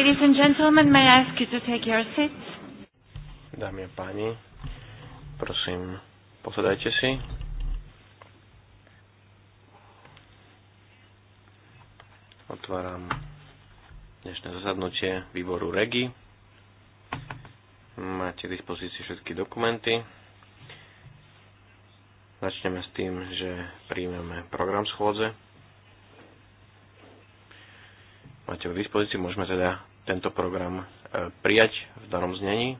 Ladies and gentlemen, may I ask you to take your seats? Dámy a páni, prosím, posadajte si. Otváram dnešné zasadnutie výboru REGI. Máte k dispozícii všetky dokumenty. Začneme s tým, že príjmeme program schôdze máte k dispozícii, môžeme teda tento program e, prijať v danom znení.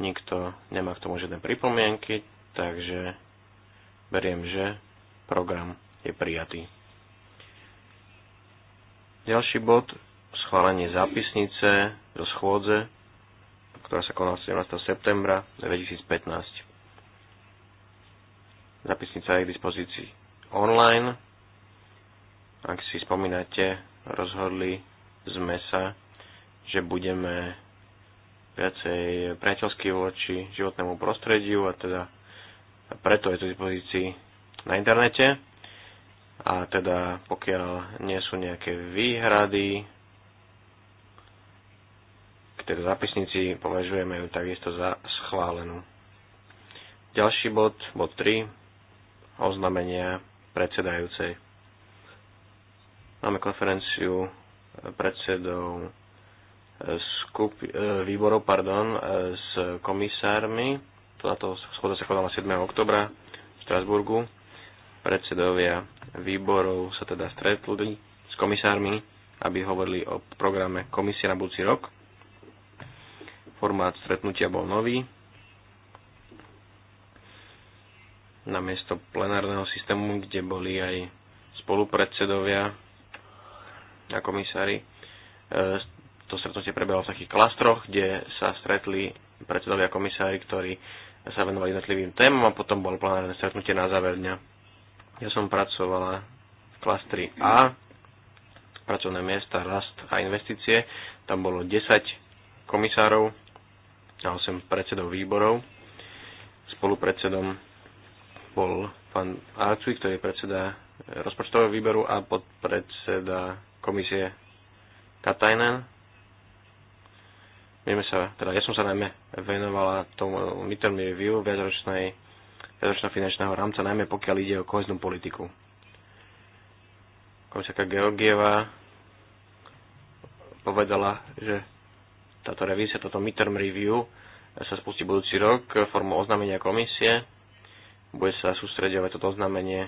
Nikto nemá k tomu žiadne pripomienky, takže beriem, že program je prijatý. Ďalší bod, schválenie zápisnice zo schôdze, ktorá sa konala 17. septembra 2015. Zápisnica je k dispozícii online. Ak si spomínate, rozhodli sme sa že budeme viacej priateľskí voči životnému prostrediu a teda a preto je to dispozícii na internete a teda pokiaľ nie sú nejaké výhrady ktoré zapisníci považujeme ju takisto za schválenú. Ďalší bod, bod 3, oznamenia predsedajúcej. Máme konferenciu predsedov skup, e, výborov pardon, e, s komisármi. Táto schoda sa konala 7. oktobra v Strasburgu. Predsedovia výborov sa teda stretli s komisármi, aby hovorili o programe komisie na budúci rok. Formát stretnutia bol nový. Namiesto plenárneho systému, kde boli aj spolupredsedovia a komisári, e, to stretnutie prebehlo v takých klastroch, kde sa stretli predsedovia komisári, ktorí sa venovali jednotlivým témam a potom bolo plenárne stretnutie na záver dňa. Ja som pracovala v klastri A, pracovné miesta, rast a investície. Tam bolo 10 komisárov a 8 predsedov výborov. Spolupredsedom bol pán Arcuj, ktorý je predseda rozpočtového výberu a podpredseda komisie Katajnen, Vieme sa, teda ja som sa najmä venovala tomu midterm review viacročnej, viacročného finančného rámca, najmä pokiaľ ide o koheznú politiku. Komisárka Georgieva povedala, že táto revízia, toto midterm review sa spustí budúci rok formou oznámenia komisie. Bude sa sústredovať toto oznámenie,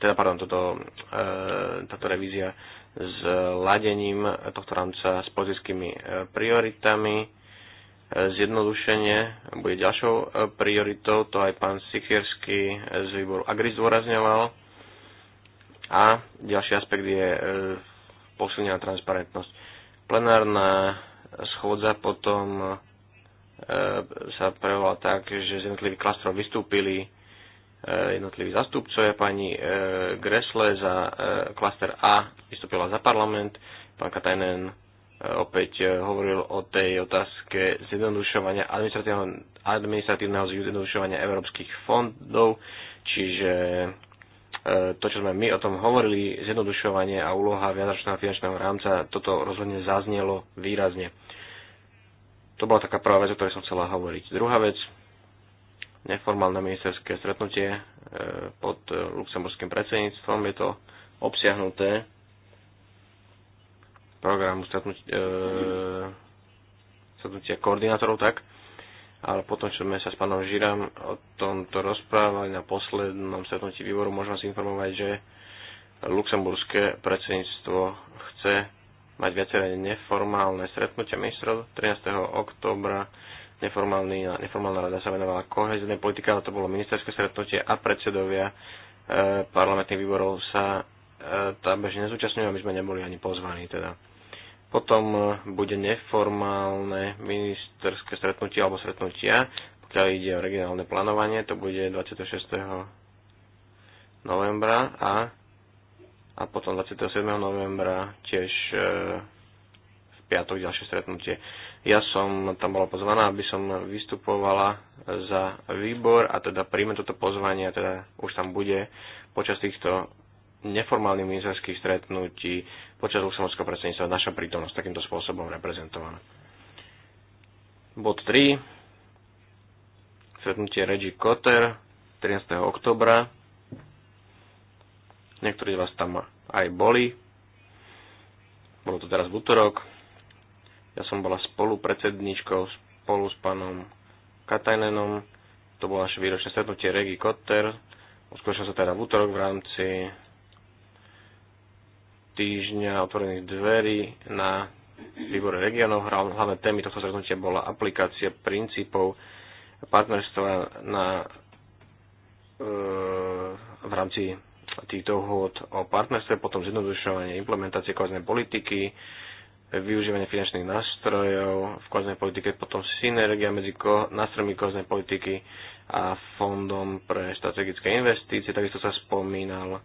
teda pardon, toto, e, táto revízia s ladením tohto rámca s politickými e, prioritami. E, zjednodušenie bude ďalšou e, prioritou, to aj pán Sikiersky z výboru Agri zdôrazňoval. A ďalší aspekt je posilnená transparentnosť. Plenárna schôdza potom sa prevovala tak, že z jednotlivých klastrov vystúpili Eh, jednotliví zastupcovia. Pani eh, Gresle za eh, klaster A vystúpila za parlament, pán Katajnen opäť hovoril o tej otázke zjednodušovania administratívneho, administratívneho zjednodušovania európskych fondov, čiže to, čo sme my o tom hovorili, zjednodušovanie a úloha viacročného finančného rámca, toto rozhodne zaznelo výrazne. To bola taká prvá vec, o ktorej som chcela hovoriť. Druhá vec, neformálne ministerské stretnutie e, pod e, luxemburským predsedníctvom. Je to obsiahnuté programu stretnutia, e, stretnutia koordinátorov, tak. Ale potom, čo sme sa s pánom Žiram o tomto rozprávali na poslednom stretnutí výboru, môžem vás informovať, že luxemburské predsedníctvo chce mať viaceré neformálne stretnutia ministrov 13. oktobra Neformálny, neformálna rada sa venovala kohezné politike, ale to bolo ministerské stretnutie a predsedovia e, parlamentných výborov sa e, tam bežne nezúčastňujú a my sme neboli ani pozvaní. Teda. Potom e, bude neformálne ministerské stretnutie alebo stretnutia, pokiaľ ide o regionálne plánovanie, to bude 26. novembra a, a potom 27. novembra tiež e, piatok ďalšie stretnutie. Ja som tam bola pozvaná, aby som vystupovala za výbor a teda príjme toto pozvanie, teda už tam bude počas týchto neformálnych ministerských stretnutí počas luxemburského predsedníctva naša prítomnosť takýmto spôsobom reprezentovaná. Bod 3. Stretnutie Regi Kotter 13. oktobra. Niektorí z vás tam aj boli. Bolo to teraz v útorok. Ja som bola spolupredsedníčkou spolu s pánom Katajnenom. To bolo naše výročné stretnutie Regi Kotter. Uskúšal sa teda v útorok v rámci týždňa otvorených dverí na výbore regionov. Hlavné témy tohto stretnutia bola aplikácia princípov partnerstva na, e, v rámci týchto hôd o partnerstve, potom zjednodušovanie implementácie kohezné politiky, využívanie finančných nástrojov v koznej politike, potom synergia medzi ko- nástrojmi koznej politiky a fondom pre strategické investície. Takisto sa spomínal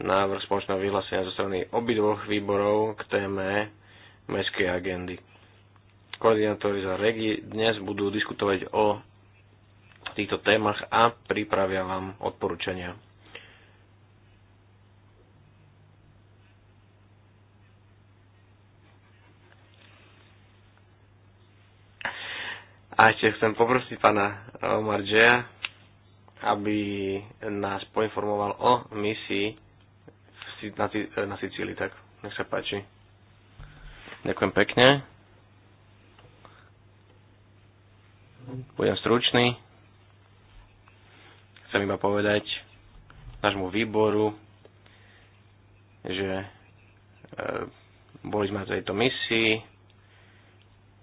návrh spoločného vyhlásenia zo strany obidvoch výborov k téme mestskej agendy. Koordinátori za regi dnes budú diskutovať o týchto témach a pripravia vám odporúčania. A ešte chcem poprosiť pána Omar Džeja, aby nás poinformoval o misii na, Sicílii. Tak, nech sa páči. Ďakujem pekne. Budem stručný. Chcem iba povedať nášmu výboru, že e, boli sme na tejto misii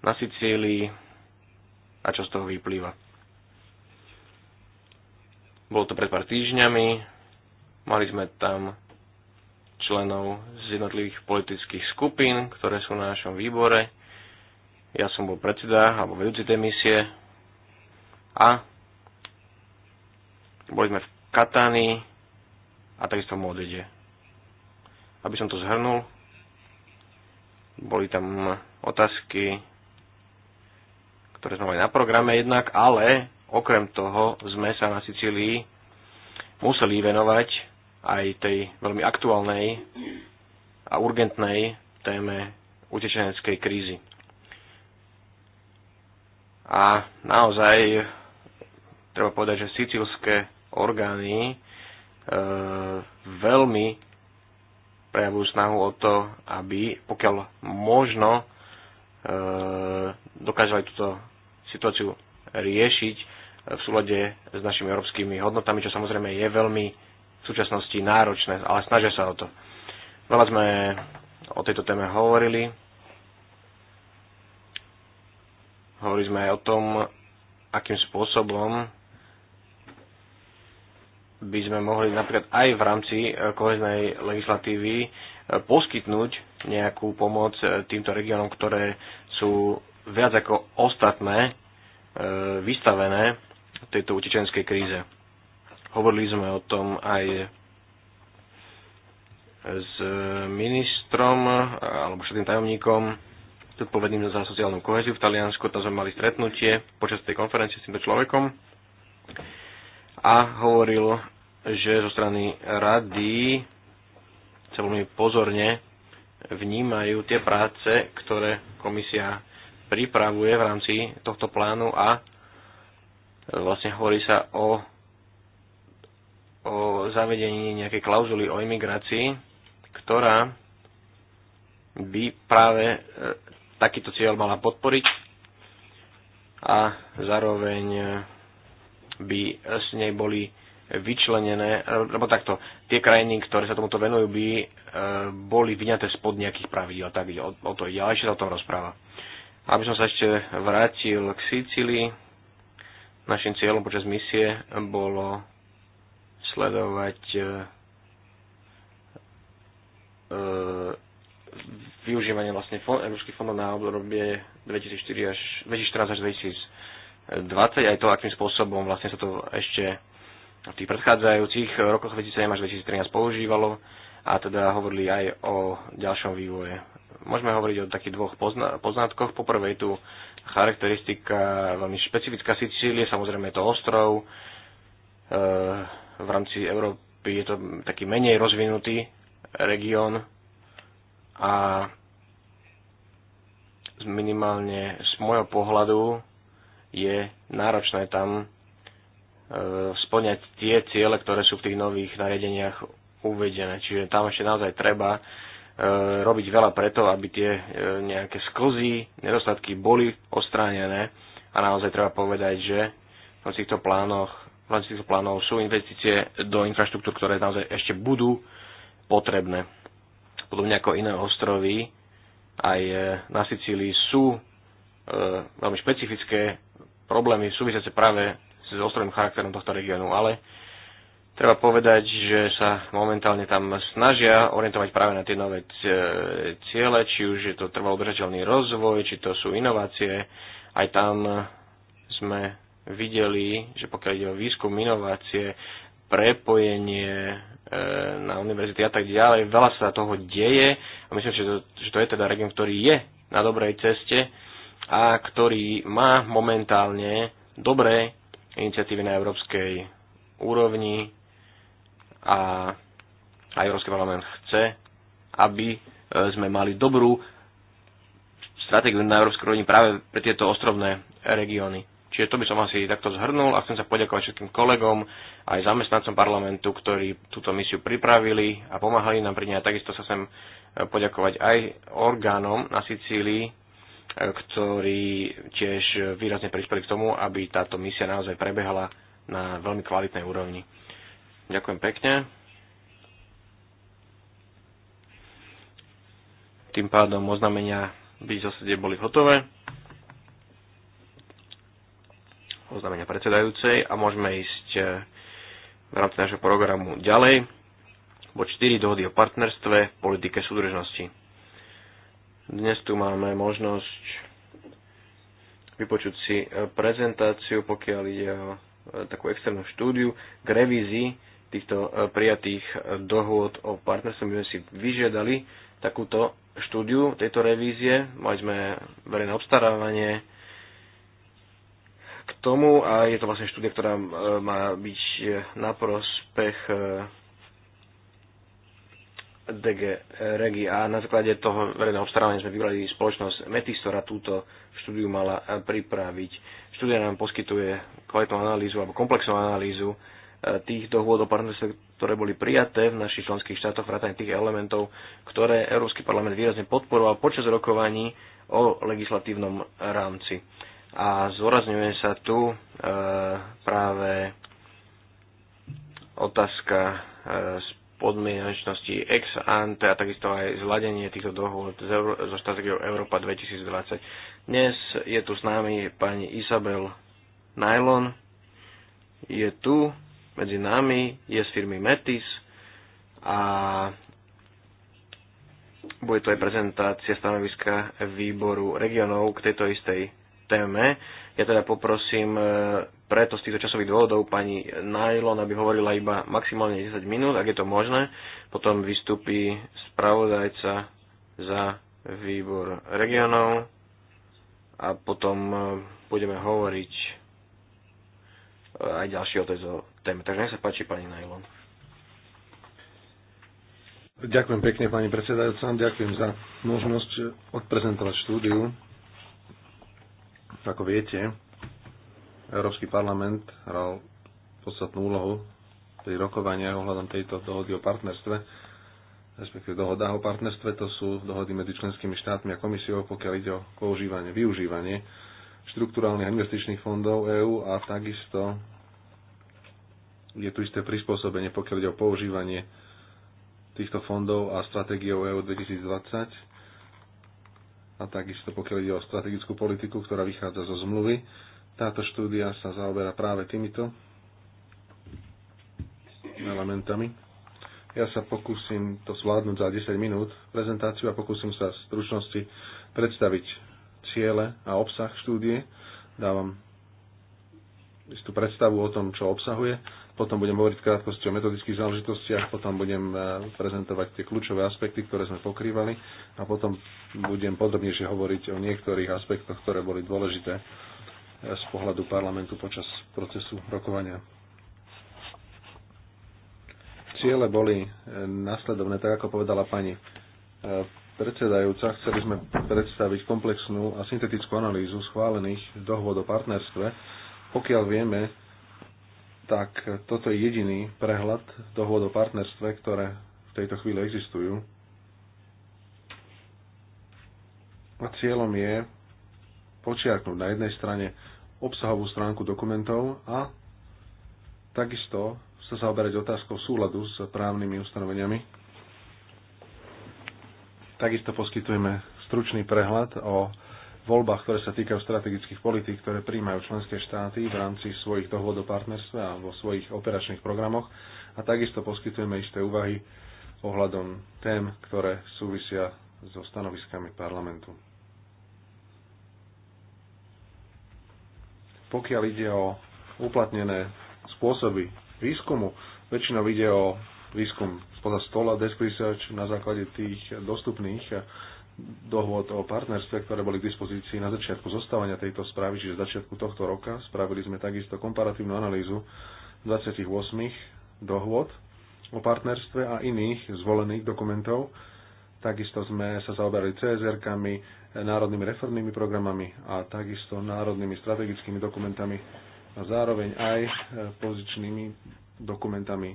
na Sicílii a čo z toho vyplýva. Bolo to pred pár týždňami, mali sme tam členov z jednotlivých politických skupín, ktoré sú na našom výbore. Ja som bol predseda alebo vedúci tej misie a boli sme v Katani a takisto v Modede. Aby som to zhrnul, boli tam otázky ktoré sme mali na programe jednak, ale okrem toho sme sa na Sicílii museli venovať aj tej veľmi aktuálnej a urgentnej téme utečeneckej krízy. A naozaj treba povedať, že sicilské orgány e, veľmi prejavujú snahu o to, aby pokiaľ možno e, dokázali túto situáciu riešiť v súlade s našimi európskymi hodnotami, čo samozrejme je veľmi v súčasnosti náročné, ale snažia sa o to. Veľa sme o tejto téme hovorili. Hovorili sme aj o tom, akým spôsobom by sme mohli napríklad aj v rámci e, koheznej legislatívy e, poskytnúť nejakú pomoc e, týmto regiónom, ktoré sú viac ako ostatné e, vystavené tejto utečenskej kríze. Hovorili sme o tom aj s ministrom alebo všetkým tajomníkom zodpovedným za sociálnu koheziu v Taliansku. Tam sme mali stretnutie počas tej konferencie s týmto človekom a hovoril, že zo strany rady sa veľmi pozorne vnímajú tie práce, ktoré komisia pripravuje v rámci tohto plánu a e, vlastne hovorí sa o, o zavedení nejakej klauzuly o imigrácii, ktorá by práve e, takýto cieľ mala podporiť a zároveň e, by z nej boli vyčlenené, lebo takto, tie krajiny, ktoré sa tomuto venujú, by boli vyňaté spod nejakých pravidel, tak o, o to ide, ale ešte sa o tom rozpráva. Aby som sa ešte vrátil k Sicílii, našim cieľom počas misie bolo sledovať e, e využívanie vlastne fond, európskych fondov na obdobie 2004 až, 2014 až 2020, aj to, akým spôsobom vlastne sa to ešte v tých predchádzajúcich rokoch 2007 až 2013 používalo a teda hovorili aj o ďalšom vývoje Môžeme hovoriť o takých dvoch pozna- poznatkoch. Poprvé je tu charakteristika veľmi špecifická Sicílie, samozrejme je to ostrov. E, v rámci Európy je to taký menej rozvinutý región a minimálne z môjho pohľadu je náročné tam e, splňať tie ciele, ktoré sú v tých nových nariadeniach uvedené. Čiže tam ešte naozaj treba E, robiť veľa preto, aby tie e, nejaké sklzy, nedostatky boli ostránené a naozaj treba povedať, že v týchto plánoch v rámci týchto plánov sú investície do infraštruktúr, ktoré naozaj ešte budú potrebné. Podobne ako iné ostrovy, aj e, na Sicílii sú e, veľmi špecifické problémy súvisiace práve s ostrovným charakterom tohto regiónu, ale Treba povedať, že sa momentálne tam snažia orientovať práve na tie nové ciele, či už je to trvalo udržateľný rozvoj, či to sú inovácie. Aj tam sme videli, že pokiaľ ide o výskum, inovácie, prepojenie e, na univerzity a tak ďalej, veľa sa toho deje a myslím, že to, že to je teda región, ktorý je na dobrej ceste a ktorý má momentálne dobré iniciatívy na európskej úrovni, a, a Európsky parlament chce, aby e, sme mali dobrú stratégiu na európskej úrovni práve pre tieto ostrovné regióny. Čiže to by som asi takto zhrnul a chcem sa poďakovať všetkým kolegom aj zamestnancom parlamentu, ktorí túto misiu pripravili a pomáhali nám pri nej. A takisto sa sem e, poďakovať aj orgánom na Sicílii, e, ktorí tiež výrazne prispeli k tomu, aby táto misia naozaj prebehala na veľmi kvalitnej úrovni. Ďakujem pekne. Tým pádom oznamenia by zase boli hotové. Oznamenia predsedajúcej a môžeme ísť eh, v rámci našho programu ďalej. Bo 4 dohody o partnerstve v politike súdržnosti. Dnes tu máme možnosť vypočuť si eh, prezentáciu, pokiaľ ide o eh, takú externú štúdiu k revízii týchto e, prijatých e, dohôd o partnerstve. My sme si vyžiadali takúto štúdiu tejto revízie, mali sme verejné obstarávanie k tomu a je to vlastne štúdia, ktorá e, má byť na prospech DG Regi a na základe toho verejného obstarávania sme vybrali spoločnosť Metis, ktorá túto štúdiu mala pripraviť. Štúdia nám poskytuje kvalitnú analýzu alebo komplexnú analýzu Eh, tých dohôd o partnerstve, ktoré boli prijaté v našich členských štátoch, vrátane tých elementov, ktoré Európsky parlament výrazne podporoval počas rokovaní o legislatívnom rámci. A zvorazňuje sa tu e, práve otázka e, podmienečnosti ex ante a takisto aj zladenie týchto dohôd so strategiou Európa 2020. Dnes je tu s nami pani Isabel Nylon, je tu medzi nami je z firmy Metis a bude to aj prezentácia stanoviska výboru regionov k tejto istej téme. Ja teda poprosím e, preto z týchto časových dôvodov pani Najlon, aby hovorila iba maximálne 10 minút, ak je to možné. Potom vystúpi spravodajca za výbor regionov a potom e, budeme hovoriť e, aj ďalšie o tejto téme. Takže nech sa páči, pani Najlon. Ďakujem pekne, pani predsedajúca. Ďakujem za možnosť odprezentovať štúdiu. Ako viete, Európsky parlament hral podstatnú úlohu pri rokovaní ohľadom tejto dohody o partnerstve, respektíve dohoda o partnerstve, to sú dohody medzi členskými štátmi a komisiou, pokiaľ ide o používanie, využívanie štruktúrálnych a investičných fondov EÚ a takisto je tu isté prispôsobenie, pokiaľ ide o používanie týchto fondov a stratégiou EU 2020 a takisto pokiaľ ide o strategickú politiku, ktorá vychádza zo zmluvy. Táto štúdia sa zaoberá práve týmito elementami. Ja sa pokúsim to zvládnuť za 10 minút prezentáciu a pokúsim sa v stručnosti predstaviť ciele a obsah štúdie. Dávam istú predstavu o tom, čo obsahuje potom budem hovoriť v krátkosti o metodických záležitostiach, potom budem e, prezentovať tie kľúčové aspekty, ktoré sme pokrývali a potom budem podrobnejšie hovoriť o niektorých aspektoch, ktoré boli dôležité e, z pohľadu parlamentu počas procesu rokovania. Ciele boli e, nasledovné, tak ako povedala pani predsedajúca. Chceli sme predstaviť komplexnú a syntetickú analýzu schválených dohôd o partnerstve. Pokiaľ vieme, tak toto je jediný prehľad dohôd o partnerstve, ktoré v tejto chvíli existujú. A cieľom je počiarknúť na jednej strane obsahovú stránku dokumentov a takisto sa zaoberať otázkou súladu s právnymi ustanoveniami. Takisto poskytujeme stručný prehľad o voľbách, ktoré sa týkajú strategických politík, ktoré príjmajú členské štáty v rámci svojich dohôd o partnerstve a vo svojich operačných programoch. A takisto poskytujeme isté úvahy ohľadom tém, ktoré súvisia so stanoviskami parlamentu. Pokiaľ ide o uplatnené spôsoby výskumu, väčšinou ide o výskum spoza stola, desk research na základe tých dostupných dohôd o partnerstve, ktoré boli k dispozícii na začiatku zostávania tejto správy, čiže začiatku tohto roka. Spravili sme takisto komparatívnu analýzu 28 dohôd o partnerstve a iných zvolených dokumentov. Takisto sme sa zaoberali CSR-kami, národnými reformnými programami a takisto národnými strategickými dokumentami a zároveň aj e, pozičnými dokumentami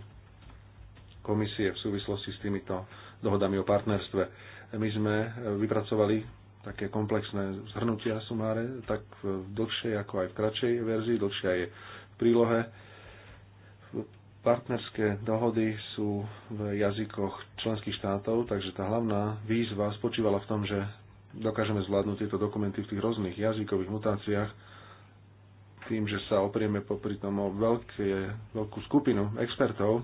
komisie v súvislosti s týmito dohodami o partnerstve my sme vypracovali také komplexné zhrnutia sumáre, tak v dlhšej ako aj v kratšej verzii, dlhšia je v prílohe. Partnerské dohody sú v jazykoch členských štátov, takže tá hlavná výzva spočívala v tom, že dokážeme zvládnuť tieto dokumenty v tých rôznych jazykových mutáciách, tým, že sa oprieme popri tom o veľké, veľkú skupinu expertov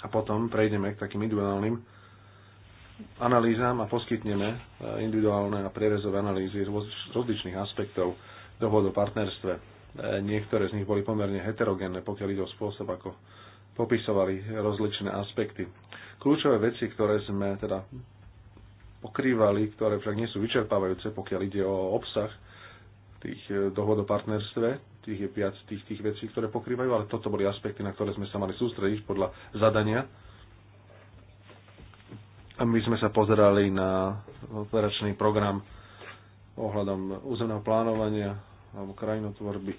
a potom prejdeme k takým individuálnym analýzam a poskytneme eh, individuálne a prierezové analýzy z rozličných aspektov dohod o partnerstve. Eh, niektoré z nich boli pomerne heterogénne, pokiaľ ide o spôsob, ako popisovali rozličné aspekty. Kľúčové veci, ktoré sme teda pokrývali, ktoré však nie sú vyčerpávajúce, pokiaľ ide o obsah tých eh, dohod o partnerstve, tých je viac tých, tých vecí, ktoré pokrývajú, ale toto boli aspekty, na ktoré sme sa mali sústrediť podľa zadania a my sme sa pozerali na operačný program ohľadom územného plánovania alebo krajinotvorby.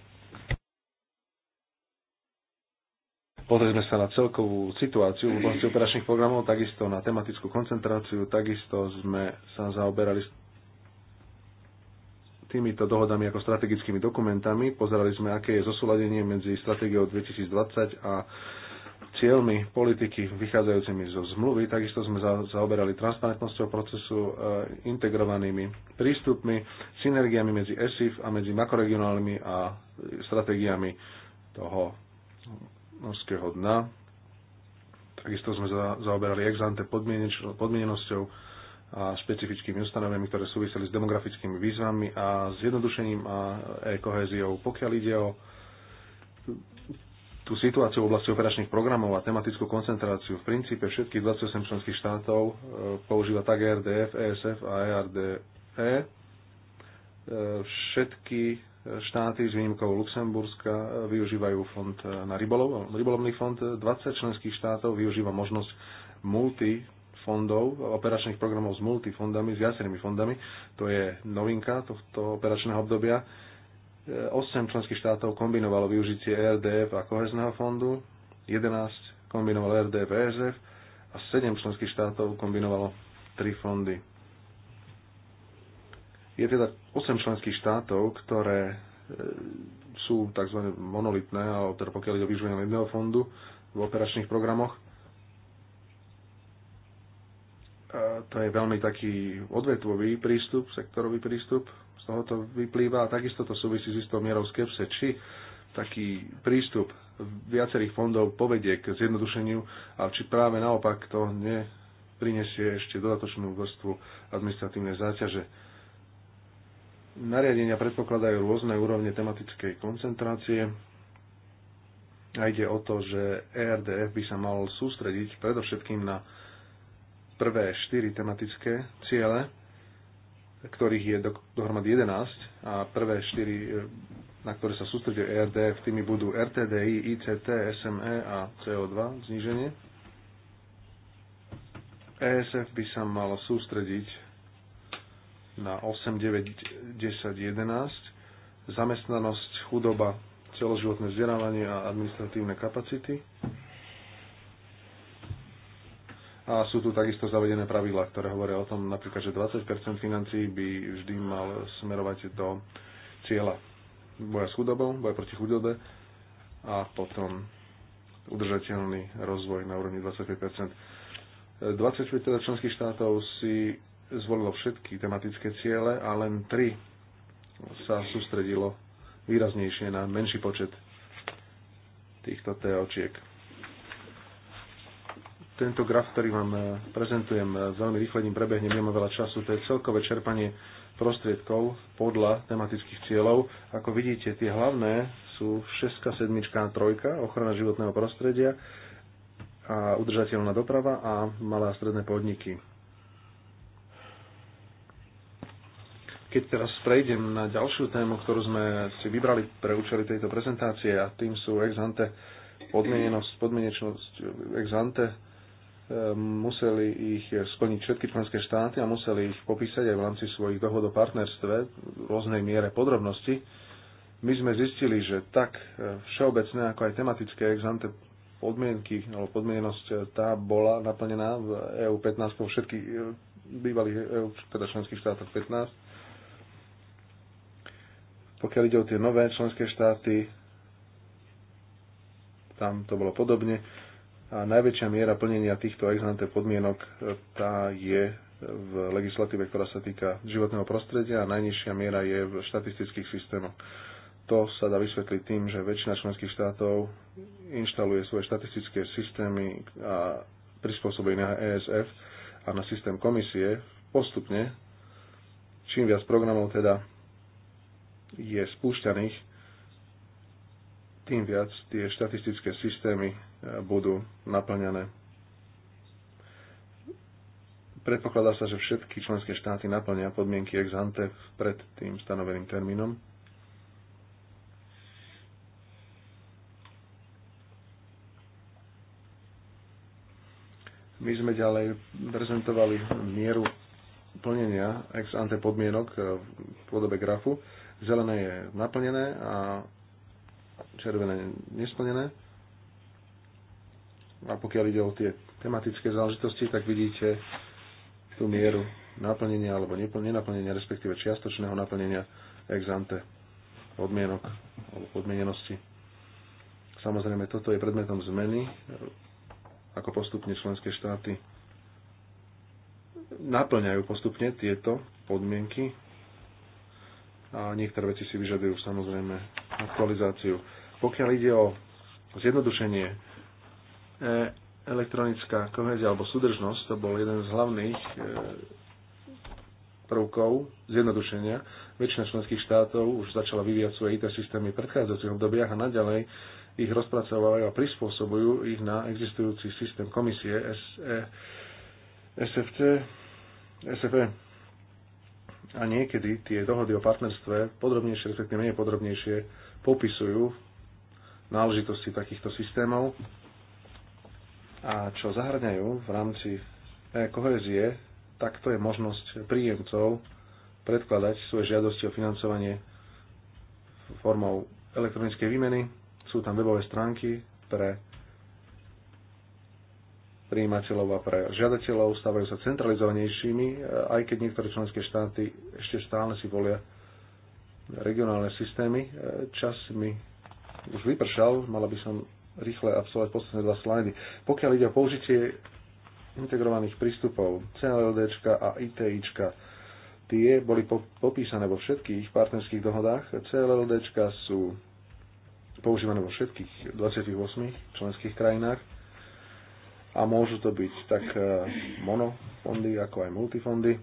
Pozreli sme sa na celkovú situáciu v oblasti operačných programov, takisto na tematickú koncentráciu, takisto sme sa zaoberali týmito dohodami ako strategickými dokumentami. Pozerali sme, aké je zosúladenie medzi stratégiou 2020 a cieľmi politiky vychádzajúcimi zo zmluvy. Takisto sme zaoberali transparentnosťou procesu, e, integrovanými prístupmi, synergiami medzi ESIF a medzi makroregionálnymi a stratégiami toho norského dna. Takisto sme zaoberali ex ante podmienenosťou a špecifickými ustanoveniami, ktoré súviseli s demografickými výzvami a zjednodušením a e e-koheziou, Pokiaľ ide o tú situáciu v oblasti operačných programov a tematickú koncentráciu. V princípe všetkých 28 členských štátov e, používa tak e RDF, ESF a ERDE. E. Všetky štáty s výnimkou Luxemburska využívajú fond na rybolov, rybolovný fond. 20 členských štátov využíva možnosť multi fondov, operačných programov s multifondami, s viacerými fondami. To je novinka tohto operačného obdobia 8 členských štátov kombinovalo využitie RDF a kohezného fondu, 11 kombinovalo RDF a ESF a 7 členských štátov kombinovalo 3 fondy. Je teda 8 členských štátov, ktoré e, sú tzv. monolitné, alebo teda pokiaľ ide o využívanie jedného fondu v operačných programoch. A to je veľmi taký odvetvový prístup, sektorový prístup, tohoto vyplýva a takisto to súvisí s istou mierou skepse, či taký prístup viacerých fondov povedie k zjednodušeniu a či práve naopak to neprinesie ešte dodatočnú vrstvu administratívnej záťaže. Nariadenia predpokladajú rôzne úrovne tematickej koncentrácie a ide o to, že ERDF by sa mal sústrediť predovšetkým na prvé štyri tematické ciele, ktorých je do, dohromady 11 a prvé 4, e, na ktoré sa sústredí ERDF, tými budú RTDI, ICT, SME a CO2 zníženie. ESF by sa malo sústrediť na 8, 9, 10, 11, zamestnanosť, chudoba, celoživotné vzdelávanie a administratívne kapacity a sú tu takisto zavedené pravidlá, ktoré hovoria o tom napríklad, že 20 financií by vždy mal smerovať do cieľa boja s chudobou, boja proti chudobe a potom udržateľný rozvoj na úrovni 25 25 teda členských štátov si zvolilo všetky tematické ciele a len 3 sa sústredilo výraznejšie na menší počet týchto TOčiek. Tento graf, ktorý vám e, prezentujem, e, veľmi rýchlením prebehnem, nemám veľa času, to je celkové čerpanie prostriedkov podľa tematických cieľov. Ako vidíte, tie hlavné sú 6, 7, 3, ochrana životného prostredia a udržateľná doprava a malé a stredné podniky. Keď teraz prejdem na ďalšiu tému, ktorú sme si vybrali pre účely tejto prezentácie a tým sú ex ante podmienenosť, podmienečnosť ex ante museli ich splniť všetky členské štáty a museli ich popísať aj v rámci svojich dohod o partnerstve v rôznej miere podrobnosti. My sme zistili, že tak všeobecné ako aj tematické exante podmienky alebo podmienosť e, tá bola naplnená v EU 15 po všetkých e, bývalých EU, teda členských štátoch 15. Pokiaľ ide o tie nové členské štáty, tam to bolo podobne a najväčšia miera plnenia týchto exante podmienok e, tá je v legislatíve, ktorá sa týka životného prostredia a najnižšia miera je v štatistických systémoch. To sa dá vysvetliť tým, že väčšina členských štátov inštaluje svoje štatistické systémy a prispôsobí na ESF a na systém komisie postupne. Čím viac programov teda je spúšťaných, tým viac tie štatistické systémy budú naplňané. Predpokladá sa, že všetky členské štáty naplnia podmienky ex ante pred tým stanoveným termínom. My sme ďalej prezentovali mieru plnenia ex ante podmienok eh, v podobe grafu. Zelené je naplnené a červené nesplnené a pokiaľ ide o tie tematické záležitosti, tak vidíte tú mieru naplnenia alebo nenaplnenia, respektíve čiastočného naplnenia ex ante podmienok alebo podmienenosti. Samozrejme, toto je predmetom zmeny, ako postupne členské štáty naplňajú postupne tieto podmienky a niektoré veci si vyžadujú samozrejme aktualizáciu. Pokiaľ ide o zjednodušenie E, elektronická kohezia alebo súdržnosť, to bol jeden z hlavných e, prvkov zjednodušenia. Väčšina členských štátov už začala vyvíjať svoje IT systémy v predchádzajúcich obdobiach a naďalej ich rozpracovávajú a prispôsobujú ich na existujúci systém komisie SE, SFC, SFE. A niekedy tie dohody o partnerstve podrobnejšie, respektíve menej podrobnejšie, popisujú náležitosti takýchto systémov a čo zahrňajú v rámci e, kohezie, tak to je možnosť príjemcov predkladať svoje žiadosti o financovanie formou elektronickej výmeny. Sú tam webové stránky pre príjimateľov a pre žiadateľov, stávajú sa centralizovanejšími, e, aj keď niektoré členské štáty ešte stále si volia regionálne systémy. E, čas mi už vypršal, mala by som rýchle absolvovať posledné dva slajdy. Pokiaľ ide o použitie integrovaných prístupov CLD a ITI, tie boli popísané vo všetkých partnerských dohodách. CLD sú používané vo všetkých 28 členských krajinách a môžu to byť tak e, monofondy, ako aj multifondy.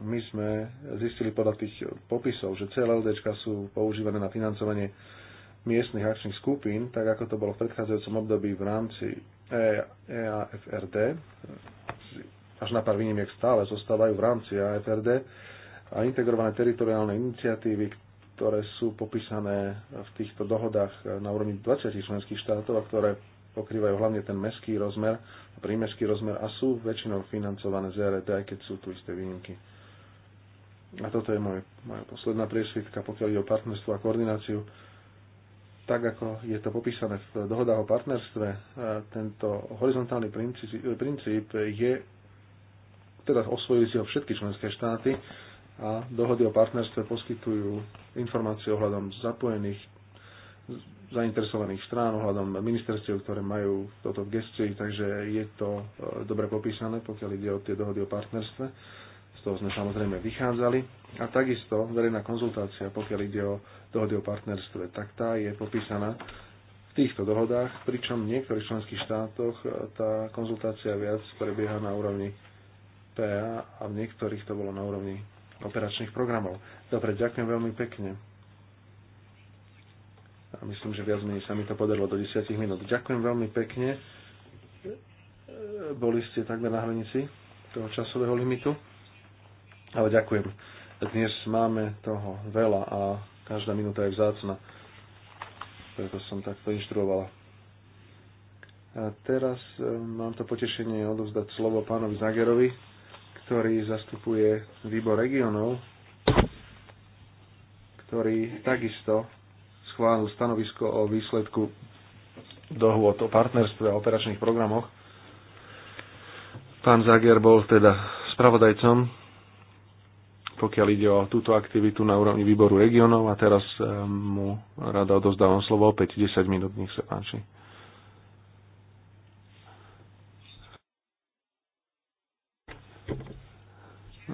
My sme zistili podľa tých popisov, že CLD sú používané na financovanie miestnych akčných skupín, tak ako to bolo v predchádzajúcom období v rámci EAFRD, až na pár výnimiek stále zostávajú v rámci EAFRD a integrované teritoriálne iniciatívy, ktoré sú popísané v týchto dohodách na úrovni 20 členských štátov a ktoré pokrývajú hlavne ten meský rozmer a prímeský rozmer a sú väčšinou financované z e RD aj keď sú tu isté výnimky. A toto je moje, moja posledná priesvitka, pokiaľ ide o partnerstvo a koordináciu tak ako je to popísané v dohodách o partnerstve, e, tento horizontálny princíp, princíp je, teda osvojili si ho všetky členské štáty a dohody o partnerstve poskytujú informácie ohľadom zapojených zainteresovaných strán, ohľadom ministerstiev, ktoré majú toto v gestii, takže je to e, dobre popísané, pokiaľ ide o tie dohody o partnerstve z toho sme samozrejme vychádzali. A takisto verejná konzultácia, pokiaľ ide o dohody o partnerstve, tak tá je popísaná v týchto dohodách, pričom v niektorých členských štátoch e, tá konzultácia viac prebieha na úrovni PA a v niektorých to bolo na úrovni operačných programov. Dobre, ďakujem veľmi pekne. A myslím, že viac menej sa mi to podarilo do 10 minút. Ďakujem veľmi pekne. E, boli ste takmer na hranici toho časového limitu. Ale ďakujem. Dnes máme toho veľa a každá minúta je vzácna. Preto som takto inštruovala. A teraz e, mám to potešenie odovzdať slovo pánovi Zagerovi, ktorý zastupuje výbor regionov, ktorý takisto schválil stanovisko o výsledku dohôd o partnerstve a operačných programoch. Pán Zager bol teda spravodajcom pokiaľ ide o túto aktivitu na úrovni výboru regionov a teraz eh, mu rada odozdávam slovo opäť 10 minút, nech sa páči.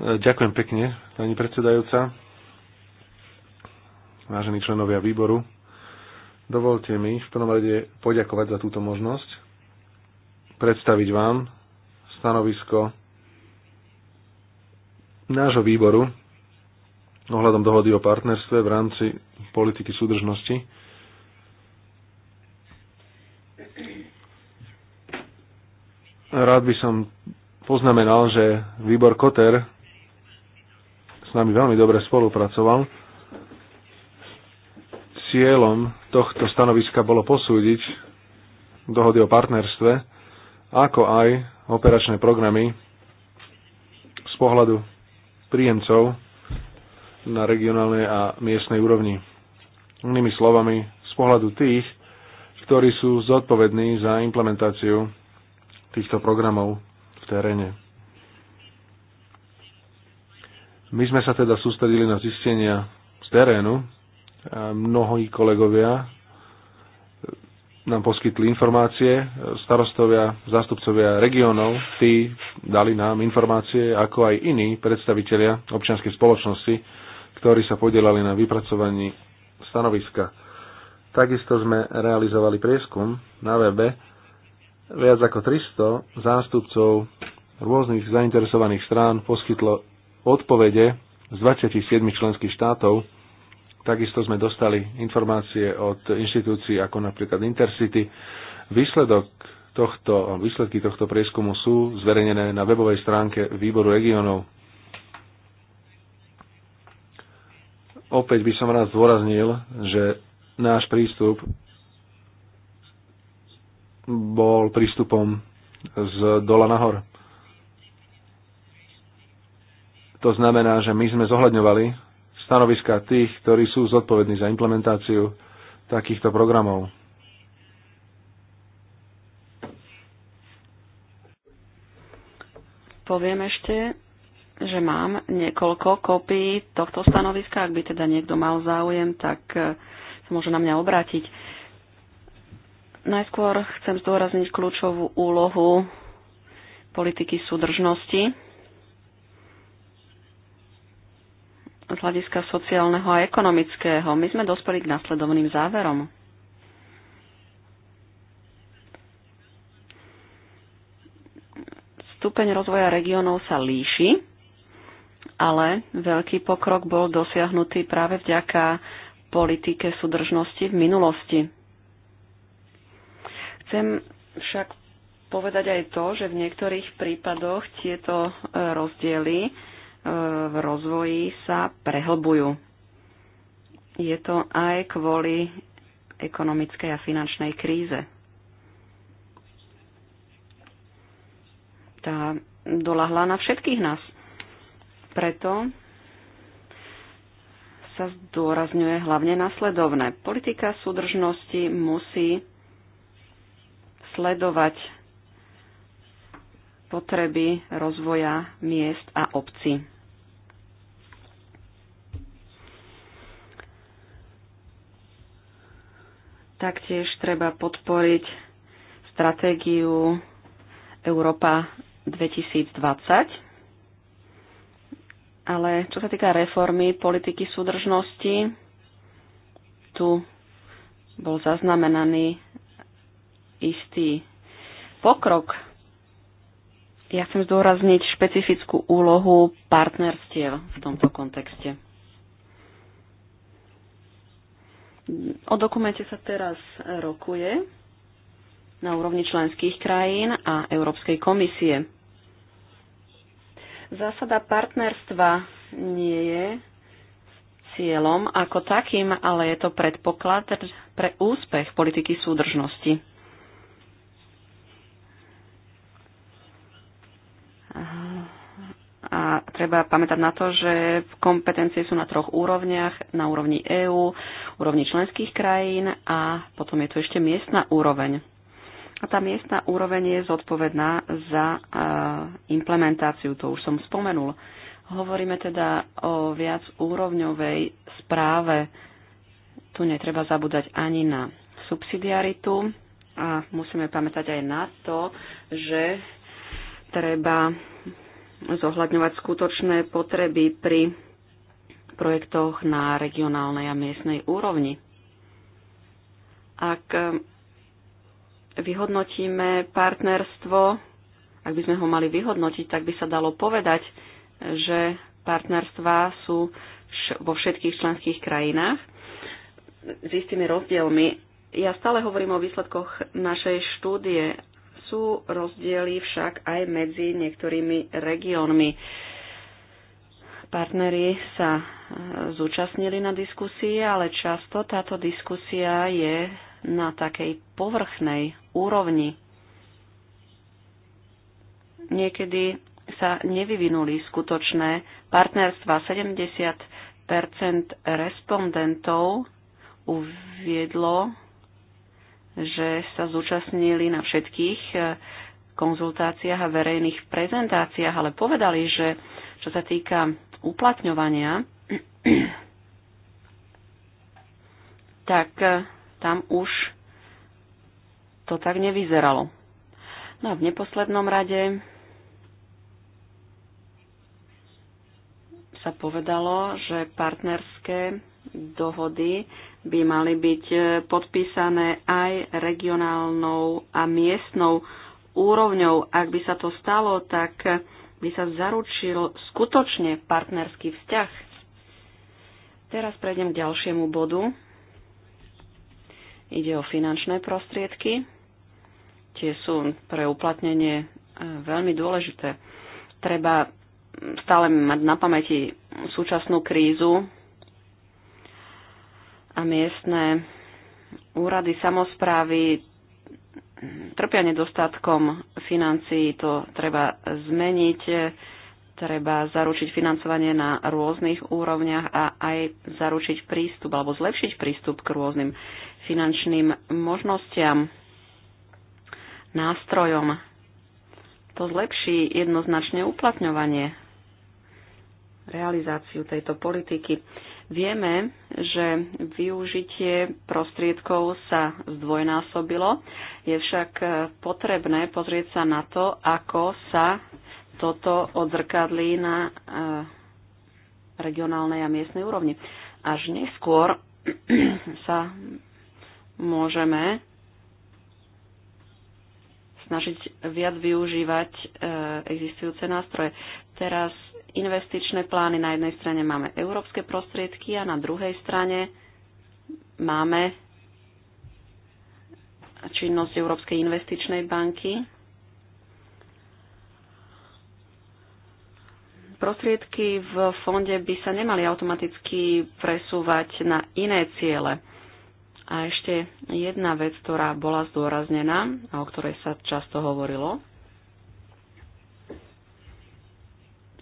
Eh, ďakujem pekne, pani predsedajúca, vážení členovia výboru. Dovolte mi v prvom rade poďakovať za túto možnosť predstaviť vám stanovisko nášho výboru ohľadom dohody o partnerstve v rámci politiky súdržnosti. Rád by som poznamenal, že výbor Koter s nami veľmi dobre spolupracoval. Cieľom tohto stanoviska bolo posúdiť dohody o partnerstve, ako aj operačné programy z pohľadu príjemcov na regionálnej a miestnej úrovni. Inými slovami, z pohľadu tých, ktorí sú zodpovední za implementáciu týchto programov v teréne. My sme sa teda sústredili na zistenia z terénu. Mnohí kolegovia nám poskytli informácie, starostovia, zástupcovia regiónov, tí dali nám informácie, ako aj iní predstavitelia občianskej spoločnosti, ktorí sa podielali na vypracovaní stanoviska. Takisto sme realizovali prieskum na webe viac ako 300 zástupcov rôznych zainteresovaných strán poskytlo odpovede z 27 členských štátov Takisto sme dostali informácie od inštitúcií ako napríklad Intercity. Výsledok tohto, výsledky tohto prieskumu sú zverejnené na webovej stránke Výboru regionov. Opäť by som rád zdôraznil, že náš prístup bol prístupom z dola nahor. To znamená, že my sme zohľadňovali stanoviska tých, ktorí sú zodpovední za implementáciu takýchto programov. Poviem ešte, že mám niekoľko kópií tohto stanoviska. Ak by teda niekto mal záujem, tak eh, sa môže na mňa obrátiť. Najskôr chcem zdôrazniť kľúčovú úlohu politiky súdržnosti z hľadiska sociálneho a ekonomického. My sme dospeli k nasledovným záverom. Stupeň rozvoja regiónov sa líši, ale veľký pokrok bol dosiahnutý práve vďaka politike súdržnosti v minulosti. Chcem však povedať aj to, že v niektorých prípadoch tieto e, rozdiely v rozvoji sa prehlbujú. Je to aj kvôli ekonomickej a finančnej kríze. Tá dolahla na všetkých nás. Preto sa zdôrazňuje hlavne nasledovné. Politika súdržnosti musí sledovať potreby rozvoja miest a obcí. Taktiež treba podporiť stratégiu Európa 2020 ale čo sa týka reformy politiky súdržnosti, tu bol zaznamenaný istý pokrok. Ja chcem zdôrazniť špecifickú úlohu partnerstiev v tomto kontexte. O dokumente sa teraz rokuje na úrovni členských krajín a Európskej komisie. Zásada partnerstva nie je cieľom ako takým, ale je to predpoklad pre úspech politiky súdržnosti. treba pamätať na to, že kompetencie sú na troch úrovniach. Na úrovni EÚ, úrovni členských krajín a potom je tu ešte miestna úroveň. A tá miestna úroveň je zodpovedná za e, implementáciu, to už som spomenul. Hovoríme teda o viac úrovňovej správe. Tu netreba zabúdať ani na subsidiaritu a musíme pamätať aj na to, že treba zohľadňovať skutočné potreby pri projektoch na regionálnej a miestnej úrovni. Ak eh, vyhodnotíme partnerstvo, ak by sme ho mali vyhodnotiť, tak by sa dalo povedať, že partnerstva sú vo všetkých členských krajinách s istými rozdielmi. Ja stále hovorím o výsledkoch našej štúdie sú rozdiely však aj medzi niektorými regiónmi. Partneri sa e, zúčastnili na diskusii, ale často táto diskusia je na takej povrchnej úrovni. Niekedy sa nevyvinuli skutočné partnerstva. 70 respondentov uviedlo, že sa zúčastnili na všetkých e, konzultáciách a verejných prezentáciách, ale povedali, že čo sa týka uplatňovania, tak e, tam už to tak nevyzeralo. No a v neposlednom rade sa povedalo, že partnerské dohody by mali byť e, podpísané aj regionálnou a miestnou úrovňou. Ak by sa to stalo, tak by sa zaručil skutočne partnerský vzťah. Teraz prejdem k ďalšiemu bodu. Ide o finančné prostriedky. Tie sú pre uplatnenie e, veľmi dôležité. Treba stále mať na pamäti súčasnú krízu, a miestne úrady samozprávy trpia nedostatkom financií, to treba zmeniť, treba zaručiť financovanie na rôznych úrovniach a aj zaručiť prístup alebo zlepšiť prístup k rôznym finančným možnostiam, nástrojom. To zlepší jednoznačne uplatňovanie, realizáciu tejto politiky. Vieme, že využitie prostriedkov sa zdvojnásobilo. Je však e, potrebné pozrieť sa na to, ako sa toto odzrkadlí na e, regionálnej a miestnej úrovni. Až neskôr sa môžeme snažiť viac využívať e, existujúce nástroje. Teraz investičné plány. Na jednej strane máme európske prostriedky a na druhej strane máme činnosť Európskej investičnej banky. Prostriedky v fonde by sa nemali automaticky presúvať na iné ciele. A ešte jedna vec, ktorá bola zdôraznená a o ktorej sa často hovorilo,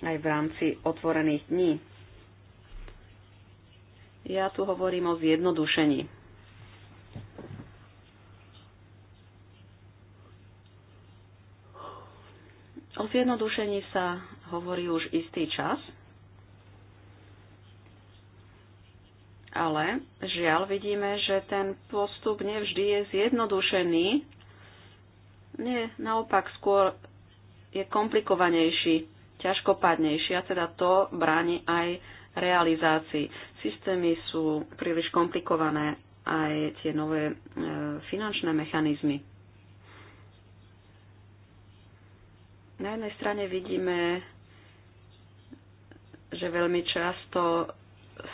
aj v rámci otvorených dní. Ja tu hovorím o zjednodušení. O zjednodušení sa hovorí už istý čas, ale žiaľ vidíme, že ten postup nevždy je zjednodušený. Nie, naopak skôr je komplikovanejší ťažkopádnejšia, teda to bráni aj realizácii. Systémy sú príliš komplikované aj tie nové e, finančné mechanizmy. Na jednej strane vidíme, že veľmi často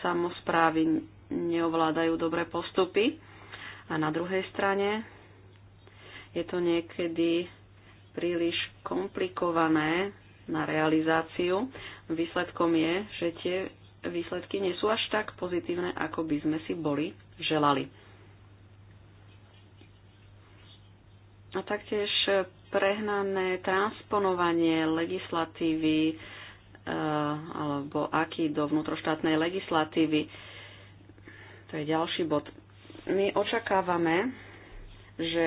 samozprávy neovládajú dobré postupy a na druhej strane je to niekedy príliš komplikované na realizáciu. Výsledkom je, že tie výsledky nie sú až tak pozitívne, ako by sme si boli želali. A taktiež prehnané transponovanie legislatívy eh, alebo aký do vnútroštátnej legislatívy. To je ďalší bod. My očakávame, že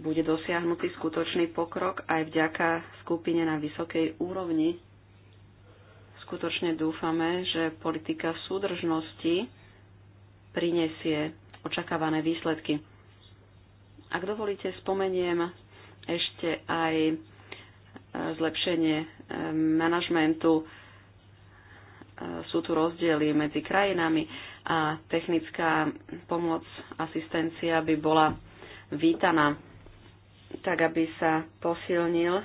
bude dosiahnutý skutočný pokrok aj vďaka skupine na vysokej úrovni. Skutočne dúfame, že politika súdržnosti prinesie očakávané výsledky. Ak dovolíte, spomeniem ešte aj e, zlepšenie e, manažmentu. E, sú tu rozdiely medzi krajinami a technická pomoc, asistencia by bola vítaná tak aby sa posilnil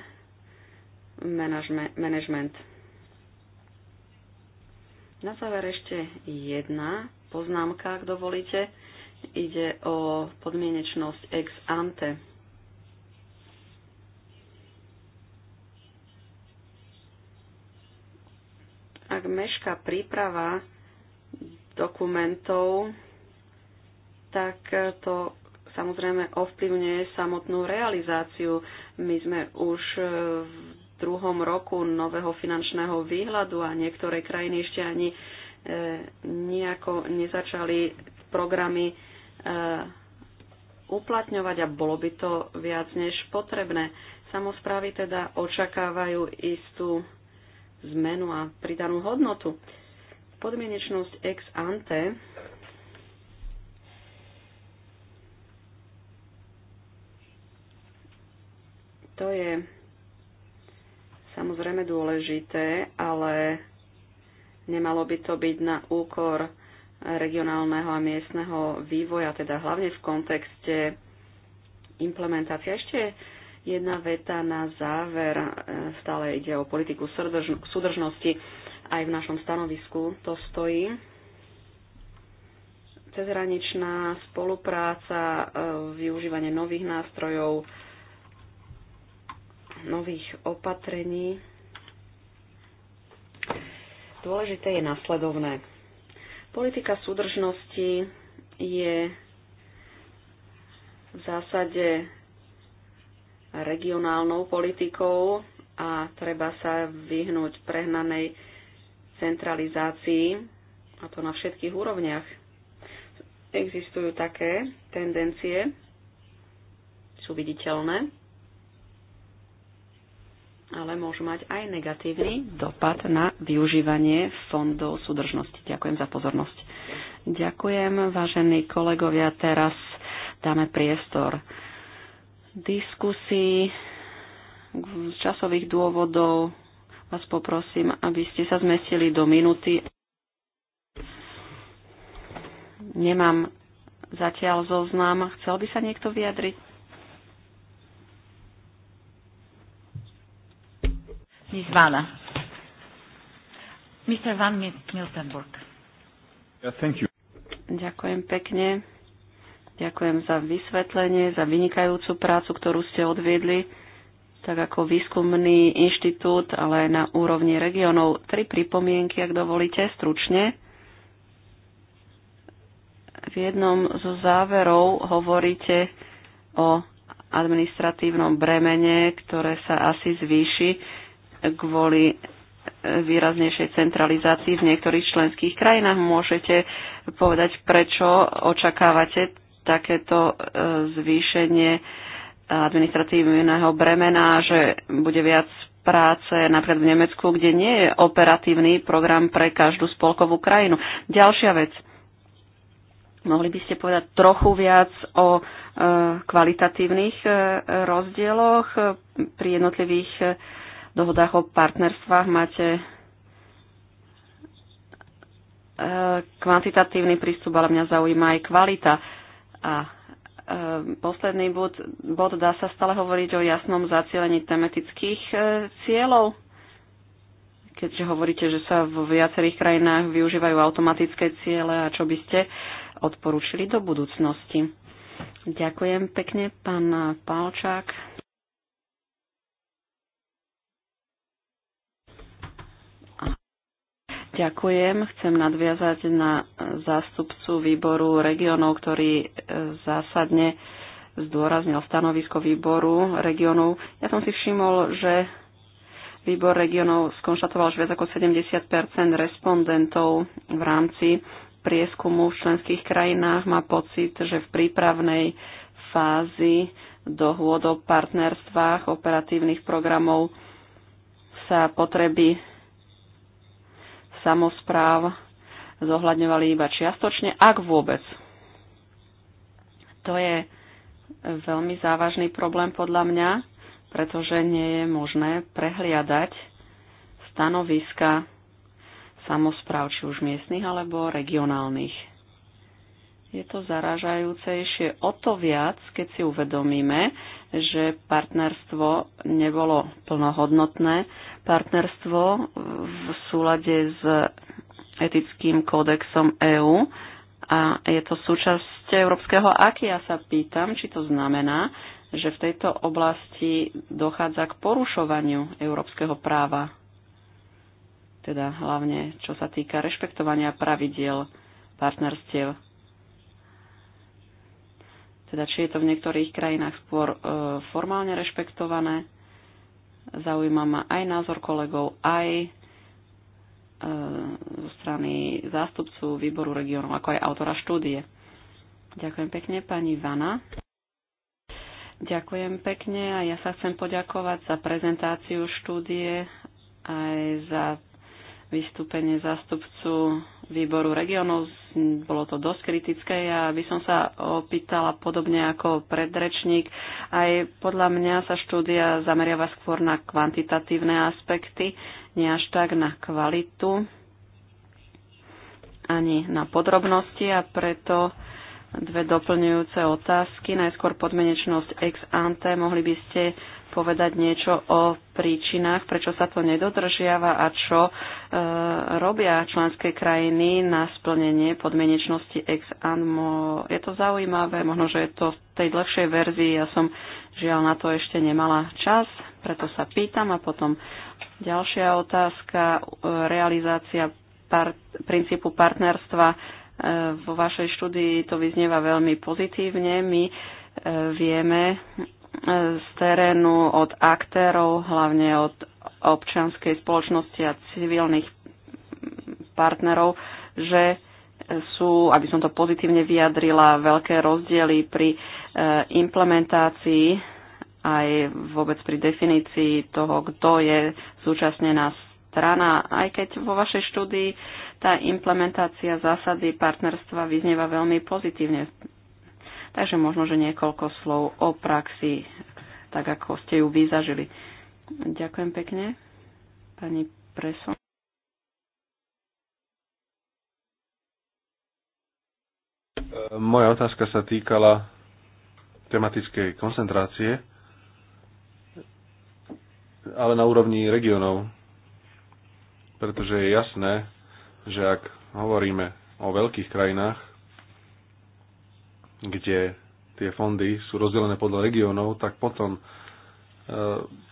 manažment. Na záver ešte jedna poznámka, ak dovolíte. Ide o podmienečnosť ex ante. Ak meška príprava dokumentov, tak to samozrejme ovplyvňuje samotnú realizáciu. My sme už v druhom roku nového finančného výhľadu a niektoré krajiny ešte ani e, nejako nezačali programy e, uplatňovať a bolo by to viac než potrebné. Samozprávy teda očakávajú istú zmenu a pridanú hodnotu. Podmienečnosť ex ante To je samozrejme dôležité, ale nemalo by to byť na úkor regionálneho a miestneho vývoja, teda hlavne v kontexte implementácie. Ešte jedna veta na záver. E, stále ide o politiku súdržnosti. Aj v našom stanovisku to stojí. Cezhraničná spolupráca, e, využívanie nových nástrojov, nových opatrení. Dôležité je nasledovné. Politika súdržnosti je v zásade regionálnou politikou a treba sa vyhnúť prehnanej centralizácii, a to na všetkých úrovniach. Existujú také tendencie, sú viditeľné, ale môžu mať aj negatívny dopad na využívanie fondov súdržnosti. Ďakujem za pozornosť. Ďakujem, vážení kolegovia. Teraz dáme priestor diskusii. Z časových dôvodov vás poprosím, aby ste sa zmestili do minúty. Nemám zatiaľ zoznam. Chcel by sa niekto vyjadriť? Ms. Vana. Mr. Van Miltenburg. Yeah, thank you. Ďakujem pekne. Ďakujem za vysvetlenie, za vynikajúcu prácu, ktorú ste odviedli, tak ako výskumný inštitút, ale aj na úrovni regionov. Tri pripomienky, ak dovolíte, stručne. V jednom zo záverov hovoríte o administratívnom bremene, ktoré sa asi zvýši kvôli e, výraznejšej centralizácii v niektorých členských krajinách. Môžete povedať, prečo očakávate takéto e, zvýšenie e, administratívneho bremena, že bude viac práce napríklad v Nemecku, kde nie je operatívny program pre každú spolkovú krajinu. Ďalšia vec. Mohli by ste povedať trochu viac o kvalitatívnych rozdieloch pri jednotlivých dohodách o partnerstvách máte e, kvantitatívny prístup, ale mňa zaujíma aj kvalita. A e, posledný bod, bod dá sa stále hovoriť o jasnom zacielení tematických e, cieľov. Keďže hovoríte, že sa v viacerých krajinách využívajú automatické ciele a čo by ste odporúčili do budúcnosti. Ďakujem pekne, pán Palčák. Ďakujem. Chcem nadviazať na zástupcu výboru regionov, ktorý e, zásadne zdôraznil stanovisko výboru regionov. Ja som si všimol, že výbor regionov skonštatoval, že viac ako 70 respondentov v rámci prieskumu v členských krajinách má pocit, že v prípravnej fázi dohôd o partnerstvách operatívnych programov sa potreby samozpráv zohľadňovali iba čiastočne, ak vôbec. To je veľmi závažný problém podľa mňa, pretože nie je možné prehliadať stanoviska samozpráv, či už miestnych alebo regionálnych. Je to zaražajúcejšie o to viac, keď si uvedomíme, že partnerstvo nebolo plnohodnotné. Partnerstvo v súlade s etickým kódexom EÚ a je to súčasť európskeho AK Ja sa pýtam, či to znamená, že v tejto oblasti dochádza k porušovaniu európskeho práva. Teda hlavne, čo sa týka rešpektovania pravidiel partnerstiev. Teda či je to v niektorých krajinách skôr e, formálne rešpektované. Zaujíma ma aj názor kolegov, aj e, zo strany zástupcu výboru regionov, ako aj autora štúdie. Ďakujem pekne, pani Vana. Ďakujem pekne a ja sa chcem poďakovať za prezentáciu štúdie aj za vystúpenie zástupcu výboru regionov. Bolo to dosť kritické ja by som sa opýtala podobne ako predrečník. Aj podľa mňa sa štúdia zameriava skôr na kvantitatívne aspekty, nie až tak na kvalitu ani na podrobnosti a preto dve doplňujúce otázky. Najskôr podmenečnosť ex ante. Mohli by ste povedať niečo o príčinách, prečo sa to nedodržiava a čo e, robia členské krajiny na splnenie podmienečnosti ex anmo. Je to zaujímavé, možno, že je to v tej dlhšej verzii, ja som žiaľ na to ešte nemala čas, preto sa pýtam a potom ďalšia otázka, e, realizácia par- princípu partnerstva. E, vo vašej štúdii to vyznieva veľmi pozitívne. My e, vieme z terénu od aktérov, hlavne od občianskej spoločnosti a civilných partnerov, že sú, aby som to pozitívne vyjadrila, veľké rozdiely pri e, implementácii aj vôbec pri definícii toho, kto je zúčastnená strana, aj keď vo vašej štúdii tá implementácia zásady partnerstva vyznieva veľmi pozitívne. Takže možno, že niekoľko slov o praxi, tak ako ste ju vyzažili. Ďakujem pekne, pani Preson. Moja otázka sa týkala tematickej koncentrácie, ale na úrovni regionov, pretože je jasné, že ak hovoríme o veľkých krajinách, kde tie fondy sú rozdelené podľa regiónov, tak potom, e,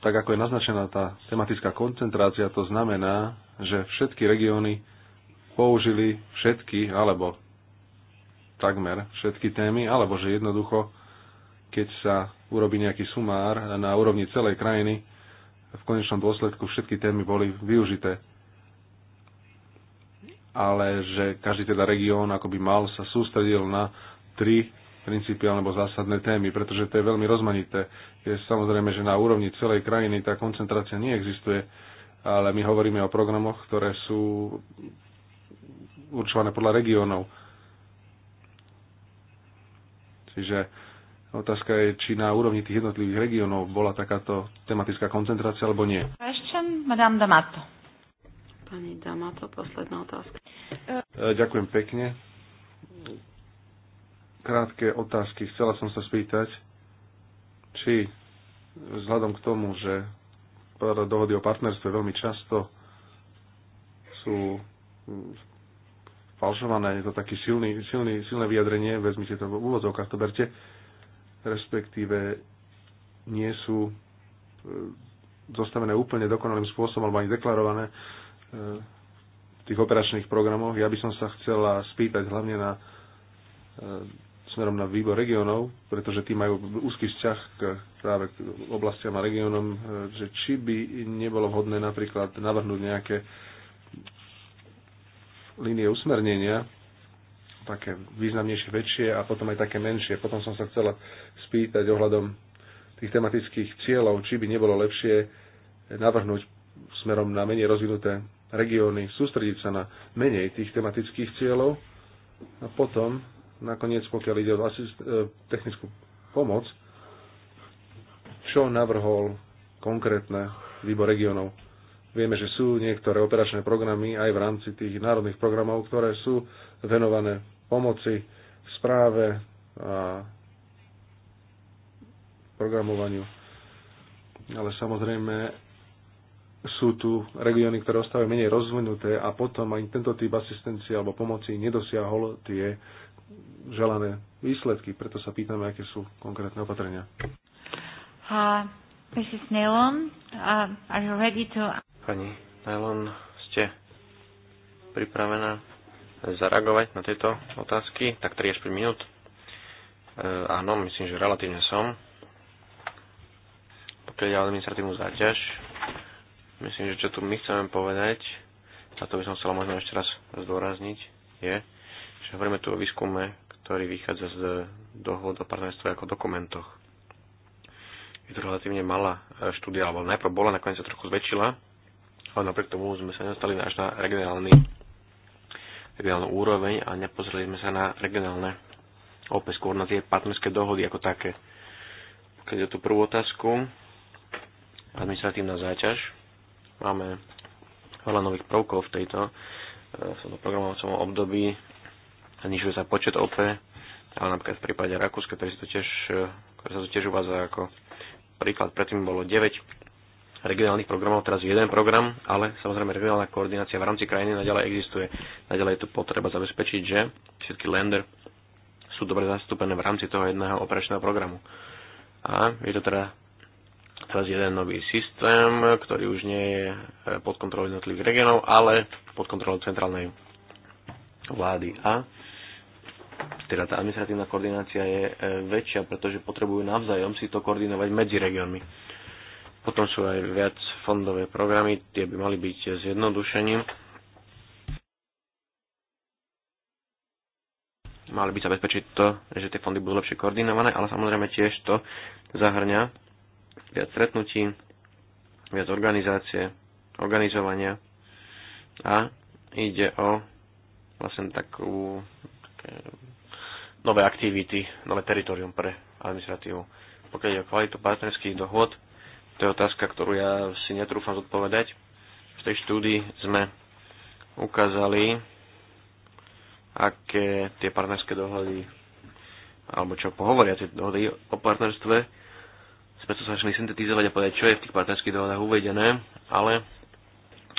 tak ako je naznačená tá tematická koncentrácia, to znamená, že všetky regióny použili všetky, alebo takmer všetky témy, alebo že jednoducho, keď sa urobí nejaký sumár na úrovni celej krajiny, v konečnom dôsledku všetky témy boli využité. Ale že každý teda región akoby mal sa sústredil na tri principiálne alebo zásadné témy, pretože to je veľmi rozmanité. Je samozrejme, že na úrovni celej krajiny tá koncentrácia neexistuje, ale my hovoríme o programoch, ktoré sú určované podľa regiónov. Čiže otázka je, či na úrovni tých jednotlivých regiónov bola takáto tematická koncentrácia alebo nie. Ešte, Madame D'Amato. Pani D'Amato, posledná otázka. E, ďakujem pekne krátke otázky. Chcela som sa spýtať, či vzhľadom k tomu, že dohody o partnerstve veľmi často sú falšované, je to taký silný, silný, silné vyjadrenie, vezmite to v úvodzovkách, to berte, respektíve nie sú e, zostavené úplne dokonalým spôsobom alebo ani deklarované e, v tých operačných programoch. Ja by som sa chcela spýtať hlavne na e, smerom na výbor regionov, pretože tí majú úzky vzťah k, práve k oblastiam a regionom, e, že či by nebolo vhodné napríklad navrhnúť nejaké línie usmernenia, také významnejšie, väčšie a potom aj také menšie. Potom som sa chcela spýtať ohľadom tých tematických cieľov, či by nebolo lepšie navrhnúť smerom na menej rozvinuté regióny, sústrediť sa na menej tých tematických cieľov a potom nakoniec, pokiaľ ide o asist, e, technickú pomoc, čo navrhol konkrétne výbor regionov. Vieme, že sú niektoré operačné programy aj v rámci tých národných programov, ktoré sú venované pomoci, správe a programovaniu. Ale samozrejme sú tu regióny, ktoré ostávajú menej rozvinuté a potom aj tento typ asistencie alebo pomoci nedosiahol tie želané výsledky. Preto sa pýtame, aké sú konkrétne opatrenia. Pani nailon, ste pripravená zareagovať na tieto otázky? Tak 3 až 5 minút. Uh, áno, myslím, že relatívne som. Pokiaľ ide administratívnu záťaž, myslím, že čo tu my chceme povedať, a to by som chcela možno ešte raz zdôrazniť, je, Čiže hovoríme tu o výskume, ktorý vychádza z dohod o partnerstve ako dokumentoch. Je to relatívne malá e, štúdia, alebo najprv bola, nakoniec sa trochu zväčšila, ale napriek tomu sme sa nedostali až na regionálny, regionálnu úroveň a nepozreli sme sa na regionálne, opäť skôr na tie partnerské dohody ako také. Keď je tu prvú otázku, administratívna záťaž, máme veľa nových prvkov v tejto e, v tomto programovacom období znižuje sa počet OP, ale napríklad v prípade Rakúska, ktoré, to tiež, ktoré sa to tiež uvádza ako príklad, predtým bolo 9 regionálnych programov, teraz jeden program, ale samozrejme regionálna koordinácia v rámci krajiny naďalej existuje. Naďalej je tu potreba zabezpečiť, že všetky lender sú dobre zastúpené v rámci toho jedného operačného programu. A je to teda teraz jeden nový systém, ktorý už nie je eh, pod kontrolou jednotlivých regionov, ale pod kontrolou centrálnej vlády. A teda tá administratívna koordinácia je e, väčšia, pretože potrebujú navzájom si to koordinovať medzi regiónmi. Potom sú aj viac fondové programy, tie by mali byť zjednodušením. Mali by sa bezpečiť to, že tie fondy budú lepšie koordinované, ale samozrejme tiež to zahrňa viac stretnutí, viac organizácie, organizovania a ide o vlastne takú také nové aktivity, nové teritorium pre administratívu. Pokiaľ ide o kvalitu partnerských dohod, to je otázka, ktorú ja si netrúfam zodpovedať. V tej štúdii sme ukázali, aké tie partnerské dohody, alebo čo pohovoria tie dohody o partnerstve, sme to začali syntetizovať a povedať, čo je v tých partnerských dohodách uvedené, ale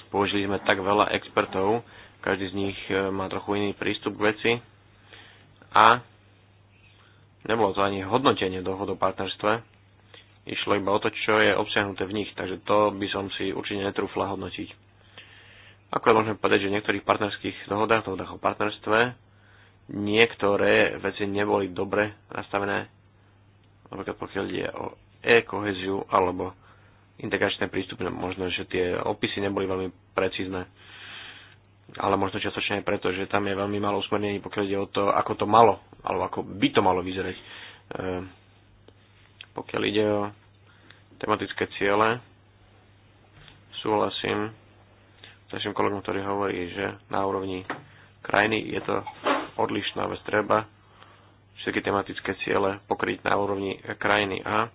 použili sme tak veľa expertov, každý z nich eh, má trochu iný prístup k veci a Nebolo to ani hodnotenie dohod o partnerstve. Išlo iba o to, čo je obsiahnuté v nich, takže to by som si určite netrúfla hodnotiť. Ako je možné povedať, že v niektorých partnerských dohodách, dohodách o partnerstve, niektoré veci neboli dobre nastavené, napríklad pokiaľ ide o e-koheziu alebo integračné prístupné, možno, že tie opisy neboli veľmi precízne ale možno častočne aj preto, že tam je veľmi málo usmernení, pokiaľ ide o to, ako to malo, alebo ako by to malo vyzerať. Ehm, pokiaľ ide o tematické ciele, súhlasím s našim kolegom, ktorý hovorí, že na úrovni krajiny je to odlišná vec. Treba všetky tematické ciele pokryť na úrovni krajiny a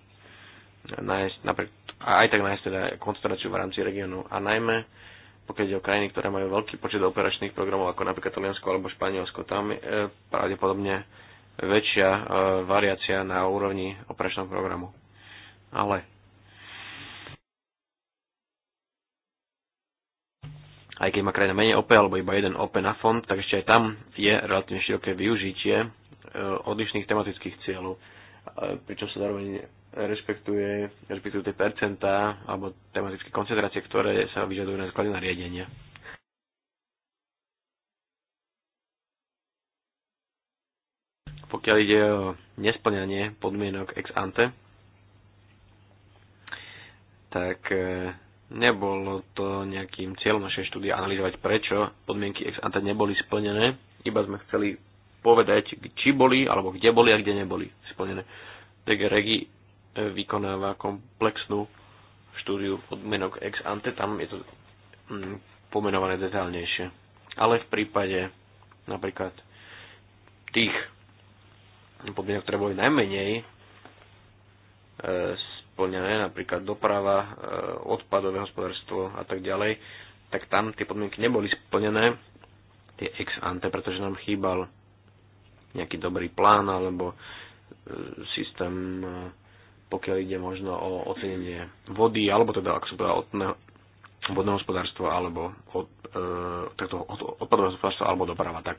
nájsť, napríklad, a aj tak nájsť teda koncentráciu v rámci regiónu a najmä pokiaľ ide o krajiny, ktoré majú veľký počet operačných programov, ako napríklad Taliansko alebo Španielsko, tam je pravdepodobne väčšia e, variácia na úrovni operačného programu. Ale aj keď má krajina menej OP alebo iba jeden OP na fond, tak ešte aj tam je relatívne široké využitie e, odlišných tematických cieľov, e, pričom sa zároveň rešpektuje, rešpektuje tie percentá alebo tematické koncentrácie, ktoré sa vyžadujú na základe nariadenia. Pokiaľ ide o nesplňanie podmienok ex ante, tak e, nebolo to nejakým cieľom našej štúdie analyzovať, prečo podmienky ex ante neboli splnené, iba sme chceli povedať, či boli, alebo kde boli a kde neboli splnené. Tak Regi vykonáva komplexnú štúdiu podmienok ex ante, tam je to mm, pomenované detálnejšie. Ale v prípade napríklad tých podmienok, ktoré boli najmenej e, splnené, napríklad doprava, e, odpadové hospodárstvo a tak ďalej, tak tam tie podmienky neboli splnené, tie ex ante, pretože nám chýbal nejaký dobrý plán alebo e, systém pokiaľ ide možno o ocenenie vody, alebo teda, ak som povedal, vodného hospodárstva alebo od, e, takto, od, odpadového hospodárstva alebo doprava. Tak.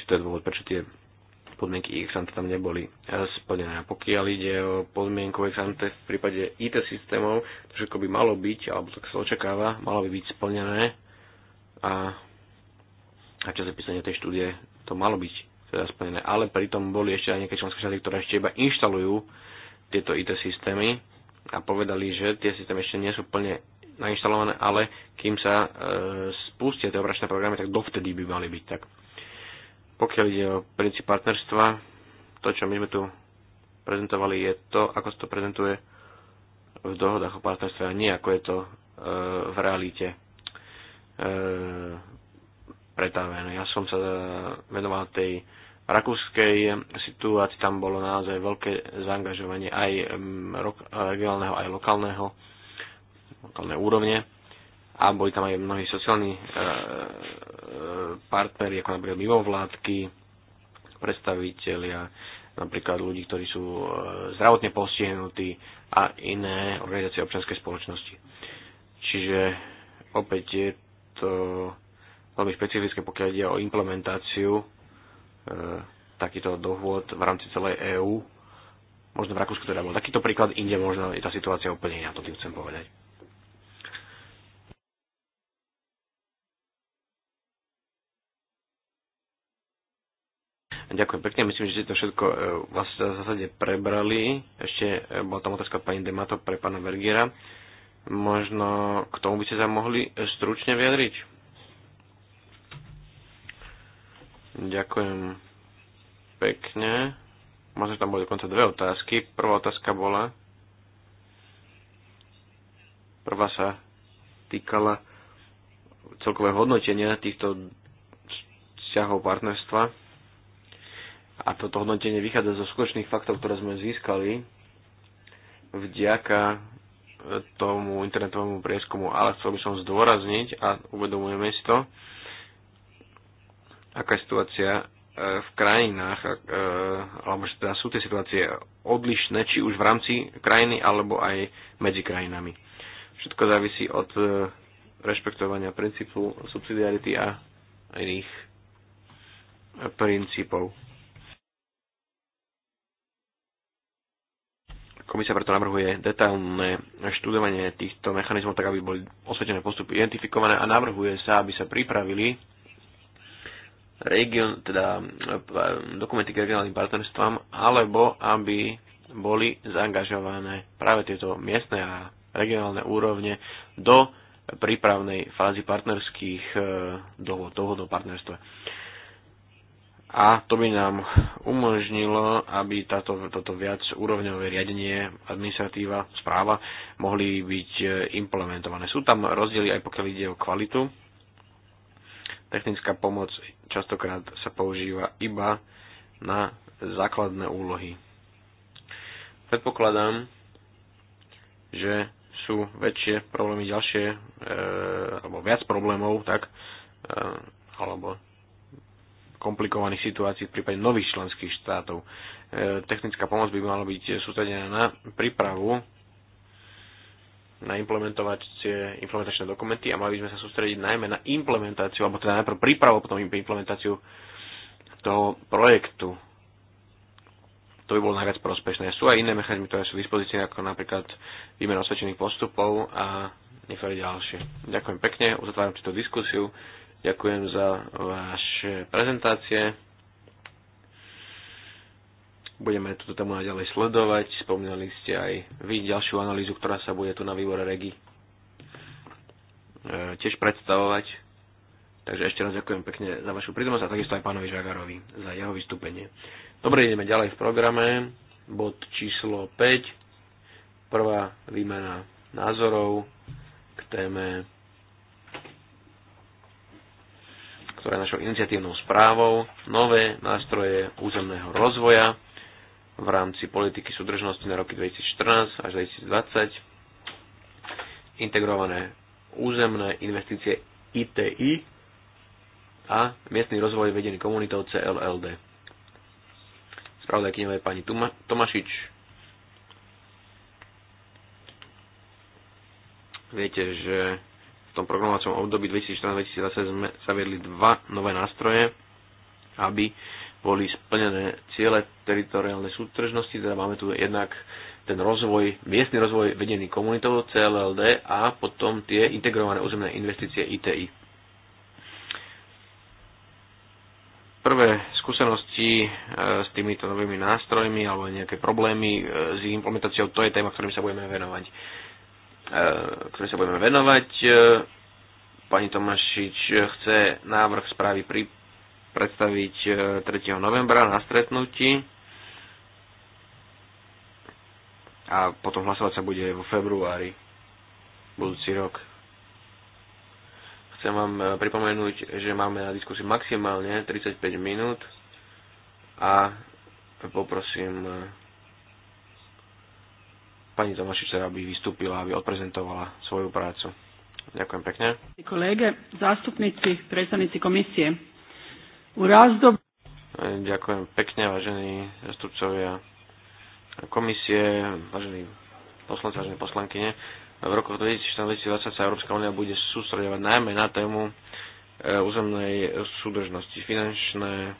či to je dôvod, prečo tie podmienky ex ante tam neboli e, splnené. A pokiaľ ide o podmienku ex ante v prípade IT systémov, to všetko by malo byť, alebo tak sa očakáva, malo by byť splnené a, a čas čase písania tej štúdie to malo byť teda splnené. Ale pritom boli ešte aj nejaké členské štáty, ktoré ešte iba inštalujú tieto IT systémy a povedali, že tie systémy ešte nie sú plne nainštalované, ale kým sa e, spustia tie operačné programy, tak dovtedy by mali byť tak. Pokiaľ ide o princíp partnerstva, to, čo my sme tu prezentovali, je to, ako sa to prezentuje v dohodách o partnerstve a nie ako je to e, v realite e, pretavené. Ja som sa e, venoval tej rakúskej situácii tam bolo naozaj veľké zaangažovanie aj mm, eh, regionálneho, aj lokálneho, lokálne úrovne a boli tam aj mnohí sociálni eh, eh, partneri, ako napríklad mimovládky, predstavitelia, napríklad ľudí, ktorí sú zdravotne postihnutí a iné organizácie občianskej spoločnosti. Čiže opäť je to veľmi špecifické, pokiaľ ide o implementáciu E, takýto dohôd v rámci celej EÚ. Možno v Rakúsku teda bol takýto príklad, inde možno je tá situácia úplne iná, to tým chcem povedať. Ďakujem pekne, myslím, že ste to všetko vlastne v zásade prebrali. Ešte e, bola tam otázka pani Demato pre pána Vergiera. Možno k tomu by ste sa mohli e, stručne vyjadriť? Ďakujem pekne. Možno tam boli dokonca dve otázky. Prvá otázka bola, prvá sa týkala celkové hodnotenia týchto vzťahov partnerstva. A toto hodnotenie vychádza zo skutočných faktov, ktoré sme získali vďaka tomu internetovému prieskumu. Ale chcel by som zdôrazniť, a uvedomujeme si to, aká je situácia e, v krajinách, e, alebo že teda sú tie situácie odlišné, či už v rámci krajiny, alebo aj medzi krajinami. Všetko závisí od e, rešpektovania princípu subsidiarity a iných princípov. Komisia preto navrhuje detailné študovanie týchto mechanizmov, tak aby boli osvetené postupy identifikované a navrhuje sa, aby sa pripravili region, teda e, dokumenty k regionálnym partnerstvám, alebo aby boli zaangažované práve tieto miestne a regionálne úrovne do prípravnej fázy partnerských e, dohod, dohod o partnerstve. A to by nám umožnilo, aby táto, toto viac úrovňové riadenie, administratíva, správa mohli byť e, implementované. Sú tam rozdiely aj pokiaľ ide o kvalitu Technická pomoc častokrát sa používa iba na základné úlohy. Predpokladám, že sú väčšie problémy ďalšie, e, alebo viac problémov, tak, e, alebo komplikovaných situácií v prípade nových členských štátov. E, technická pomoc by mala byť sústredená na prípravu na implementovacie, implementačné dokumenty a mali by sme sa sústrediť najmä na implementáciu, alebo teda najprv prípravu, potom implementáciu toho projektu. To by bolo najviac prospešné. Sú aj iné mechanizmy, ktoré sú v dispozícii, ako napríklad výmena osvedčených postupov a niektoré ďalšie. Ďakujem pekne, uzatváram túto diskusiu, ďakujem za vaše prezentácie. Budeme túto tému naďalej sledovať. Spomínali ste aj vy ďalšiu analýzu, ktorá sa bude tu na výbore REGI e, tiež predstavovať. Takže ešte raz ďakujem pekne za vašu prítomnosť a takisto aj pánovi Žagarovi za jeho vystúpenie. Dobre, ideme ďalej v programe. Bod číslo 5. Prvá výmena názorov k téme, ktorá je našou iniciatívnou správou, nové nástroje územného rozvoja v rámci politiky súdržnosti na roky 2014 až 2020, integrované územné investície ITI a miestny rozvoj vedený komunitou CLLD. Spravodajkyňou je pani Tomašič. Viete, že v tom programovacom období 2014-2020 sme zaviedli dva nové nástroje, aby boli splnené ciele teritoriálnej súdržnosti, teda máme tu jednak ten rozvoj, miestny rozvoj vedený komunitou CLLD a potom tie integrované územné investície ITI. Prvé skúsenosti e, s týmito novými nástrojmi alebo nejaké problémy e, s ich implementáciou, to je téma, ktorým sa budeme venovať. E, ktorým sa budeme venovať. Pani Tomašič chce návrh správy pri predstaviť 3. E, novembra na stretnutí a potom hlasovať sa bude vo februári budúci rok. Chcem vám e, pripomenúť, že máme na diskusiu maximálne 35 minút a poprosím e, pani Tomašice, aby vystúpila, aby odprezentovala svoju prácu. Ďakujem pekne. Kolege, zástupníci, predstavníci komisie, Ďakujem pekne, vážení zastupcovia komisie, vážení poslanci, vážené poslankyne. V roku 2014-2020 sa Európska únia bude sústredovať najmä na tému e, územnej súdržnosti. Finančné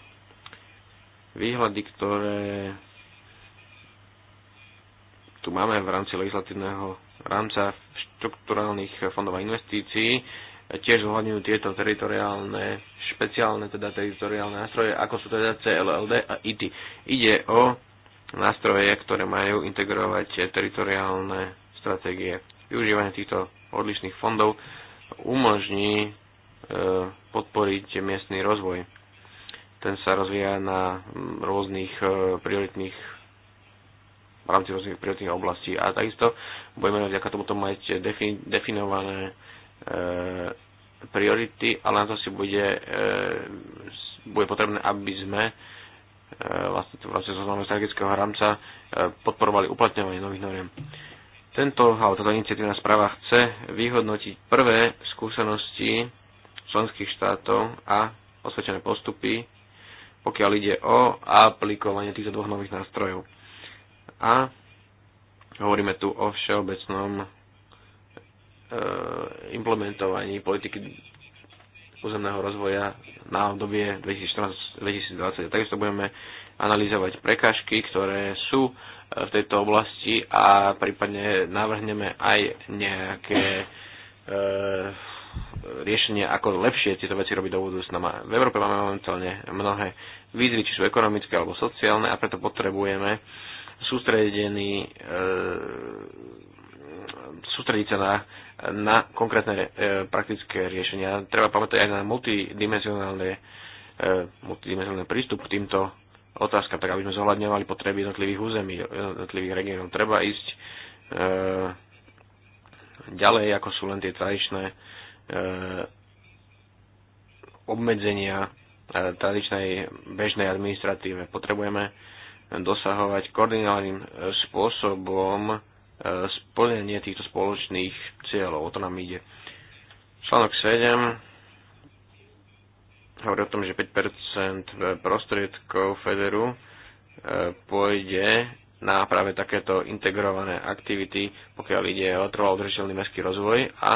výhľady, ktoré tu máme v rámci legislatívneho rámca štrukturálnych fondov a investícií, tiež zohľadňujú tieto teritoriálne, špeciálne teda teritoriálne nástroje, ako sú teda CLLD a IT. Ide o nástroje, ktoré majú integrovať teritoriálne stratégie. Využívanie týchto odlišných fondov umožní e, podporiť miestny rozvoj. Ten sa rozvíja na rôznych e, prioritných v rámci rôznych prioritných oblastí. A takisto budeme vďaka tomuto mať defin, definované E, priority, ale na to si bude, e, bude potrebné, aby sme e, vlastne, vlastne zo so strategického rámca podporovali uplatňovanie nových noriem. Tento, alebo táto iniciatívna správa chce vyhodnotiť prvé skúsenosti členských štátov a osvedčené postupy, pokiaľ ide o aplikovanie týchto dvoch nových nástrojov. A hovoríme tu o všeobecnom Eh, implementovaní politiky územného rozvoja na obdobie 2014-2020. Takisto budeme analyzovať prekážky, ktoré sú eh, v tejto oblasti a prípadne navrhneme aj nejaké e, riešenie, ako lepšie tieto veci robiť do budúcna. V Európe máme momentálne mnohé výzvy, či sú ekonomické alebo sociálne a preto potrebujeme sústredený e, sústrediť sa na, na konkrétne e, praktické riešenia. Treba pamätať aj na multidimenzionálne, e, multidimenzionálny prístup k týmto otázkam, tak aby sme zohľadňovali potreby jednotlivých území, jednotlivých regiónov. Treba ísť e, ďalej, ako sú len tie tradičné e, obmedzenia e, tradičnej bežnej administratíve. Potrebujeme dosahovať koordinálnym e, spôsobom E, splnenie týchto spoločných cieľov. O to nám ide. Článok 7 hovorí o tom, že 5% prostriedkov Federu e, pôjde na práve takéto integrované aktivity, pokiaľ ide o trvalo udržiteľný mestský rozvoj a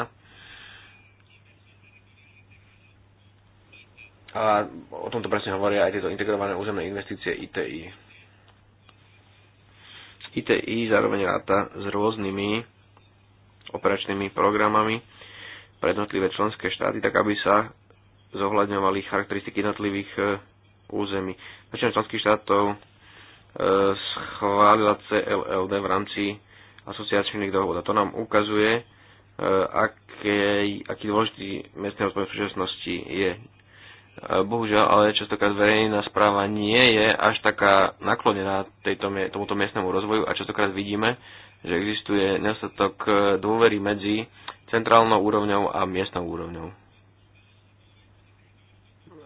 A o tomto presne hovoria aj tieto integrované územné investície ITI. ITI zároveň ráta s rôznymi operačnými programami pre jednotlivé členské štáty, tak aby sa zohľadňovali charakteristiky jednotlivých e, území. Väčšina členských štátov e, schválila CLLD v rámci asociačných dohôd. A to nám ukazuje, e, aký dôležitý miestny rozpočet v súčasnosti je. Bohužiaľ, ale častokrát verejná správa nie je až taká naklonená tejto, tomuto miestnemu rozvoju a častokrát vidíme, že existuje nedostatok e, dôvery medzi centrálnou úrovňou a miestnou úrovňou.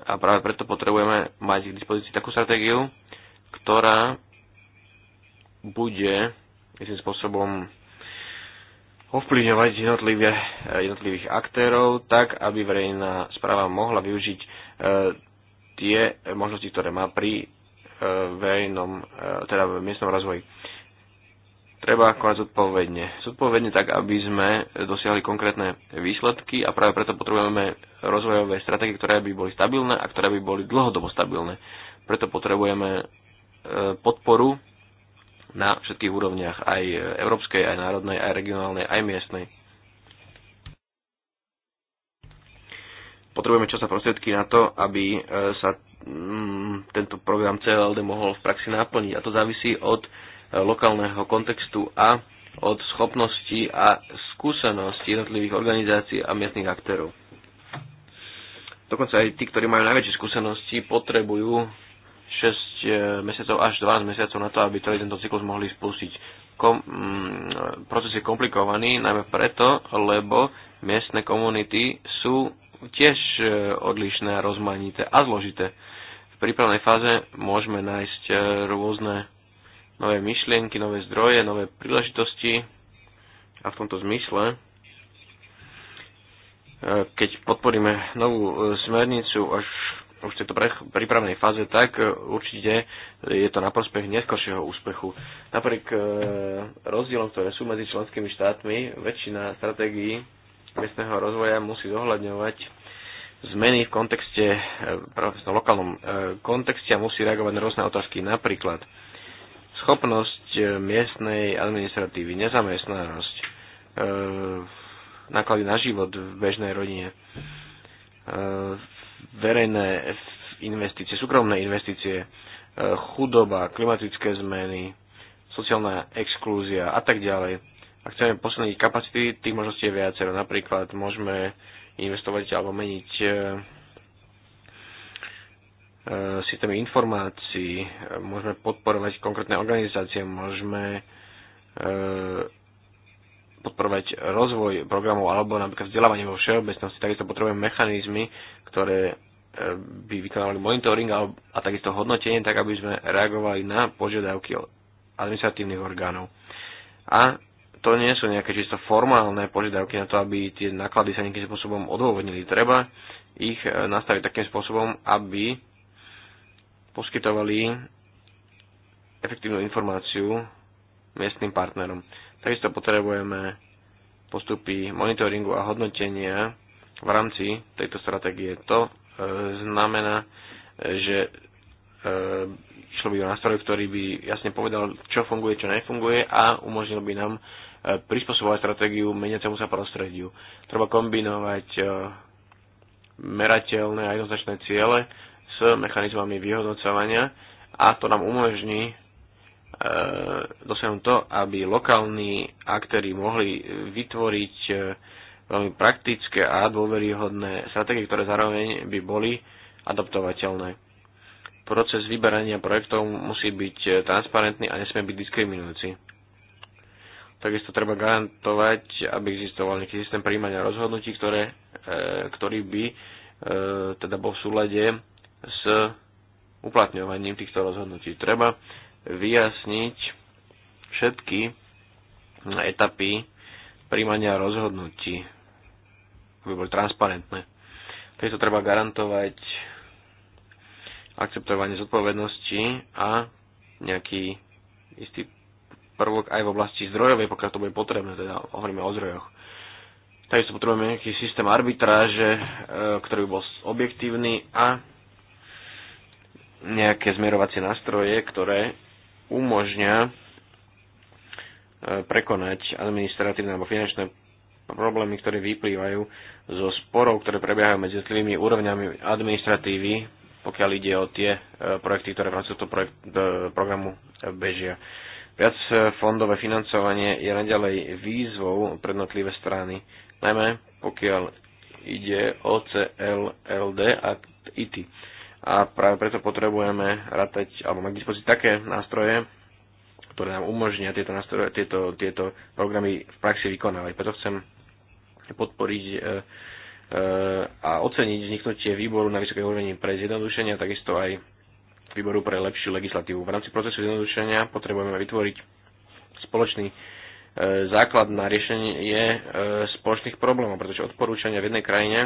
A práve preto potrebujeme mať k dispozícii takú stratégiu, ktorá bude istým spôsobom ovplyvňovať e, jednotlivých aktérov tak, aby verejná správa mohla využiť E, tie možnosti, ktoré má pri e, verejnom, e, teda v miestnom rozvoji. Treba konať zodpovedne. Zodpovedne tak, aby sme dosiahli konkrétne výsledky a práve preto potrebujeme rozvojové stratégie, ktoré by boli stabilné a ktoré by boli dlhodobo stabilné. Preto potrebujeme podporu na všetkých úrovniach, aj európskej, aj národnej, aj regionálnej, aj miestnej. potrebujeme časa prostriedky na to, aby e, sa mm, tento program CLD mohol v praxi naplniť. A to závisí od e, lokálneho kontextu a od schopnosti a skúsenosti jednotlivých organizácií a miestnych aktérov. Dokonca aj tí, ktorí majú najväčšie skúsenosti, potrebujú 6 e, mesiacov až 12 mesiacov na to, aby celý tento cyklus mohli spustiť. Kom, mm, proces je komplikovaný najmä preto, lebo miestne komunity sú tiež e, odlišné, rozmanité a zložité. V prípravnej fáze môžeme nájsť e, rôzne nové myšlienky, nové zdroje, nové príležitosti a v tomto zmysle e, keď podporíme novú smernicu až už v tejto prípravnej fáze, tak určite je to na prospech neskôršieho úspechu. Napriek rozdielom, ktoré sú medzi členskými štátmi, väčšina stratégií miestneho rozvoja musí zohľadňovať zmeny v kontexte, e, v lokálnom e, kontexte a musí reagovať na rôzne otázky. Napríklad schopnosť e, miestnej administratívy, nezamestnanosť, náklady na život v bežnej rodine, verejné investície, súkromné investície, chudoba, klimatické zmeny, sociálna exklúzia a tak ďalej ak chceme posilniť kapacity, tých možností je viacero. Napríklad môžeme investovať alebo meniť e, e, systémy informácií, môžeme podporovať konkrétne organizácie, môžeme e, podporovať rozvoj programov alebo napríklad vzdelávanie vo všeobecnosti. Takisto potrebujeme mechanizmy, ktoré by vykonávali monitoring a takisto hodnotenie, tak aby sme reagovali na požiadavky administratívnych orgánov. A to nie sú nejaké čisto formálne požiadavky na to, aby tie náklady sa nejakým spôsobom odôvodnili. Treba ich e, nastaviť takým spôsobom, aby poskytovali efektívnu informáciu miestnym partnerom. Takisto potrebujeme postupy monitoringu a hodnotenia v rámci tejto stratégie. To e, znamená, že e, išlo by o nástroj, ktorý by jasne povedal, čo funguje, čo nefunguje a umožnil by nám prispôsobovať stratégiu meniacemu sa prostrediu. Treba kombinovať e, merateľné a jednoznačné ciele s mechanizmami vyhodnocovania a to nám umožní e, dosiahnuť to, aby lokálni aktéry mohli vytvoriť e, veľmi praktické a dôveryhodné stratégie, ktoré zároveň by boli adaptovateľné. Proces vyberania projektov musí byť transparentný a nesmie byť diskriminujúci Takisto treba garantovať, aby existoval nejaký systém príjmania rozhodnutí, ktoré, e, ktorý by e, teda bol v súlade s uplatňovaním týchto rozhodnutí. Treba vyjasniť všetky etapy príjmania rozhodnutí, aby boli transparentné. Takisto treba garantovať akceptovanie zodpovednosti a nejaký istý prvok aj v oblasti zdrojovej, pokiaľ to bude potrebné, teda hovoríme o zdrojoch. Takisto potrebujeme nejaký systém arbitráže, e, ktorý by bol objektívny a nejaké zmerovacie nástroje, ktoré umožňa e, prekonať administratívne alebo finančné problémy, ktoré vyplývajú zo sporov, ktoré prebiehajú medzi jednotlivými úrovňami administratívy, pokiaľ ide o tie e, projekty, ktoré v rámci tohto programu bežia. Viac eh, fondové financovanie je naďalej výzvou pre jednotlivé strany, najmä pokiaľ ide o CLLD a IT. A práve preto potrebujeme ratať alebo mať k také nástroje, ktoré nám umožnia tieto, nástroje, tieto, tieto programy v praxi vykonávať. Preto chcem podporiť e, e, a oceniť vzniknutie výboru na vysokej úrovni pre zjednodušenie a takisto aj výboru pre lepšiu legislatívu. V rámci procesu zjednodušenia potrebujeme vytvoriť spoločný e, základ na riešenie e, spoločných problémov, pretože odporúčania v jednej krajine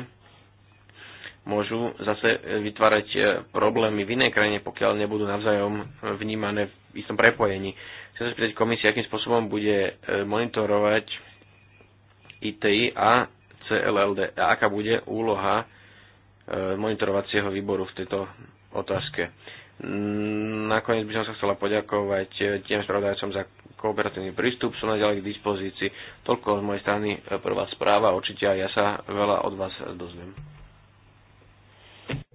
môžu zase vytvárať e, problémy v inej krajine, pokiaľ nebudú navzájom vnímané v istom prepojení. Chcem sa spýtať komisie, akým spôsobom bude monitorovať ITI a CLLD a aká bude úloha monitorovacieho výboru v tejto otázke. Mm, nakoniec by som sa chcela poďakovať eh, tým spravodajcom za kooperatívny prístup, sú naďalej k dispozícii. Toľko z mojej strany eh, prvá správa, určite aj ja sa veľa od vás dozviem.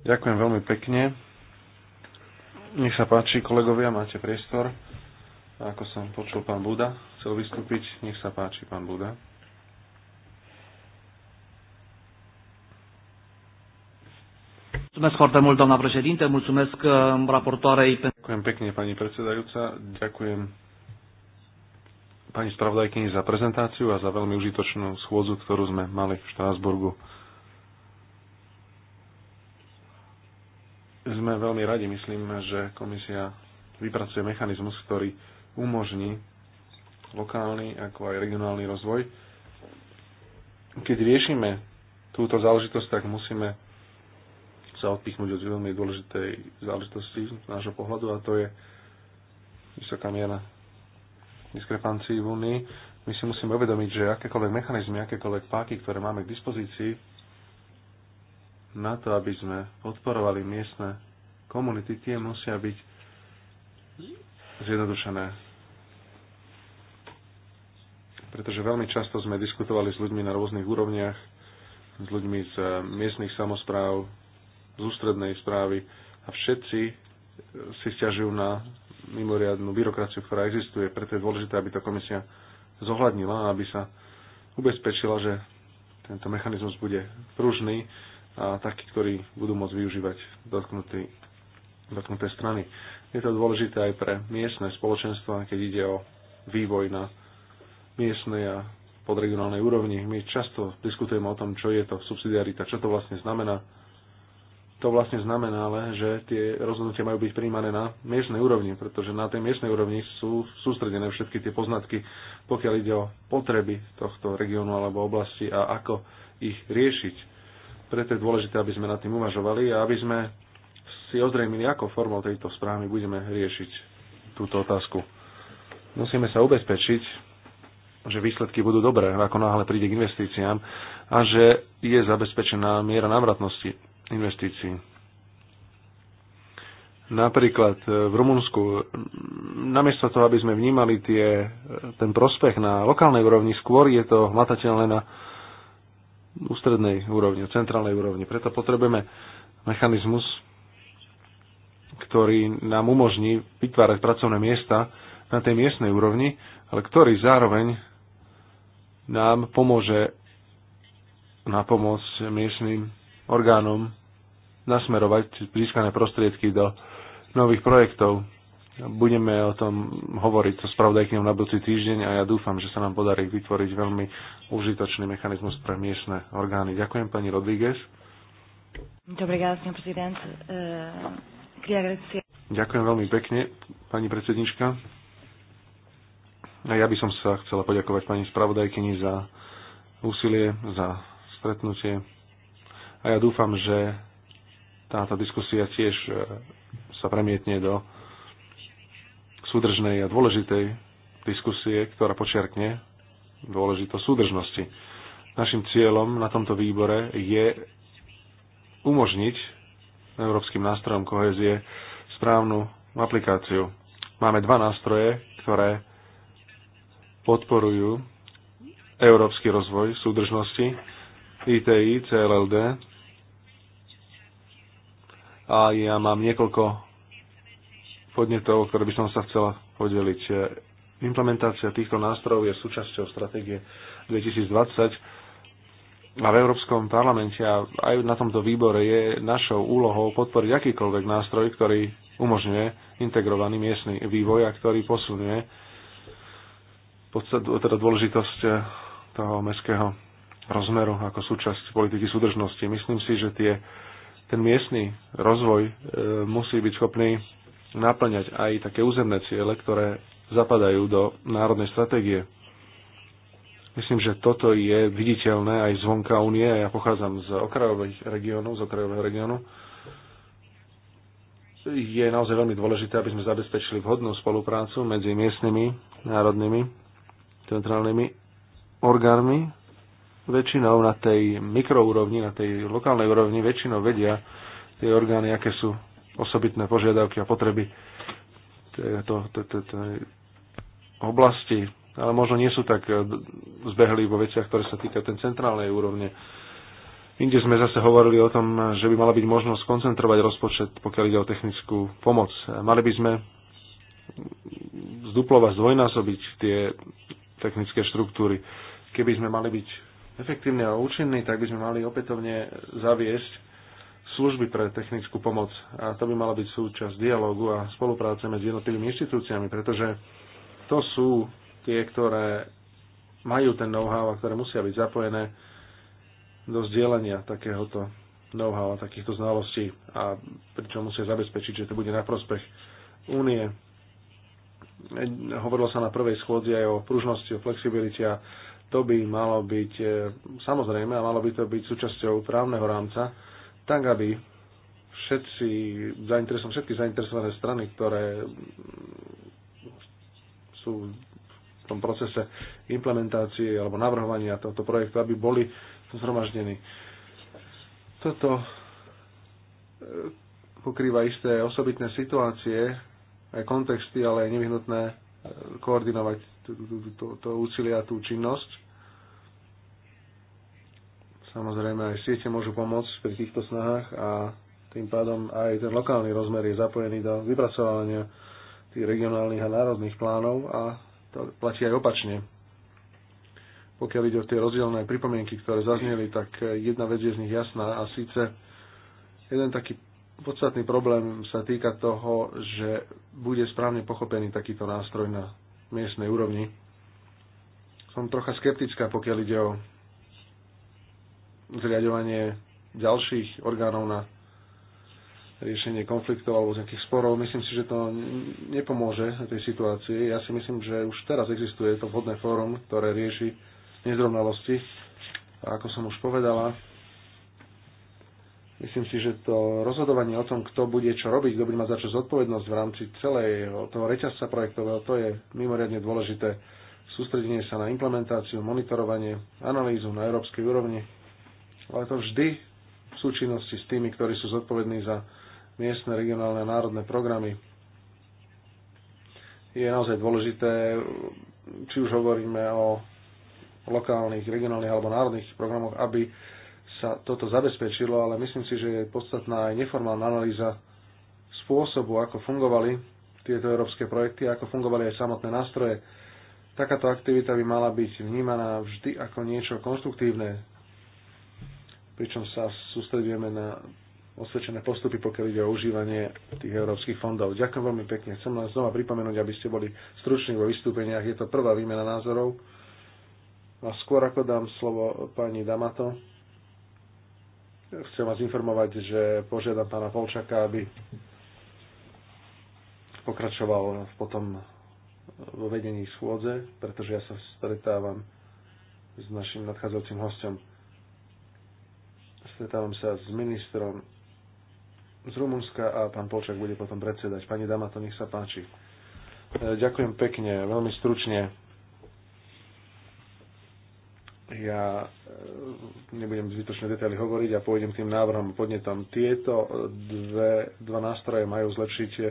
Ďakujem veľmi pekne. Nech sa páči, kolegovia, máte priestor. ako som počul pán Buda, chcel vystúpiť, nech sa páči pán Buda. Mulțumesc foarte mult, doamna președinte, mulțumesc uh, raportoarei. Ďakujem pekne, pani predsedajúca, ďakujem pani spravodajkyni za prezentáciu a za veľmi užitočnú schôdzu, ktorú sme mali v Štrásburgu. Sme veľmi radi, myslím, že komisia vypracuje mechanizmus, ktorý umožní lokálny ako aj regionálny rozvoj. Keď riešime túto záležitosť, tak musíme sa odpichnúť od veľmi dôležitej záležitosti z nášho pohľadu a to je vysoká miera diskrepancií v Únii. My si musíme uvedomiť, že akékoľvek mechanizmy, akékoľvek páky, ktoré máme k dispozícii, na to, aby sme podporovali miestne komunity, tie musia byť zjednodušené. Pretože veľmi často sme diskutovali s ľuďmi na rôznych úrovniach, s ľuďmi z miestnych samozpráv, z ústrednej správy a všetci si stiažujú na mimoriadnú byrokraciu, ktorá existuje. Preto je dôležité, aby tá komisia zohľadnila, aby sa ubezpečila, že tento mechanizmus bude pružný a taký, ktorý budú môcť využívať dotknutý, dotknuté strany. Je to dôležité aj pre miestne spoločenstva, keď ide o vývoj na miestnej a podregionálnej úrovni. My často diskutujeme o tom, čo je to subsidiarita, čo to vlastne znamená, to vlastne znamená ale, že tie rozhodnutia majú byť príjmané na miestnej úrovni, pretože na tej miestnej úrovni sú sústredené všetky tie poznatky, pokiaľ ide o potreby tohto regiónu alebo oblasti a ako ich riešiť. Preto je dôležité, aby sme nad tým uvažovali a aby sme si ozrejmili, ako formou tejto správy budeme riešiť túto otázku. Musíme sa ubezpečiť, že výsledky budú dobré, ako náhle príde k investíciám a že je zabezpečená miera návratnosti investícií. Napríklad e, v Rumunsku, namiesto toho, aby sme vnímali tie, e, ten prospech na lokálnej úrovni, skôr je to hmatateľné na ústrednej úrovni, centrálnej úrovni. Preto potrebujeme mechanizmus, ktorý nám umožní vytvárať pracovné miesta na tej miestnej úrovni, ale ktorý zároveň nám pomôže na pomoc miestnym orgánom nasmerovať získané prostriedky do nových projektov. Budeme o tom hovoriť so spravodajkňou na budúci týždeň a ja dúfam, že sa nám podarí vytvoriť veľmi užitočný mechanizmus pre miestne orgány. Ďakujem pani Rodríguez. Eh, Ďakujem veľmi pekne, pani predsednička. A ja by som sa chcela poďakovať pani spravodajkyni za úsilie, za stretnutie a ja dúfam, že táto diskusia tiež e, sa premietne do súdržnej a dôležitej diskusie, ktorá počiarkne dôležitosť súdržnosti. Našim cieľom na tomto výbore je umožniť európskym nástrojom kohezie správnu aplikáciu. Máme dva nástroje, ktoré podporujú európsky rozvoj súdržnosti, ITI, CLLD a ja mám niekoľko podnetov, ktoré by som sa chcela podeliť. Implementácia týchto nástrojov je súčasťou stratégie 2020 a v Európskom parlamente a aj na tomto výbore je našou úlohou podporiť akýkoľvek nástroj, ktorý umožňuje integrovaný miestny vývoj a ktorý posunie podstat, teda dôležitosť toho mestského rozmeru ako súčasť politiky súdržnosti. Myslím si, že tie ten miestny rozvoj e, musí byť schopný naplňať aj také územné ciele, ktoré zapadajú do národnej stratégie. Myslím, že toto je viditeľné aj zvonka únie. Ja pochádzam z okrajových regiónov, z okrajového regiónu. Je naozaj veľmi dôležité, aby sme zabezpečili vhodnú spoluprácu medzi miestnymi, národnými, centrálnymi orgánmi väčšinou na tej mikroúrovni, na tej lokálnej úrovni, väčšinou vedia tie orgány, aké sú osobitné požiadavky a potreby oblasti, ale možno nie sú tak zbehli vo veciach, ktoré sa týkajú ten centrálnej úrovne. Inde sme zase hovorili o tom, že by mala byť možnosť koncentrovať rozpočet, pokiaľ ide o technickú pomoc. Mali by sme zduplovať, zdvojnásobiť tie technické štruktúry. Keby sme mali byť efektívny a účinný, tak by sme mali opätovne zaviesť služby pre technickú pomoc. A to by mala byť súčasť dialogu a spolupráce medzi jednotlivými inštitúciami, pretože to sú tie, ktoré majú ten know-how a ktoré musia byť zapojené do zdieľania takéhoto know-how a takýchto znalostí a pričom musia zabezpečiť, že to bude na prospech únie. Hovorilo sa na prvej schôdzi aj o pružnosti, o flexibilite a to by malo byť e, samozrejme a malo by to byť súčasťou právneho rámca, tak aby všetci zainteresom, všetky zainteresované strany, ktoré sú v tom procese implementácie alebo navrhovania tohto projektu, aby boli zhromaždení. Toto e, pokrýva isté osobitné situácie, aj kontexty, ale je nevyhnutné e, koordinovať to úsilie a tú činnosť. Samozrejme aj siete môžu pomôcť pri týchto snahách a tým pádom aj ten lokálny rozmer je zapojený do vypracovania tých regionálnych a národných plánov a to platí aj opačne. Pokiaľ ide o tie rozdielne pripomienky, ktoré zazneli, tak jedna vec je z nich jasná a síce jeden taký podstatný problém sa týka toho, že bude správne pochopený takýto nástroj na miestnej úrovni. Som trocha skeptická, pokiaľ ide o zriadovanie ďalších orgánov na riešenie konfliktov alebo nejakých sporov. Myslím si, že to nepomôže tej situácii. Ja si myslím, že už teraz existuje to vhodné fórum, ktoré rieši nezrovnalosti. A ako som už povedala, Myslím si, že to rozhodovanie o tom, kto bude čo robiť, kto bude mať za čo zodpovednosť v rámci celého toho reťazca projektového, to je mimoriadne dôležité. Sústredenie sa na implementáciu, monitorovanie, analýzu na európskej úrovni, ale to vždy v súčinnosti s tými, ktorí sú zodpovední za miestne, regionálne a národné programy. Je naozaj dôležité, či už hovoríme o lokálnych, regionálnych alebo národných programoch, aby sa toto zabezpečilo, ale myslím si, že je podstatná aj neformálna analýza spôsobu, ako fungovali tieto európske projekty, ako fungovali aj samotné nástroje. Takáto aktivita by mala byť vnímaná vždy ako niečo konstruktívne, pričom sa sústredujeme na osvedčené postupy, pokiaľ ide o užívanie tých európskych fondov. Ďakujem veľmi pekne. Chcem len znova pripomenúť, aby ste boli struční vo vystúpeniach. Je to prvá výmena názorov. A skôr ako dám slovo pani Damato, Chcem vás informovať, že požiadam pána Polčaka, aby pokračoval potom vo vedení schôdze, pretože ja sa stretávam s našim nadchádzajúcim hostom. Stretávam sa s ministrom z Rumunska a pán Polčak bude potom predsedať. Pani Dama, to nech sa páči. E, ďakujem pekne, veľmi stručne ja e, nebudem zbytočne detaily hovoriť a ja pôjdem tým návrhom podnetom. Tieto dve, dva nástroje majú zlepšiť e,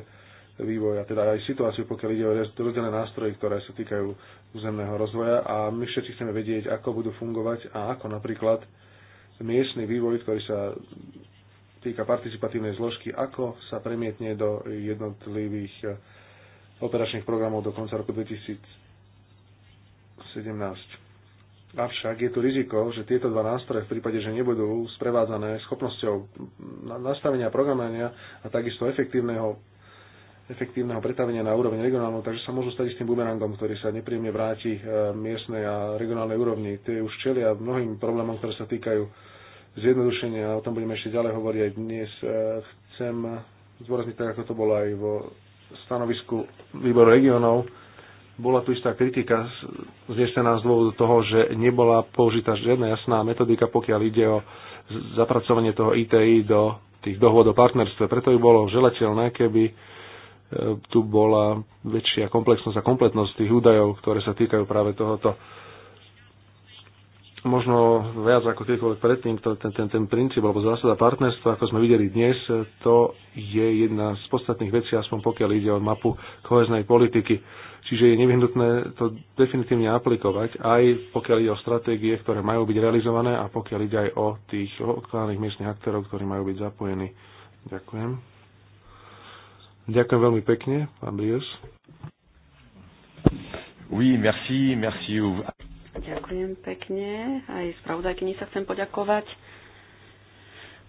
vývoj a teda aj situáciu, pokiaľ ide o rozdelené nástroje, ktoré sa týkajú územného rozvoja a my všetci chceme vedieť, ako budú fungovať a ako napríklad miestny vývoj, ktorý sa týka participatívnej zložky, ako sa premietne do jednotlivých e, operačných programov do konca roku 2017 Avšak je tu riziko, že tieto dva nástroje v prípade, že nebudú sprevádzané schopnosťou nastavenia programovania a takisto efektívneho, efektívneho pretavenia na úroveň regionálnu, takže sa môžu stať s tým bumerangom, ktorý sa nepríjemne vráti e, miestnej a regionálnej úrovni. Tie už čelia mnohým problémom, ktoré sa týkajú zjednodušenia, o tom budeme ešte ďalej hovoriť aj dnes. E, chcem zdôrazniť tak, ako to bolo aj vo stanovisku výboru regionov, bola tu istá kritika znesená z dôvodu toho, že nebola použitá žiadna jasná metodika, pokiaľ ide o zapracovanie toho ITI do tých dohôd o partnerstve. Preto by bolo želateľné, keby e, tu bola väčšia komplexnosť a kompletnosť tých údajov, ktoré sa týkajú práve tohoto. Možno viac ako kedykoľvek predtým, to, ten, ten, ten princíp alebo zásada partnerstva, ako sme videli dnes, to je jedna z podstatných vecí, aspoň pokiaľ ide o mapu koheznej politiky Čiže je nevyhnutné to definitívne aplikovať, aj pokiaľ ide o stratégie, ktoré majú byť realizované a pokiaľ ide aj o tých odkladaných miestnych aktérov, ktorí majú byť zapojení. Ďakujem. Ďakujem veľmi pekne, pán Brius. Oui, merci, merci. Ďakujem pekne. Aj spravodajkyni sa chcem poďakovať.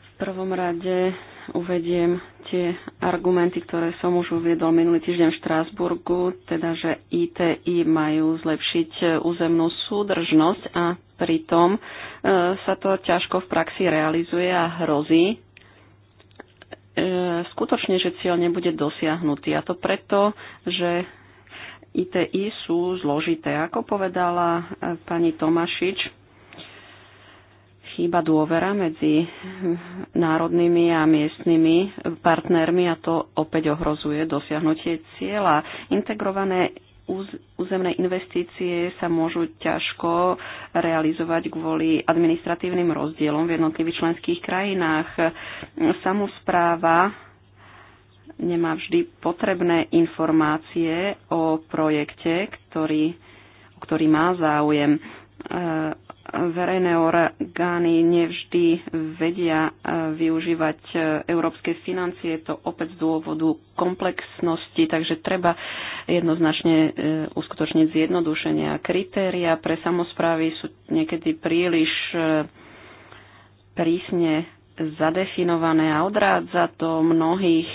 V prvom rade uvediem tie argumenty, ktoré som už uviedol minulý týždeň v Štrásburgu, teda že ITI majú zlepšiť e, územnú súdržnosť a pritom e, sa to ťažko v praxi realizuje a hrozí e, skutočne, že cieľ nebude dosiahnutý. A to preto, že ITI sú zložité. Ako povedala pani Tomašič, chýba dôvera medzi národnými a miestnymi partnermi a to opäť ohrozuje dosiahnutie cieľa. Integrované územné investície sa môžu ťažko realizovať kvôli administratívnym rozdielom v jednotlivých členských krajinách. Samozpráva nemá vždy potrebné informácie o projekte, ktorý, o ktorý má záujem e, verejné orgány nevždy vedia e, využívať e, európske financie. Je to opäť z dôvodu komplexnosti, takže treba jednoznačne e, uskutočniť zjednodušenia. Kritéria pre samozprávy sú niekedy príliš prísne zadefinované a odrádza to mnohých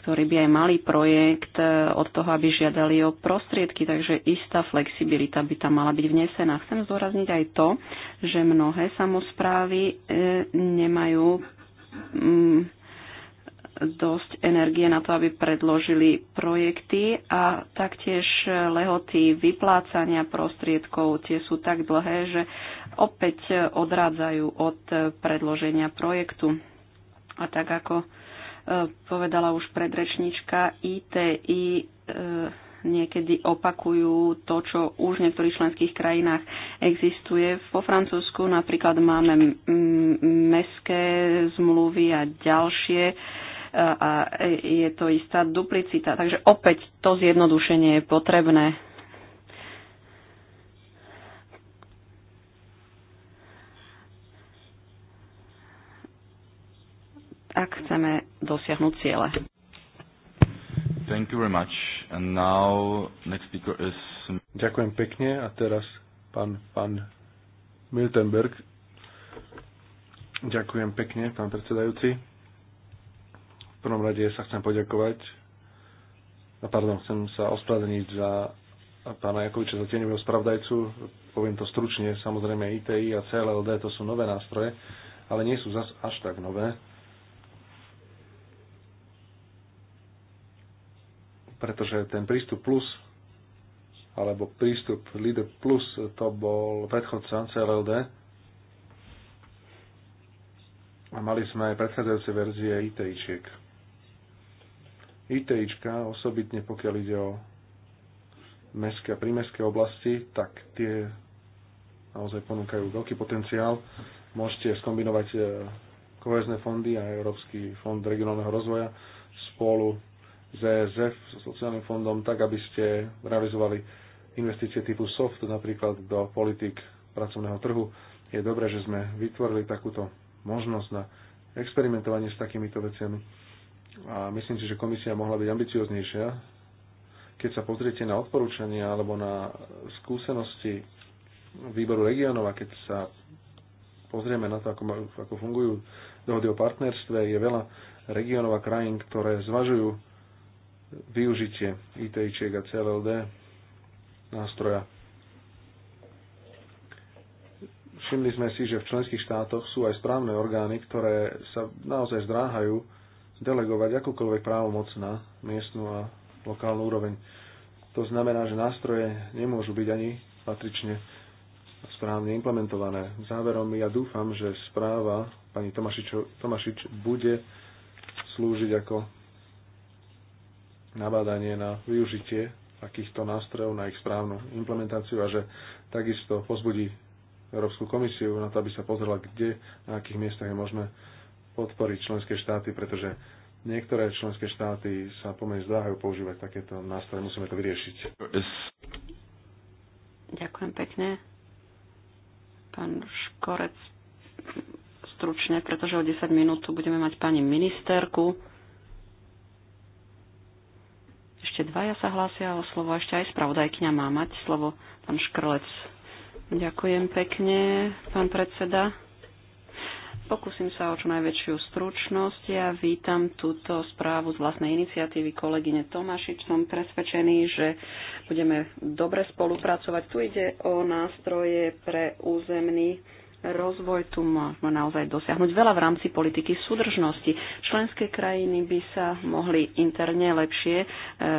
ktorí by aj mali projekt e, od toho, aby žiadali o prostriedky, takže istá flexibilita by tam mala byť vnesená. Chcem zdôrazniť aj to, že mnohé samozprávy e, nemajú mm, dosť energie na to, aby predložili projekty a taktiež lehoty vyplácania prostriedkov tie sú tak dlhé, že opäť odrádzajú od predloženia projektu. A tak ako povedala už predrečnička, ITI e, niekedy opakujú to, čo už v niektorých členských krajinách existuje. Po Francúzsku napríklad máme meské zmluvy a ďalšie e, a e, je to istá duplicita. Takže opäť to zjednodušenie je potrebné. ak chceme dosiahnuť ciele. Thank you very much. And now next speaker is... Ďakujem pekne a teraz pán, pán Miltenberg. Ďakujem pekne, pán predsedajúci. V prvom rade sa chcem poďakovať a pardon, chcem sa ospravedlniť za pána Jakoviča, za tieňového spravdajcu. Poviem to stručne, samozrejme ITI a CLLD to sú nové nástroje, ale nie sú zas až tak nové. pretože ten prístup plus alebo prístup LIDE plus to bol predchodca CLLD a mali sme aj predchádzajúce verzie ITIčiek. ITIčka, osobitne pokiaľ ide o mestské a prímestské oblasti, tak tie naozaj ponúkajú veľký potenciál. Môžete skombinovať eh, kohezné fondy a Európsky fond regionálneho rozvoja spolu ESF, so sociálnym fondom, tak aby ste realizovali investície typu soft, napríklad do politik pracovného trhu. Je dobré, že sme vytvorili takúto možnosť na experimentovanie s takýmito veciami. A myslím si, že komisia mohla byť ambicioznejšia. Keď sa pozriete na odporúčania alebo na skúsenosti výboru regionov a keď sa pozrieme na to, ako, ako fungujú dohody o partnerstve, je veľa regiónov a krajín, ktoré zvažujú využitie ITIčiek a CLD nástroja. Všimli sme si, že v členských štátoch sú aj správne orgány, ktoré sa naozaj zdráhajú delegovať akúkoľvek právomoc na miestnu a lokálnu úroveň. To znamená, že nástroje nemôžu byť ani patrične správne implementované. Záverom ja dúfam, že správa pani Tomašič bude slúžiť ako nabádanie na využitie takýchto nástrojov na ich správnu implementáciu a že takisto pozbudí Európsku komisiu na to, aby sa pozrela, kde, na akých miestach je možné podporiť členské štáty, pretože niektoré členské štáty sa pomerne zdráhajú používať takéto nástroje. Musíme to vyriešiť. Ďakujem pekne. Pán Škorec, stručne, pretože o 10 minút budeme mať pani ministerku. Ešte dvaja sa hlásia o slovo, ešte aj spravodajkňa má mať slovo, pán Škrlec. Ďakujem pekne, pán predseda. Pokúsim sa o čo najväčšiu stručnosť. Ja vítam túto správu z vlastnej iniciatívy kolegyne Tomášič. Som presvedčený, že budeme dobre spolupracovať. Tu ide o nástroje pre územný rozvoj. Tu môžeme naozaj dosiahnuť veľa v rámci politiky súdržnosti. Členské krajiny by sa mohli interne lepšie e,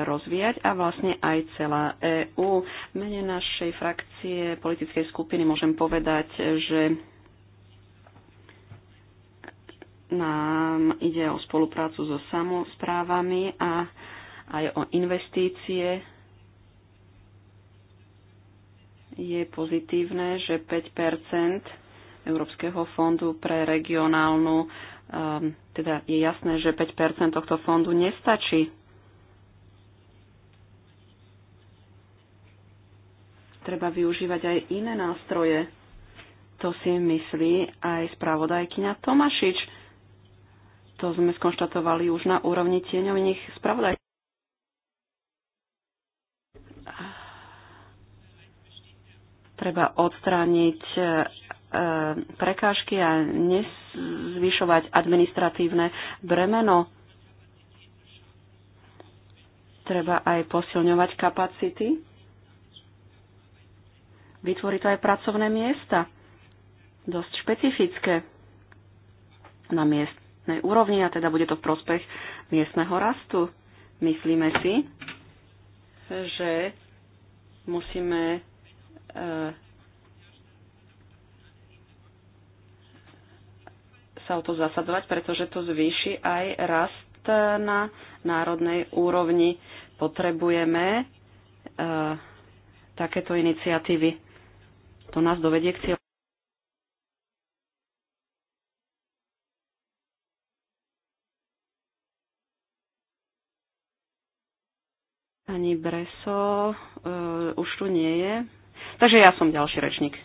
rozvíjať a vlastne aj celá EÚ. V mene našej frakcie politickej skupiny môžem povedať, že nám ide o spoluprácu so samozprávami a aj o investície je pozitívne, že 5 Európskeho fondu pre regionálnu. Ehm, teda je jasné, že 5 tohto fondu nestačí. Treba využívať aj iné nástroje. To si myslí aj spravodajkyňa Tomašič. To sme skonštatovali už na úrovni tieňových spravodaj. treba odstrániť E, prekážky a nezvyšovať administratívne bremeno. Treba aj posilňovať kapacity. Vytvorí to aj pracovné miesta, dosť špecifické na miestnej úrovni a teda bude to v prospech miestneho rastu. Myslíme si, že musíme e, sa o to zasadovať, pretože to zvýši aj rast na národnej úrovni. Potrebujeme e, takéto iniciatívy. To nás dovedie k cieľu. Ani Breso e, už tu nie je. Takže ja som ďalší rečník.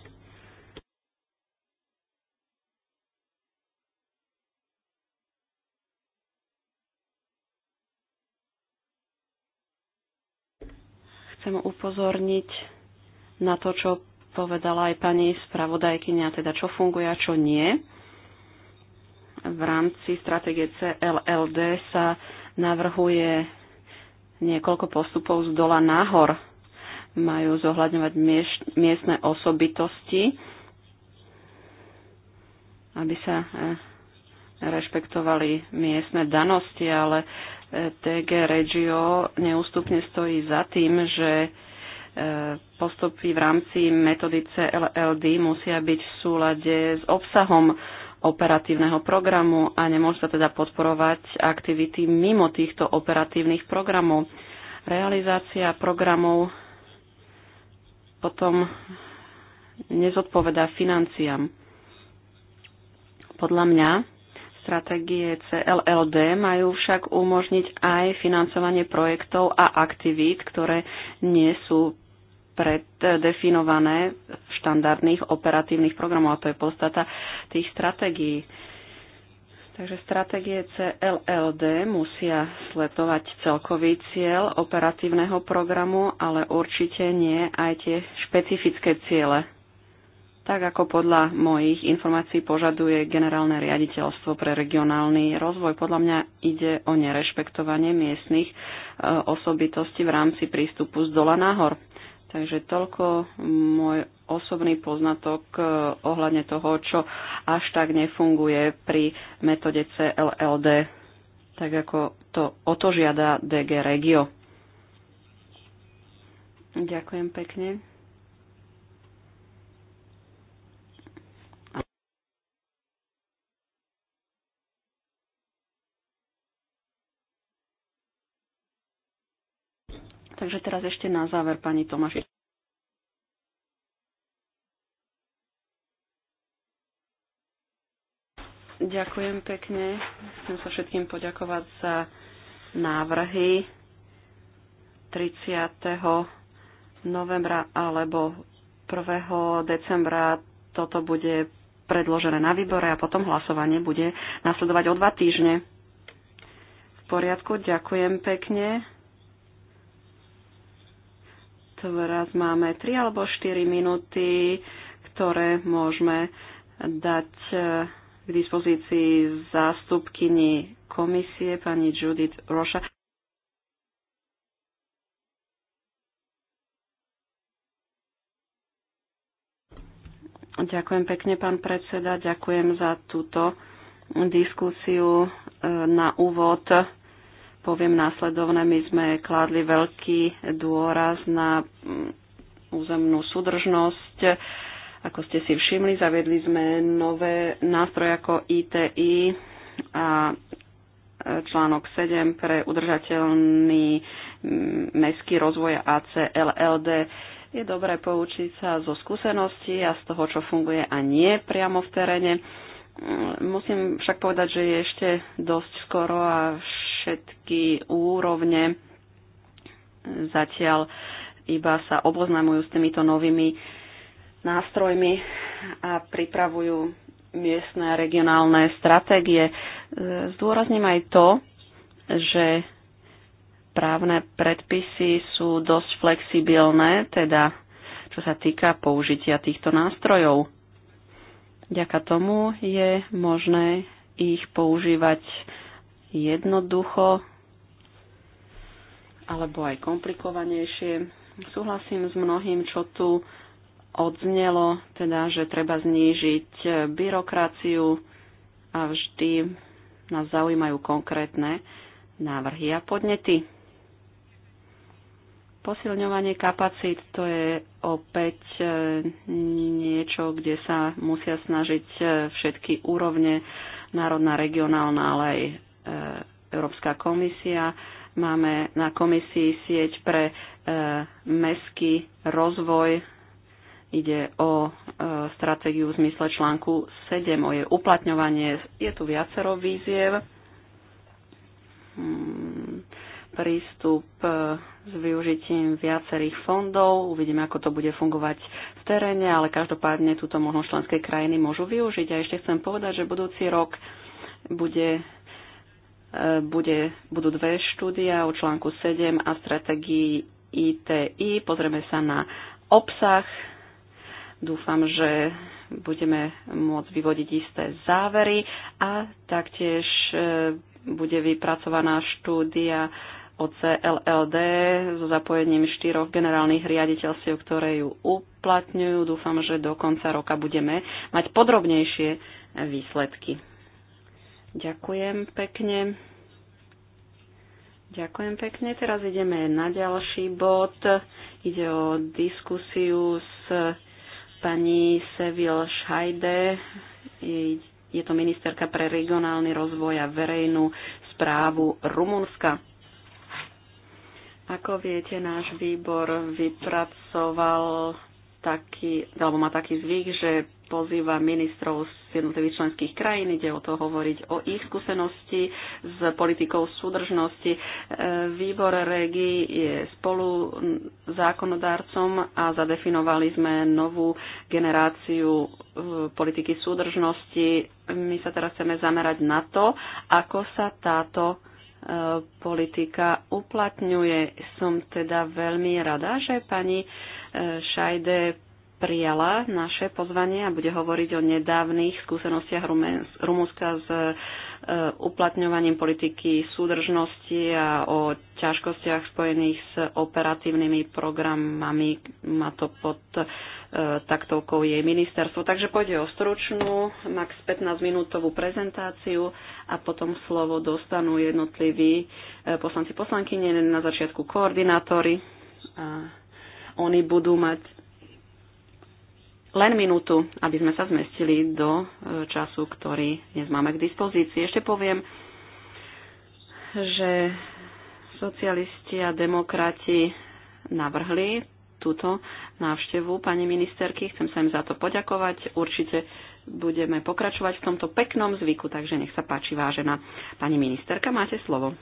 Chcem upozorniť na to, čo povedala aj pani spravodajkynia, teda čo funguje a čo nie. V rámci stratégie CLLD sa navrhuje niekoľko postupov z dola nahor. Majú zohľadňovať miestne osobitosti, aby sa eh, rešpektovali miestne danosti, ale E, TG Regio neústupne stojí za tým, že e, postupy v rámci metódy CLLD musia byť v súlade s obsahom operatívneho programu a nemôžu sa teda podporovať aktivity mimo týchto operatívnych programov. Realizácia programov potom nezodpovedá financiám. Podľa mňa Stratégie CLLD majú však umožniť aj financovanie projektov a aktivít, ktoré nie sú preddefinované v štandardných operatívnych programov, a to je podstata tých stratégií. Takže stratégie CLLD musia sledovať celkový cieľ operatívneho programu, ale určite nie aj tie špecifické ciele tak ako podľa mojich informácií požaduje generálne riaditeľstvo pre regionálny rozvoj. Podľa mňa ide o nerešpektovanie miestnych e, osobitostí v rámci prístupu z dola nahor. Takže toľko môj osobný poznatok e, ohľadne toho, čo až tak nefunguje pri metode CLLD, tak ako to o to žiada DG Regio. Ďakujem pekne. Takže teraz ešte na záver pani Tomáši. Ďakujem pekne. Chcem sa všetkým poďakovať za návrhy 30. novembra alebo 1. decembra. Toto bude predložené na výbore a potom hlasovanie bude nasledovať o dva týždne. V poriadku, ďakujem pekne. Teraz máme 3 alebo 4 minúty, ktoré môžeme dať eh, k dispozícii zástupkyni komisie pani Judith Roša. Ďakujem pekne, pán predseda. Ďakujem za túto diskusiu eh, na úvod poviem následovné, My sme kládli veľký dôraz na mm, územnú súdržnosť. Ako ste si všimli, zaviedli sme nové nástroje ako ITI a e, článok 7 pre udržateľný mm, mestský rozvoj ACLLD. Je dobré poučiť sa zo skúseností a z toho, čo funguje a nie priamo v teréne. Mm, musím však povedať, že je ešte dosť skoro a všetky úrovne. Zatiaľ iba sa oboznamujú s týmito novými nástrojmi a pripravujú miestne a regionálne stratégie. Zdôrazním aj to, že právne predpisy sú dosť flexibilné, teda čo sa týka použitia týchto nástrojov. Vďaka tomu je možné ich používať jednoducho alebo aj komplikovanejšie. Súhlasím s mnohým, čo tu odznelo, teda, že treba znížiť byrokraciu a vždy nás zaujímajú konkrétne návrhy a podnety. Posilňovanie kapacít to je opäť e, niečo, kde sa musia snažiť e, všetky úrovne, národná, regionálna, ale aj Európska komisia. Máme na komisii sieť pre e, mestský rozvoj. Ide o e, stratégiu v zmysle článku 7, o jej uplatňovanie. Je tu viacero víziev. Hmm, prístup e, s využitím viacerých fondov. Uvidíme, ako to bude fungovať v teréne, ale každopádne túto možnosť členské krajiny môžu využiť. A ešte chcem povedať, že budúci rok bude bude, budú dve štúdia o článku 7 a stratégii ITI. Pozrieme sa na obsah. Dúfam, že budeme môcť vyvodiť isté závery a taktiež e, bude vypracovaná štúdia o CLLD so zapojením štyroch generálnych riaditeľstiev, ktoré ju uplatňujú. Dúfam, že do konca roka budeme mať podrobnejšie výsledky. Ďakujem pekne. Ďakujem pekne. Teraz ideme na ďalší bod. Ide o diskusiu s pani Sevil Šajde. Je to ministerka pre regionálny rozvoj a verejnú správu Rumunska. Ako viete, náš výbor vypracoval taký, alebo má taký zvyk, že pozýva ministrov z jednotlivých členských krajín. Ide o to hovoriť o ich skúsenosti s politikou súdržnosti. E, výbor REGI je spolu zákonodárcom a zadefinovali sme novú generáciu e, politiky súdržnosti. My sa teraz chceme zamerať na to, ako sa táto e, politika uplatňuje. Som teda veľmi rada, že pani Šajde prijala naše pozvanie a bude hovoriť o nedávnych skúsenostiach Rumunska s e, uplatňovaním politiky súdržnosti a o ťažkostiach spojených s operatívnymi programami. Má to pod e, taktovkou jej ministerstvo. Takže pôjde o stručnú, max 15-minútovú prezentáciu a potom slovo dostanú jednotliví e, poslanci poslankyne, na začiatku koordinátori. A oni budú mať len minútu, aby sme sa zmestili do e, času, ktorý dnes máme k dispozícii. Ešte poviem, že socialisti a demokrati navrhli túto návštevu pani ministerky. Chcem sa im za to poďakovať. Určite budeme pokračovať v tomto peknom zvyku, takže nech sa páči, vážená pani ministerka, máte slovo.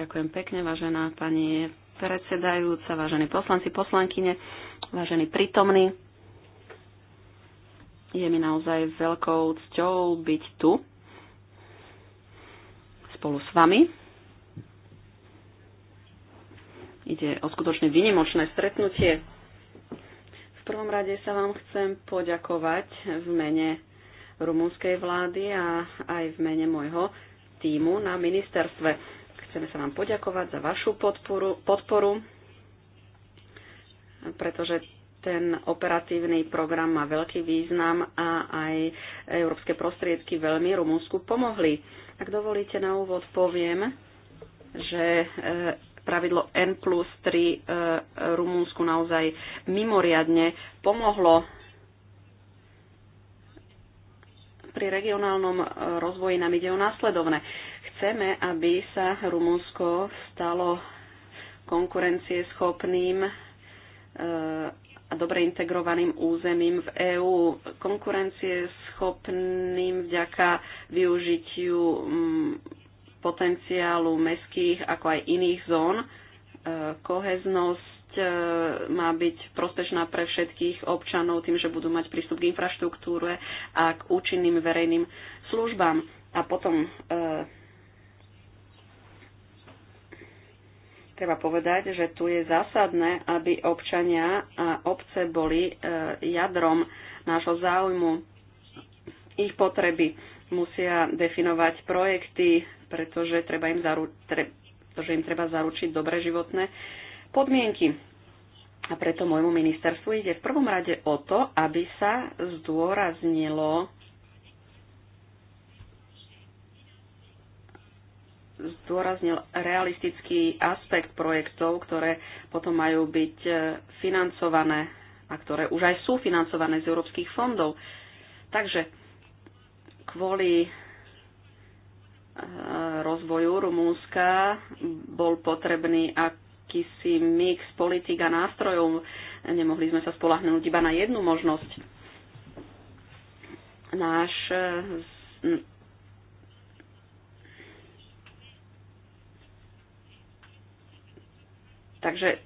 Ďakujem pekne, vážená pani predsedajúca, vážení poslanci, poslankyne, vážení prítomní. Je mi naozaj veľkou cťou byť tu spolu s vami. Ide o skutočne vynimočné stretnutie. V prvom rade sa vám chcem poďakovať v mene rumúnskej vlády a aj v mene môjho týmu na ministerstve Chceme sa vám poďakovať za vašu podporu, podporu pretože ten operatívny program má veľký význam a aj európske prostriedky veľmi Rumunsku pomohli. Ak dovolíte na úvod poviem, že e, pravidlo N plus 3 e, Rumunsku naozaj mimoriadne pomohlo pri regionálnom e, rozvoji nám ide o následovné. Chceme, aby sa Rumunsko stalo konkurencieschopným e, a dobre integrovaným územím v EÚ, konkurencieschopným vďaka využitiu potenciálu meských ako aj iných zón. E, Koheznosť e, má byť prospešná pre všetkých občanov tým, že budú mať prístup k infraštruktúre a k účinným verejným službám. A potom treba povedať, že tu je zásadné, aby občania a obce boli e, jadrom nášho záujmu. Ich potreby musia definovať projekty, pretože, treba im zaru, tre, pretože im treba zaručiť dobré životné podmienky. A preto môjmu ministerstvu ide v prvom rade o to, aby sa zdôraznilo zdôraznil realistický aspekt projektov, ktoré potom majú byť e, financované a ktoré už aj sú financované z európskych fondov. Takže kvôli e, rozvoju Rumúnska bol potrebný akýsi mix politik a nástrojov. Nemohli sme sa spolahnúť iba na jednu možnosť. Náš e, Takže e,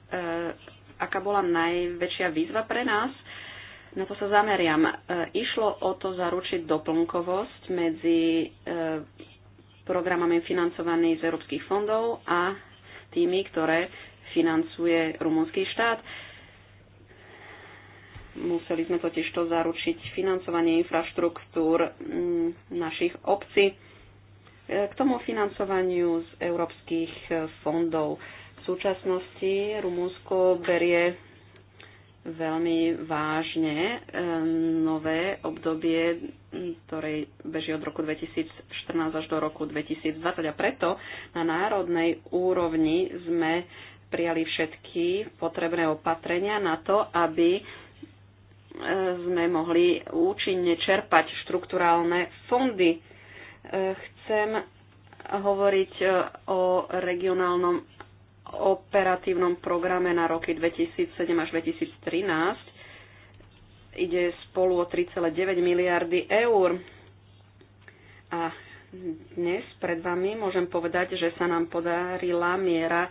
aká bola najväčšia výzva pre nás? Na to sa zameriam. E, išlo o to zaručiť doplnkovosť medzi e, programami financovanými z európskych fondov a tými, ktoré financuje rumunský štát. Museli sme totiž to zaručiť financovanie infraštruktúr mm, našich obcí k tomu financovaniu z európskych fondov súčasnosti Rumúnsko berie veľmi vážne e, nové obdobie, ktoré beží od roku 2014 až do roku 2020 a preto na národnej úrovni sme prijali všetky potrebné opatrenia na to, aby e, sme mohli účinne čerpať štrukturálne fondy. E, chcem hovoriť o regionálnom operatívnom programe na roky 2007 až 2013. Ide spolu o 3,9 miliardy eur. A dnes pred vami môžem povedať, že sa nám podarila miera,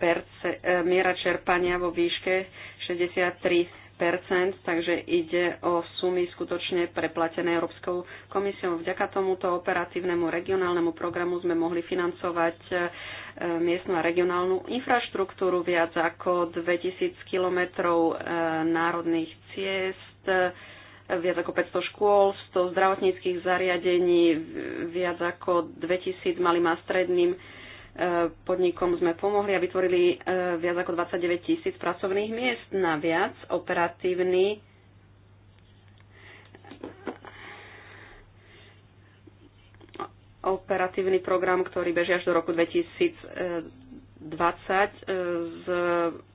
perce, eh, miera čerpania vo výške 63 takže ide o sumy skutočne preplatené Európskou komisiou. Vďaka tomuto operatívnemu regionálnemu programu sme mohli financovať e, miestnu a regionálnu infraštruktúru viac ako 2000 kilometrov e, národných ciest, e, viac ako 500 škôl, 100 zdravotníckých zariadení, viac ako 2000 malým a stredným podnikom sme pomohli a vytvorili e, viac ako 29 tisíc pracovných miest na viac operatívny operatívny program, ktorý beží až do roku 2020 e, s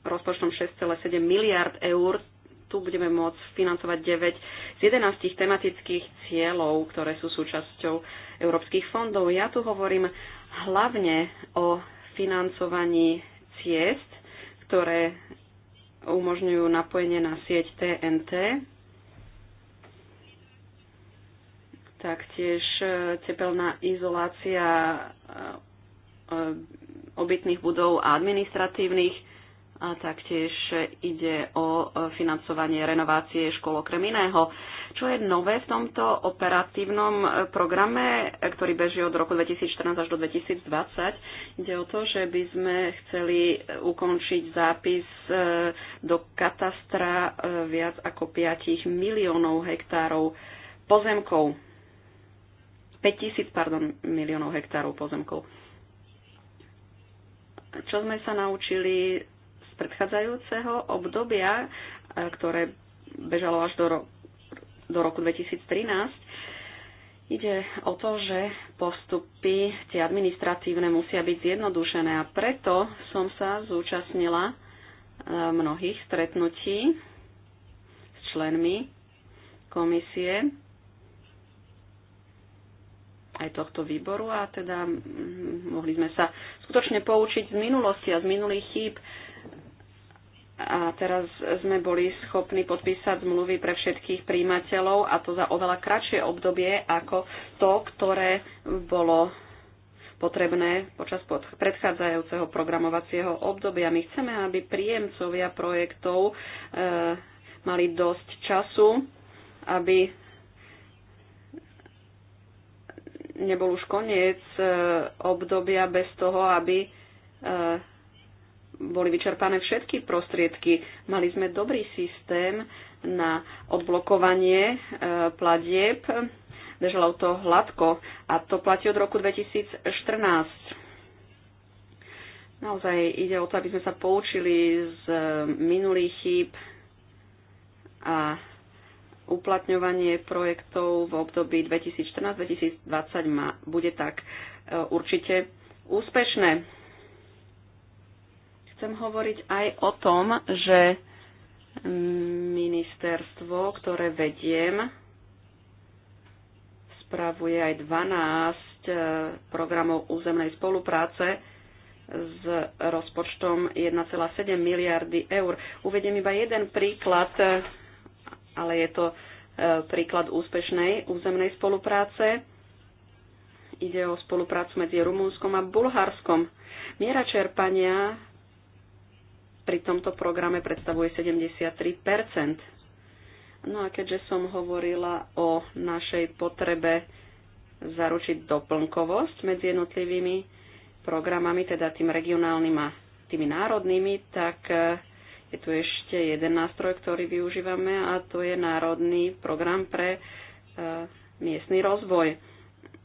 rozpočtom 6,7 miliard eur. Tu budeme môcť financovať 9 z 11 tematických cieľov, ktoré sú súčasťou európskych fondov. Ja tu hovorím hlavne o financovaní ciest, ktoré umožňujú napojenie na sieť TNT, taktiež e, tepelná izolácia e, e, obytných budov a administratívnych a taktiež ide o financovanie renovácie škôl okrem iného. Čo je nové v tomto operatívnom e, programe, e, ktorý beží od roku 2014 až do 2020? Ide o to, že by sme chceli e, ukončiť zápis do katastra viac ako 5 miliónov hektárov pozemkov. 5000, pardon, miliónov hektárov pozemkov. Čo sme sa naučili z predchádzajúceho obdobia, ktoré bežalo až do do roku 2013. Ide o to, že postupy tie administratívne musia byť zjednodušené a preto som sa zúčastnila e, mnohých stretnutí s členmi komisie aj tohto výboru a teda mohli sme sa skutočne poučiť z minulosti a z minulých chýb. A teraz sme boli schopní podpísať zmluvy pre všetkých príjimateľov a to za oveľa kratšie obdobie ako to, ktoré bolo potrebné počas predchádzajúceho programovacieho obdobia. My chceme, aby príjemcovia projektov e, mali dosť času, aby nebol už koniec e, obdobia bez toho, aby e, boli vyčerpané všetky prostriedky. Mali sme dobrý systém na odblokovanie e, platieb. Držalo to hladko a to platí od roku 2014. Naozaj ide o to, aby sme sa poučili z minulých chýb a uplatňovanie projektov v období 2014-2020 bude tak e, určite úspešné chcem hovoriť aj o tom, že ministerstvo, ktoré vediem, spravuje aj 12 e, programov územnej spolupráce s rozpočtom 1,7 miliardy eur. Uvediem iba jeden príklad, e, ale je to e, príklad úspešnej územnej spolupráce. Ide o spoluprácu medzi Rumúnskom a Bulharskom. Miera čerpania pri tomto programe predstavuje 73 No a keďže som hovorila o našej potrebe zaručiť doplnkovosť medzi jednotlivými programami, teda tým regionálnym a tými národnými, tak e, je tu ešte jeden nástroj, ktorý využívame a to je Národný program pre e, miestny rozvoj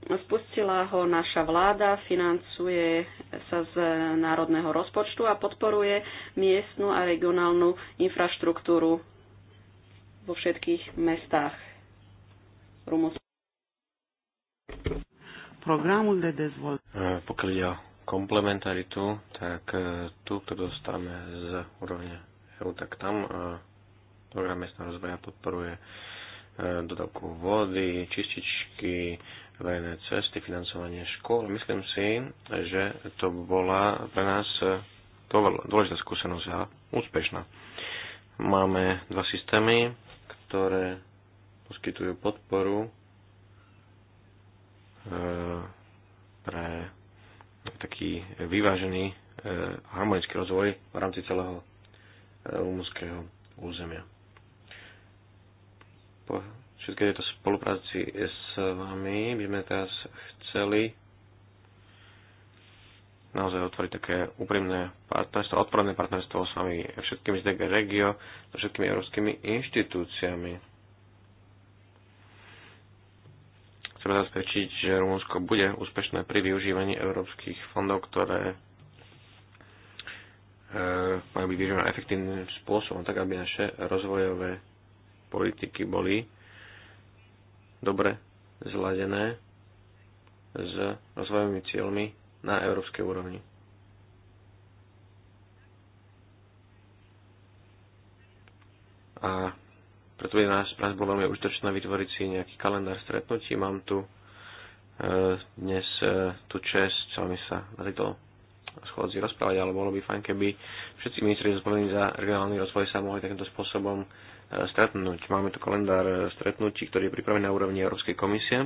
Spustila ho naša vláda, financuje sa z národného rozpočtu a podporuje miestnu a regionálnu infraštruktúru vo všetkých mestách Rumunska. Programul de dezvolt... E, pokiaľ ide o komplementaritu, tak e, tu, ktorú dostávame z úrovne EU, tak tam e, program miestneho rozvoja podporuje dodávku vody, čističky, verejné cesty, financovanie škôl. Myslím si, že to bola pre nás dôležitá skúsenosť a úspešná. Máme dva systémy, ktoré poskytujú podporu e, pre taký vyvážený e, harmonický rozvoj v rámci celého e, rumunského územia všetky tieto spolupráci s vami by sme teraz chceli naozaj otvoriť také úprimné partnerstvo, odporné partnerstvo s vami všetkými z DG Regio, so všetkými európskymi inštitúciami. Chceme zabezpečiť, že Rumunsko bude úspešné pri využívaní európskych fondov, ktoré e, majú byť využívané efektívnym spôsobom, tak aby naše rozvojové politiky boli dobre zladené s rozvojovými cieľmi na európskej úrovni. A preto by nás pre bolo veľmi užitočné vytvoriť si nejaký kalendár stretnutí. Mám tu e, dnes e, tú čest čo mi sa na tejto schôdzi rozprávať, ale bolo by fajn, keby všetci ministri zodpovední za regionálny rozvoj sa mohli takýmto spôsobom stretnúť. Máme tu kalendár stretnutí, ktorý je pripravený na úrovni Európskej komisie.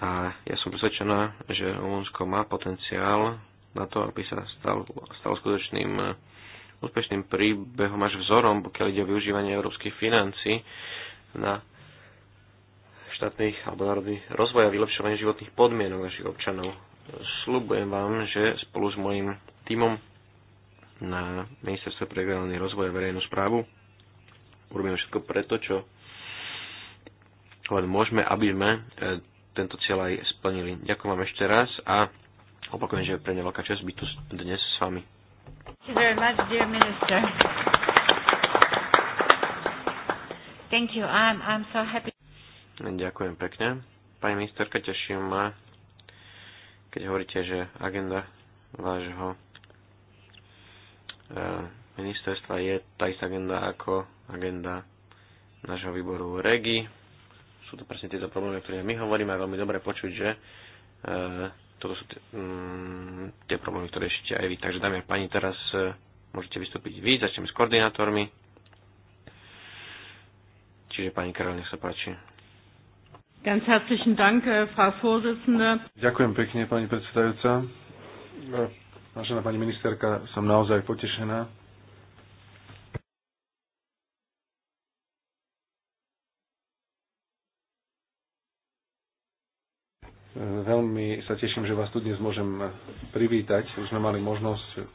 A ja som presvedčená, že Rumunsko má potenciál na to, aby sa stal, stal skutočným eh, úspešným príbehom až vzorom, pokiaľ ide o využívanie európskych financí na štátnych alebo národný rozvoj a vylepšovanie životných podmienok našich občanov. Sľubujem vám, že spolu s mojim týmom na ministerstve pre regionálny rozvoj a verejnú správu. Urobíme všetko preto, čo len môžeme, aby sme e, tento cieľ aj splnili. Ďakujem vám ešte raz a opakujem, že pre mňa veľká časť byť tu dnes s vami. Thank you. I'm, I'm so happy. Ďakujem pekne. Pani ministerka, teším ma, keď hovoríte, že agenda vášho E, ministerstva je tá istá agenda ako agenda nášho výboru REGI. Sú to presne tieto problémy, o ktorých my hovoríme a veľmi dobre počuť, že e, toto sú mm, tie problémy, ktoré ešte aj vy. Takže dámy a páni, teraz e, môžete vystúpiť vy, začneme s koordinátormi. Čiže pani Karol, nech sa páči. Ganz herzlichen Dank, äh, Frau Vorsitzende. Ďakujem pekne, pani predsedajúca. Vážená pani ministerka, som naozaj potešená. Veľmi sa teším, že vás tu dnes môžem privítať. Už sme mali možnosť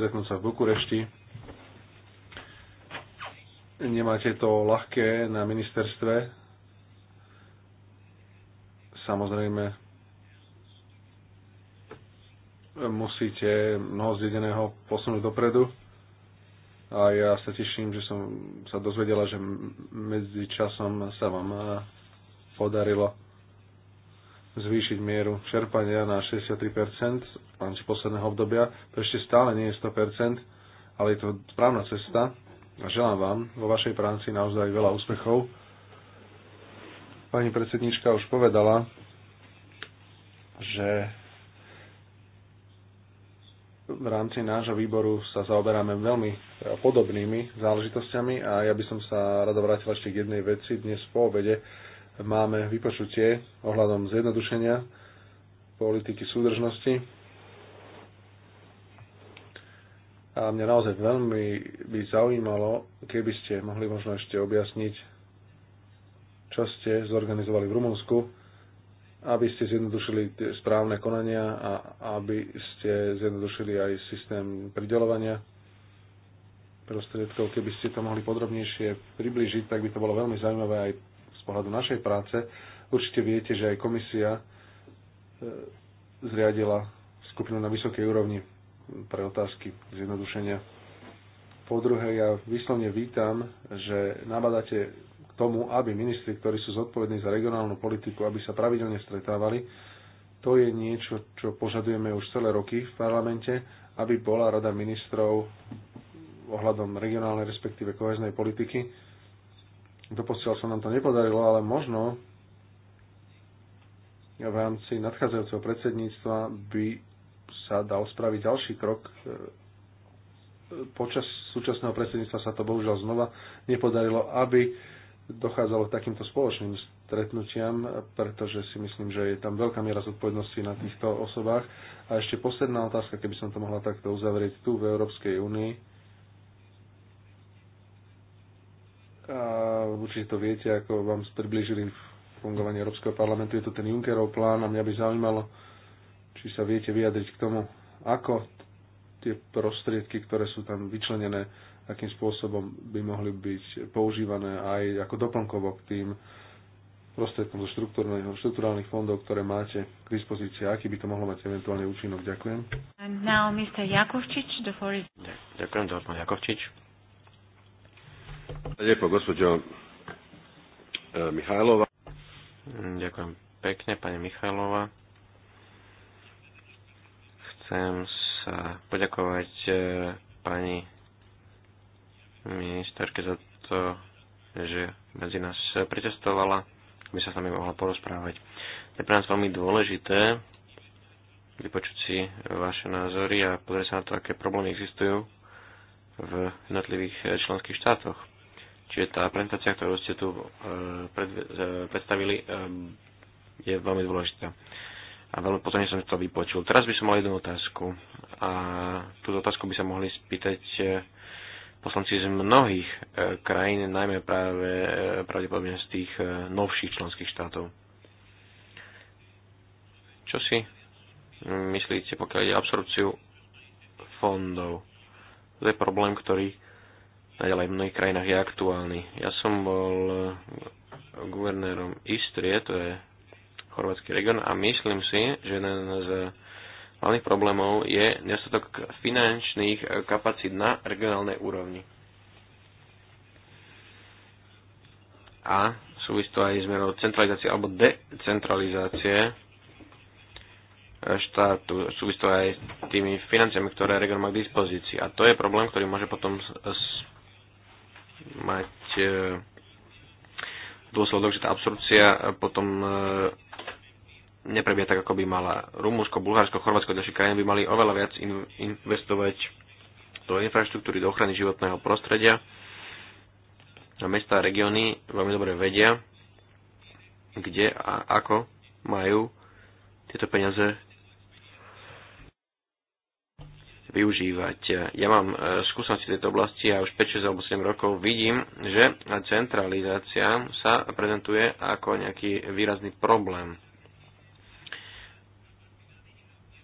stretnúť sa v Bukurešti. Nemáte to ľahké na ministerstve. Samozrejme, musíte mnoho zdedeného posunúť dopredu. A ja sa teším, že som sa dozvedela, že medzi časom sa vám podarilo zvýšiť mieru čerpania na 63% v rámci posledného obdobia. To ešte stále nie je 100%, ale je to správna cesta a želám vám vo vašej práci naozaj veľa úspechov. Pani predsednička už povedala, že v rámci nášho výboru sa zaoberáme veľmi podobnými záležitosťami a ja by som sa rado vrátil ešte k jednej veci. Dnes po obede máme vypočutie ohľadom zjednodušenia politiky súdržnosti. A mňa naozaj veľmi by zaujímalo, keby ste mohli možno ešte objasniť, čo ste zorganizovali v Rumunsku, aby ste zjednodušili tie správne konania a aby ste zjednodušili aj systém pridelovania prostriedkov. Keby ste to mohli podrobnejšie približiť, tak by to bolo veľmi zaujímavé aj z pohľadu našej práce. Určite viete, že aj komisia e, zriadila skupinu na vysokej úrovni pre otázky zjednodušenia. Po druhé, ja výslovne vítam, že nabadáte k tomu, aby ministri, ktorí sú zodpovední za regionálnu politiku, aby sa pravidelne stretávali. To je niečo, čo požadujeme už celé roky v parlamente, aby bola rada ministrov ohľadom regionálnej, respektíve koheznej politiky. Doposiaľ sa nám to nepodarilo, ale možno v rámci nadchádzajúceho predsedníctva by sa dal spraviť ďalší krok. Počas súčasného predsedníctva sa to bohužiaľ znova nepodarilo, aby dochádzalo k takýmto spoločným stretnutiam, pretože si myslím, že je tam veľká miera zodpovednosti na týchto osobách. A ešte posledná otázka, keby som to mohla takto uzavrieť tu v Európskej únii. A určite to viete, ako vám priblížili fungovanie Európskeho parlamentu. Je to ten Junckerov plán a mňa by zaujímalo, či sa viete vyjadriť k tomu, ako tie prostriedky, ktoré sú tam vyčlenené, akým spôsobom by mohli byť používané aj ako doplnkovo k tým prostriedkom zo štruktúrálnych fondov, ktoré máte k dispozícii, aký by to mohlo mať eventuálny účinok. Ďakujem. now Mr. Jakovčič, the floor is... Ďakujem, to pán Jakovčič. Ďakujem, gospođo eh, Michajlova. Ďakujem pekne, pani Michajlova. Chcem sa poďakovať eh, pani ministerke za to, že medzi nás pretestovala, aby sa s nami mohla porozprávať. Je pre nás veľmi dôležité vypočuť si vaše názory a pozrieť sa na to, aké problémy existujú v jednotlivých členských štátoch. Čiže tá prezentácia, ktorú ste tu e, e, predstavili, e, je veľmi dôležitá. A veľmi pozorne som to vypočul. Teraz by som mal jednu otázku. A túto otázku by sa mohli spýtať poslanci z mnohých e, krajín, najmä práve e, pravdepodobne z tých e, novších členských štátov. Čo si myslíte, pokiaľ ide absorpciu fondov? To je problém, ktorý naďalej v mnohých krajinách je aktuálny. Ja som bol guvernérom Istrie, to je chorvátsky region, a myslím si, že jeden z hlavných problémov je nedostatok finančných eh, kapacít na regionálnej úrovni. A súvisí to aj s mierou centralizácie alebo decentralizácie eh, štátu. Súvisí to aj s tými financiami, ktoré region má k dispozícii. A to je problém, ktorý môže potom mať eh, dôsledok, že tá absorpcia potom neprebieha tak, ako by mala. Rumúnsko, Bulharsko, Chorvátsko a ďalšie krajiny by mali oveľa viac investovať do infraštruktúry, do ochrany životného prostredia. A mesta a regióny veľmi dobre vedia, kde a ako majú tieto peniaze využívať. Ja mám e, skúsenosti v tejto oblasti a už 5, 6 alebo 7 rokov vidím, že centralizácia sa prezentuje ako nejaký výrazný problém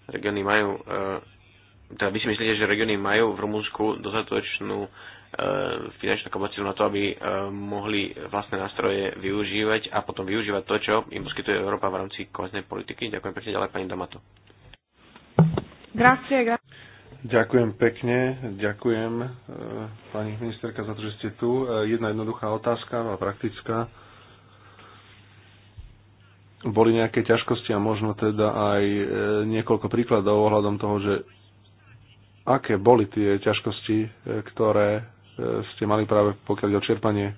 Regióny majú, e, teda vy si myslíte, že regióny majú v Rumunsku dostatočnú e, finančnú kapacitu na to, aby e, mohli vlastné nástroje využívať a potom využívať to, čo im poskytuje Európa v rámci kohezné politiky. Ďakujem pekne ďalej pani Damato. Grazie, gra- Ďakujem pekne, ďakujem pani ministerka za to, že ste tu. Jedna jednoduchá otázka a praktická boli nejaké ťažkosti a možno teda aj e, niekoľko príkladov ohľadom toho, že aké boli tie ťažkosti, e, ktoré e, ste mali práve pokiaľ o čerpanie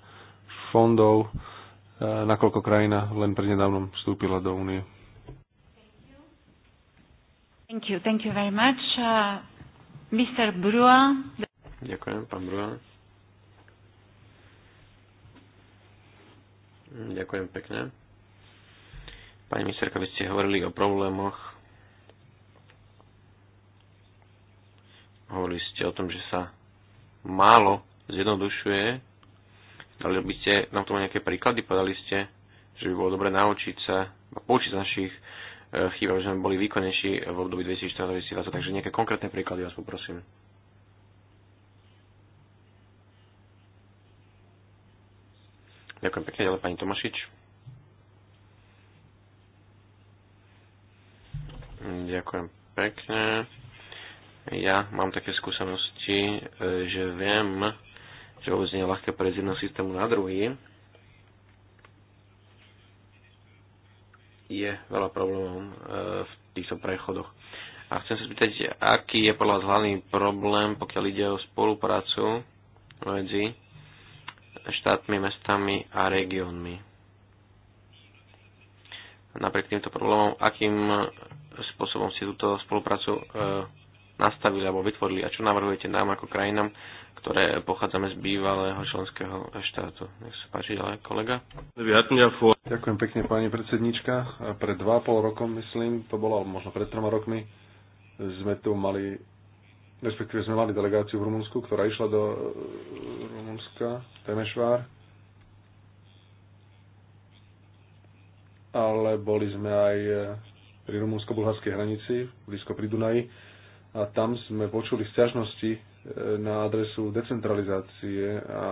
fondov, nakoľko krajina len prednedávnom vstúpila do únie. Thank you. Thank you very much. Uh, Mr. Brua. Ďakujem, pán Brua. Ďakujem pekne. Pani ministerka, vy ste hovorili o problémoch. Hovorili ste o tom, že sa málo zjednodušuje. Dali by ste nám tomu nejaké príklady? Podali ste, že by bolo dobre naučiť sa a poučiť našich e, chýb, aby sme boli výkonnejší v období 2014-2020. Takže nejaké konkrétne príklady vás poprosím. Ďakujem pekne, ďalej pani Tomašič. Ďakujem pekne. Ja mám také skúsenosti, e, že viem, že vôbec nie je ľahké prejsť z jedného systému na druhý. Je veľa problémov e, v týchto prechodoch. A chcem sa spýtať, aký je podľa vás hlavný problém, pokiaľ ide o spoluprácu medzi štátmi, mestami a regiónmi. Napriek týmto problémom, akým spôsobom ste túto spoluprácu e, nastavili alebo vytvorili a čo navrhujete nám ako krajinám, ktoré pochádzame z bývalého členského štátu. Nech sa páči ďalej, kolega. Ďakujem pekne, pani predsednička. Pred dva pol rokom, myslím, to bolo, možno pred troma rokmi, sme tu mali, respektíve sme mali delegáciu v Rumunsku, ktorá išla do e, Rumunska, Temešvár. Ale boli sme aj pri rumúnsko-bulharskej hranici, blízko pri Dunaji. A tam sme počuli sťažnosti e, na adresu decentralizácie a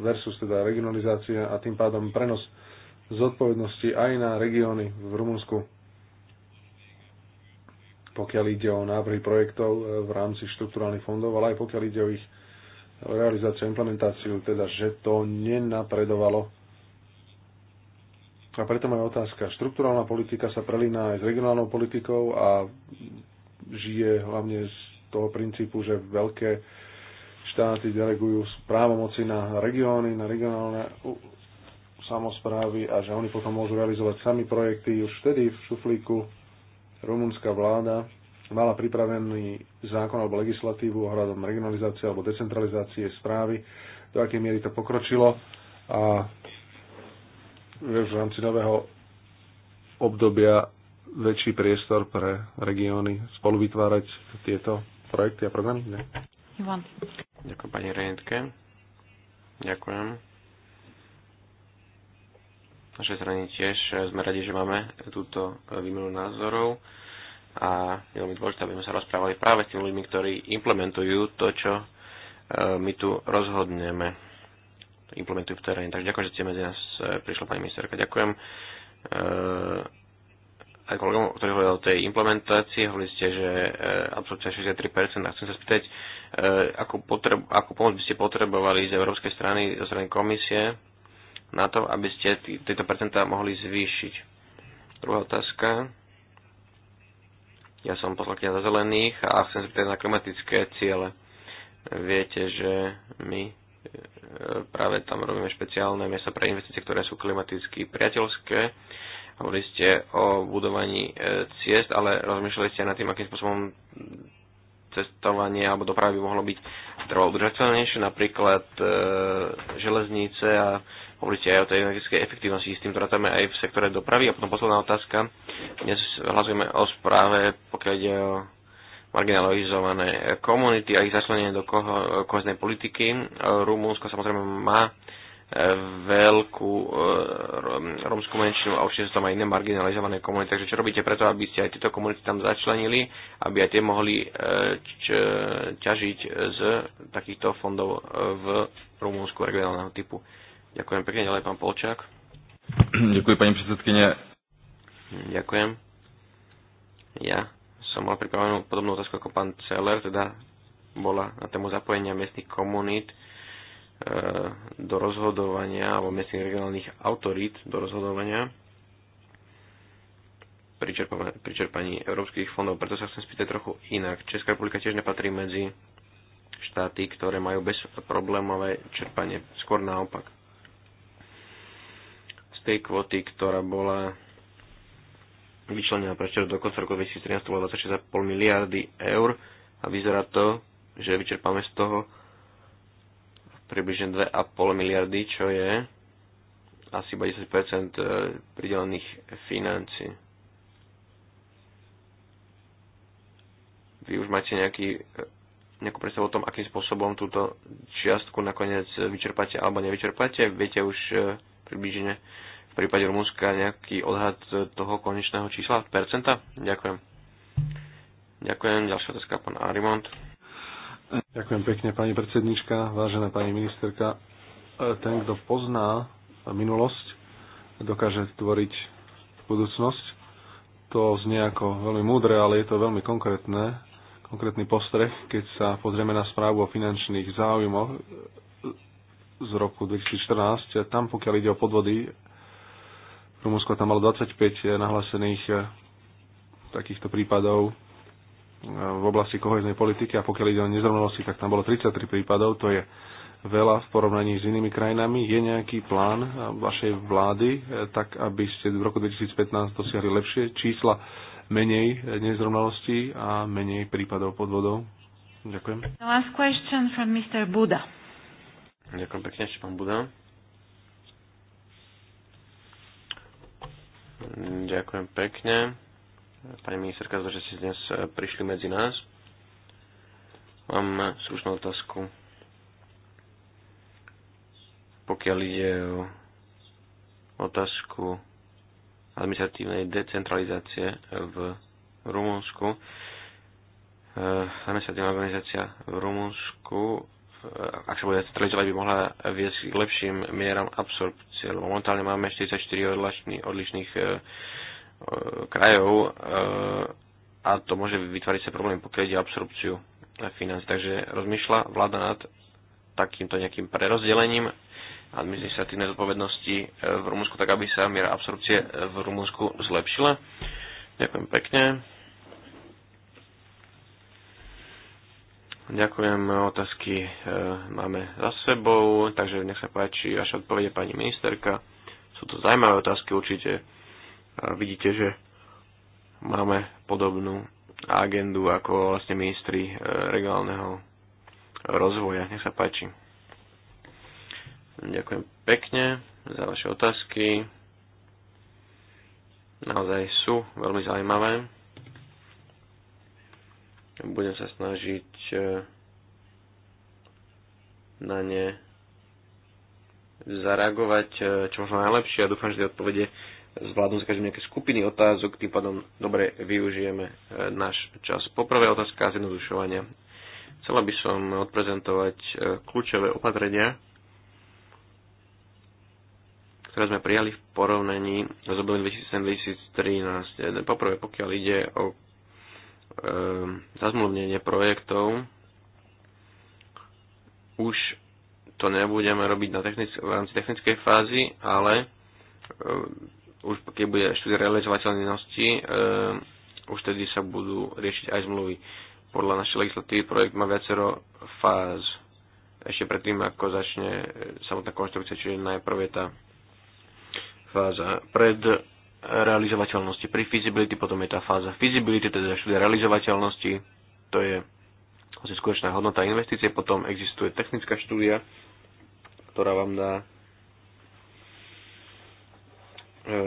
versus teda regionalizácia a tým pádom prenos zodpovednosti aj na regióny v Rumunsku. Pokiaľ ide o návrhy projektov e, v rámci štruktúrálnych fondov, ale aj pokiaľ ide o ich realizáciu a implementáciu, teda že to nenapredovalo a preto moja otázka. Štrukturálna politika sa prelína aj s regionálnou politikou a žije hlavne z toho princípu, že veľké štáty delegujú právomoci na regióny, na regionálne samozprávy a že oni potom môžu realizovať sami projekty. Už vtedy v šuflíku rumunská vláda mala pripravený zákon alebo legislatívu ohľadom regionalizácie alebo decentralizácie správy, do akej miery to pokročilo a v rámci nového obdobia väčší priestor pre regióny spolu vytvárať tieto projekty a programy? Ne? Ivan. Ďakujem pani Rejentke. Ďakujem. Z našej strany tiež e, sme radi, že máme túto e, výmenu názorov a je veľmi dôležité, aby sme sa rozprávali práve s tými ľuďmi, ktorí implementujú to, čo e, my tu rozhodneme implementujú v teréne. Takže ďakujem, že ste medzi nás e, prišla, pani ministerka. Ďakujem. E, aj kolegom, ktorý hovoril o tej implementácii, hovorili ste, že e, absolútne 63%. A chcem sa spýtať, akú, potrebu, akú pomoc by ste potrebovali z európskej strany, zo strany komisie, na to, aby ste tieto percentá mohli zvýšiť. Druhá otázka. Ja som poslankyňa za zelených a chcem sa pýtať na klimatické ciele. Viete, že my práve tam robíme špeciálne miesta pre investície, ktoré sú klimaticky priateľské. Hovorili ste o budovaní e, ciest, ale rozmýšľali ste nad tým, akým spôsobom cestovanie alebo dopravy by mohlo byť trvalo udržateľnejšie, napríklad e, železnice a ste aj o tej energetickej efektivnosti, s tým trátame aj v sektore dopravy. A potom posledná otázka. Dnes hlasujeme o správe, pokiaľ ide o marginalizované komunity a ich začlenenie do koho, koheznej politiky. Rumúnsko samozrejme má e, veľkú e, rómskú menšinu a určite sú tam aj iné marginalizované komunity. Takže čo robíte preto, aby ste aj tieto komunity tam začlenili, aby aj tie mohli e, ťažiť z takýchto fondov v Rumúnsku regionálneho typu? Ďakujem pekne, ďalej pán Polčák. Ďakujem pani predsedkynie. Ďakujem. Ja som mal pripravenú podobnú otázku ako pán Celer, teda bola na tému zapojenia miestnych komunít e, do rozhodovania alebo miestnych regionálnych autorít do rozhodovania pri, čerpa, pri čerpaní európskych fondov. Preto sa chcem spýtať trochu inak. Česká republika tiež nepatrí medzi štáty, ktoré majú bezproblémové čerpanie. Skôr naopak. Z tej kvoty, ktorá bola vyčlenená pre do konca roku 2013 bola 26,5 miliardy eur a vyzerá to, že vyčerpáme z toho približne 2,5 miliardy, čo je asi iba 10% e, pridelených financí. Vy už máte nejaký, e, nejakú predstavu o tom, akým spôsobom túto čiastku nakoniec vyčerpáte alebo nevyčerpáte? Viete už e, približne, prípade Rumunska nejaký odhad toho konečného čísla, percenta? Ďakujem. Ďakujem. Ďalšia otázka, pán Arimont. Ďakujem pekne, pani predsednička, vážená pani ministerka. E, ten, kto pozná minulosť, dokáže tvoriť budúcnosť. To znie ako veľmi múdre, ale je to veľmi konkrétne, konkrétny postreh, keď sa pozrieme na správu o finančných záujmoch z roku 2014. Tam, pokiaľ ide o podvody Rumunsko tam malo 25 eh, nahlásených eh, takýchto prípadov eh, v oblasti koheznej politiky a pokiaľ ide o nezrovnalosti, tak tam bolo 33 prípadov, to je veľa v porovnaní s inými krajinami. Je nejaký plán vašej vlády, tak aby ste v roku 2015 dosiahli lepšie čísla, menej nezrovnalostí a menej prípadov podvodov? Ďakujem. The last question from Mr. Buda. Ďakujem pekne, ešte pán Buda. Ďakujem pekne. Pani ministerka, za že ste dnes e, prišli medzi nás. Mám slušnú otázku. Pokiaľ ide o otázku administratívnej decentralizácie v Rumunsku, e, administratívna organizácia v Rumunsku ak sa bude centralizovať, by mohla viesť k lepším mieram absorpcie, lebo momentálne máme 44 odlišných, odlišných e, e, krajov e, a to môže vytvoriť sa problém, pokiaľ ide absorpciu financí. Takže rozmýšľa vláda nad takýmto nejakým prerozdelením administratívnej zodpovednosti e, v Rumunsku, tak aby sa miera absorpcie v Rumunsku zlepšila. Ďakujem pekne. Ďakujem, otázky e, máme za sebou, takže nech sa páči vaša odpovede pani ministerka. Sú to zaujímavé otázky určite. Vidíte, že máme podobnú agendu ako vlastne ministri e, regionálneho rozvoja. Nech sa páči. Ďakujem pekne za vaše otázky. Naozaj sú veľmi zaujímavé budem sa snažiť e, na ne zareagovať e, čo možno najlepšie a dúfam, že tie odpovede zvládnu každým nejaké skupiny otázok, tým pádom dobre využijeme e, náš čas. Poprvé otázka zjednodušovania. Chcela by som odprezentovať kľúčové opatrenia, ktoré sme prijali v porovnaní s obdobím 2007-2013. Poprvé, pokiaľ ide o Ehm, zazmluvnenie projektov. Už to nebudeme robiť na technic- v rámci technickej fázy, ale uh, už keď bude štúdia realizovateľnosti, uh, už tedy sa budú riešiť aj zmluvy. Podľa našej legislatívy projekt má viacero fáz. Ešte predtým, ako začne eh, samotná konštrukcia, čiže najprv je tá fáza pred realizovateľnosti. Pri feasibility potom je tá fáza feasibility, teda štúdia realizovateľnosti, to je asi skutočná hodnota investície, potom existuje technická štúdia, ktorá vám dá e,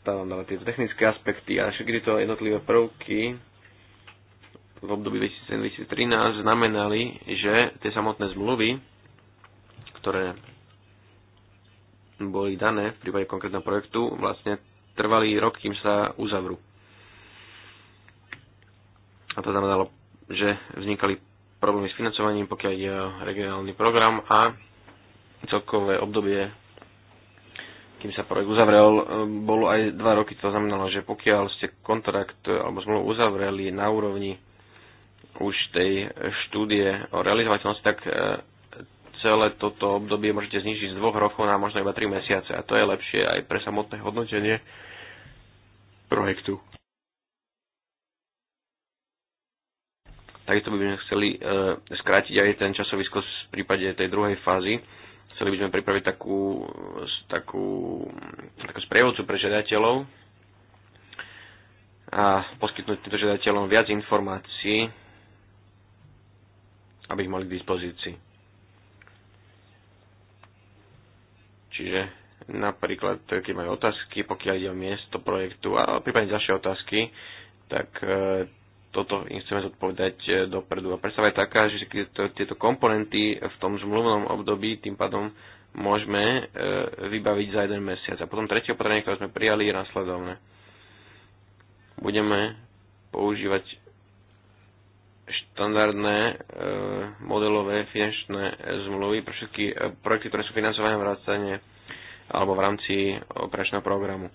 tá vám dáva tieto technické aspekty a všetky tieto jednotlivé prvky v období 2013 znamenali, že tie samotné zmluvy, ktoré boli dané v prípade konkrétneho projektu, vlastne trvalý rok, kým sa uzavrú. A to znamenalo, že vznikali problémy s financovaním, pokiaľ ide o regionálny program a celkové obdobie, kým sa projekt uzavrel, bolo aj dva roky. To znamenalo, že pokiaľ ste kontrakt alebo zmluvu uzavreli na úrovni už tej štúdie o realizovateľnosti, tak e, celé toto obdobie môžete znižiť z dvoch rokov na možno iba tri mesiace. A to je lepšie aj pre samotné hodnotenie projektu. Takisto by sme chceli e, skrátiť aj ten časový skos v prípade tej druhej fázy. Chceli by sme pripraviť takú, takú, takú sprievodcu pre žiadateľov a poskytnúť týmto žiadateľom viac informácií, aby ich mali k dispozícii. Čiže napríklad keď majú otázky, pokiaľ ide o miesto projektu a prípadne ďalšie otázky, tak e, toto im chceme zodpovedať e, dopredu. A predstava je taká, že tieto komponenty v tom zmluvnom období tým pádom môžeme e, vybaviť za jeden mesiac. A potom tretie opatrenie, ktoré sme prijali, je následovné. Budeme používať štandardné modelové finančné zmluvy pre všetky projekty, ktoré sú financované vrátane alebo v rámci operačného programu.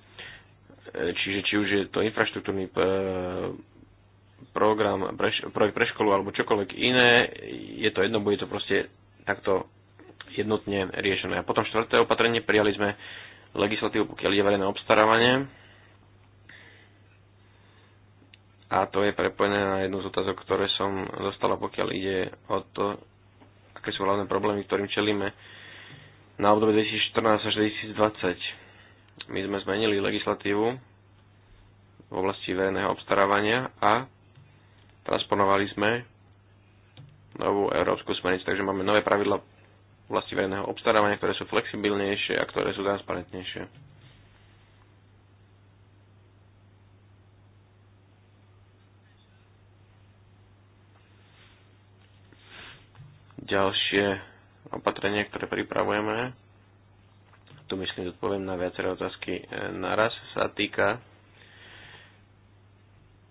Čiže či už je to infraštruktúrny e, program, projekt pre školu alebo čokoľvek iné, je to jedno, bude to proste takto jednotne riešené. A potom štvrté opatrenie, prijali sme legislatívu, pokiaľ je verejné obstarávanie. A to je prepojené na jednu z otázok, ktoré som dostala, pokiaľ ide o to, aké sú hlavné problémy, ktorým čelíme na obdobie 2014 až 2020. My sme zmenili legislatívu v oblasti verejného obstarávania a transponovali sme novú európsku smernicu, takže máme nové pravidla v oblasti verejného obstarávania, ktoré sú flexibilnejšie a ktoré sú transparentnejšie. Ďalšie opatrenie, ktoré pripravujeme, tu myslím, že odpoviem na viaceré otázky e, naraz, sa týka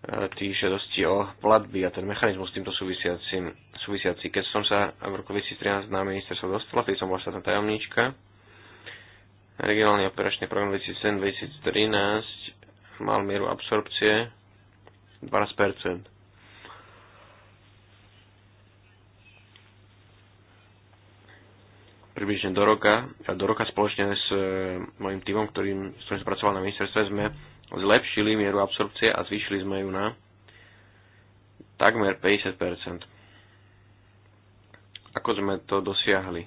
e, tých žiadostí o platby a ten mechanizmus s týmto súvisiaci, súvisiaci. Keď som sa v roku 2013 na ministerstvo dostala, keď som bola štátna tajomníčka, regionálny operačný program 2007-2013 mal mieru absorpcie 12%. približne do roka, a do roka spoločne s e, mojim týmom, ktorým, s ktorým som pracoval na ministerstve, sme zlepšili mieru absorpcie a zvýšili sme ju na takmer 50%. Ako sme to dosiahli?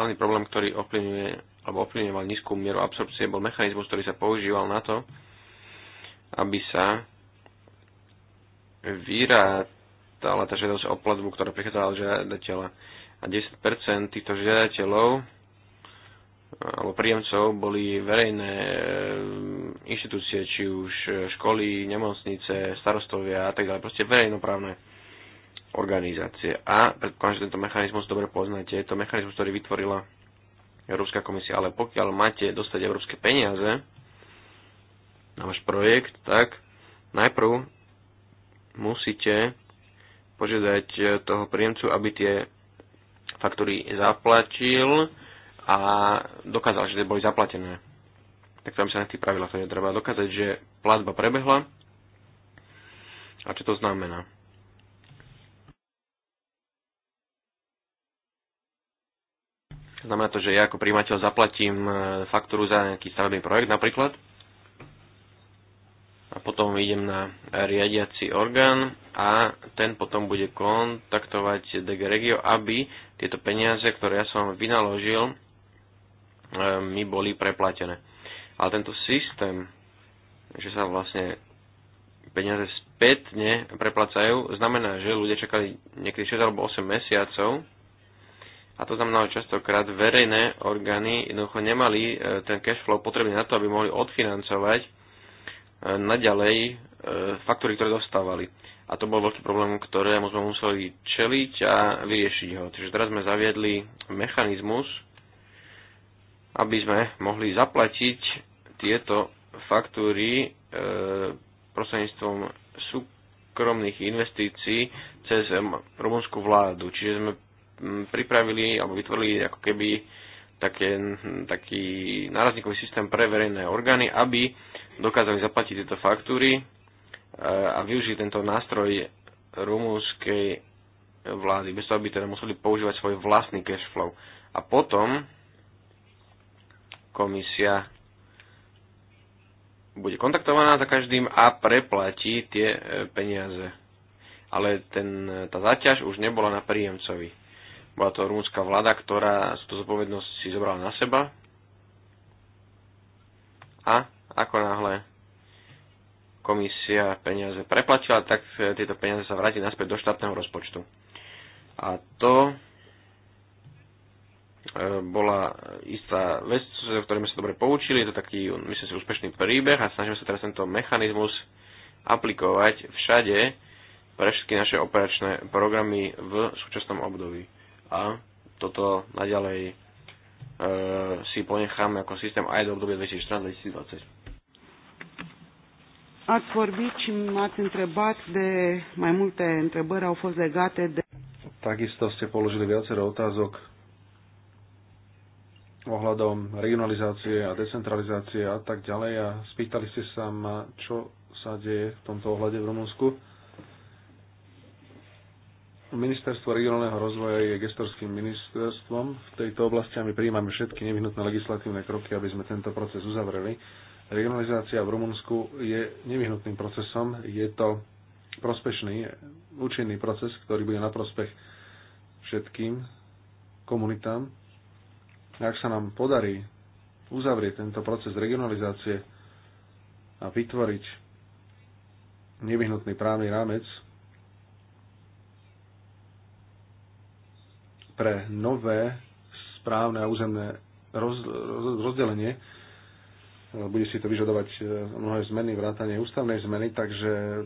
Hlavný problém, ktorý ovplyvňuje alebo ovplyvňoval nízku mieru absorpcie, bol mechanizmus, ktorý sa používal na to, aby sa výrad stále tá žiadosť o platbu, ktorá prichádza od žiadateľa. A 10% týchto žiadateľov e, alebo príjemcov boli verejné e, inštitúcie, či už e, školy, nemocnice, starostovia a tak ďalej, proste verejnoprávne organizácie. A predpokladám, že tento mechanizmus dobre poznáte. Je to mechanizmus, ktorý vytvorila Európska komisia, ale pokiaľ máte dostať európske peniaze na váš projekt, tak najprv musíte požiadať eh, toho príjemcu, aby tie faktúry zaplatil a dokázal, že boli zaplatené. Tak tam sa na tých pravidlách teda treba dokázať, že platba prebehla a čo to znamená. Znamená to, že ja ako príjimateľ zaplatím eh, faktúru za nejaký stavebný projekt napríklad a potom idem na riadiaci orgán a ten potom bude kontaktovať DG Regio, aby tieto peniaze, ktoré ja som vynaložil, e, mi boli preplatené. Ale tento systém, že sa vlastne peniaze spätne preplacajú, znamená, že ľudia čakali niekedy 6 alebo 8 mesiacov a to znamená, že častokrát verejné orgány jednoducho nemali e, ten cash flow potrebný na to, aby mohli odfinancovať naďalej e, faktúry, ktoré dostávali. A to bol veľký problém, ktorému sme museli čeliť a vyriešiť ho. Takže teraz sme zaviedli mechanizmus, aby sme mohli zaplatiť tieto faktúry e, prostredníctvom súkromných investícií cez rumunskú vládu. Čiže sme pripravili alebo vytvorili ako keby také, taký nárazníkový systém pre verejné orgány, aby dokázali zaplatiť tieto faktúry e, a využiť tento nástroj rumúnskej vlády, bez toho, aby teda museli používať svoj vlastný cash flow. A potom komisia bude kontaktovaná za každým a preplatí tie e, peniaze. Ale ten, tá záťaž už nebola na príjemcovi. Bola to rumúnska vláda, ktorá tú zodpovednosť si zobrala na seba a ako náhle komisia peniaze preplatila, tak tieto peniaze sa vráti naspäť do štátneho rozpočtu. A to e, bola istá vec, v ktorej sme sa dobre poučili, je to taký, myslím si, úspešný príbeh a snažíme sa teraz tento mechanizmus aplikovať všade pre všetky naše operačné programy v súčasnom období. A toto naďalej e, si ponecháme ako systém aj do obdobia 2014-2020. Ați vorbit și m-ați întrebat de mai multe întrebări au fost legate de Takisto ste položili viacero otázok ohľadom regionalizácie a decentralizácie a tak ďalej a spýtali ste sa ma, čo sa deje v tomto ohľade v Rumunsku. Ministerstvo regionálneho rozvoja je gestorským ministerstvom. V tejto oblasti a my príjmame všetky nevyhnutné legislatívne kroky, aby sme tento proces uzavreli Regionalizácia v Rumunsku je nevyhnutným procesom, je to prospešný, účinný proces, ktorý bude na prospech všetkým komunitám. ak sa nám podarí uzavrieť tento proces regionalizácie a vytvoriť nevyhnutný právny rámec pre nové správne a územné rozdelenie, No, bude si to vyžadovať e, mnohé zmeny, vrátanie ústavnej zmeny, takže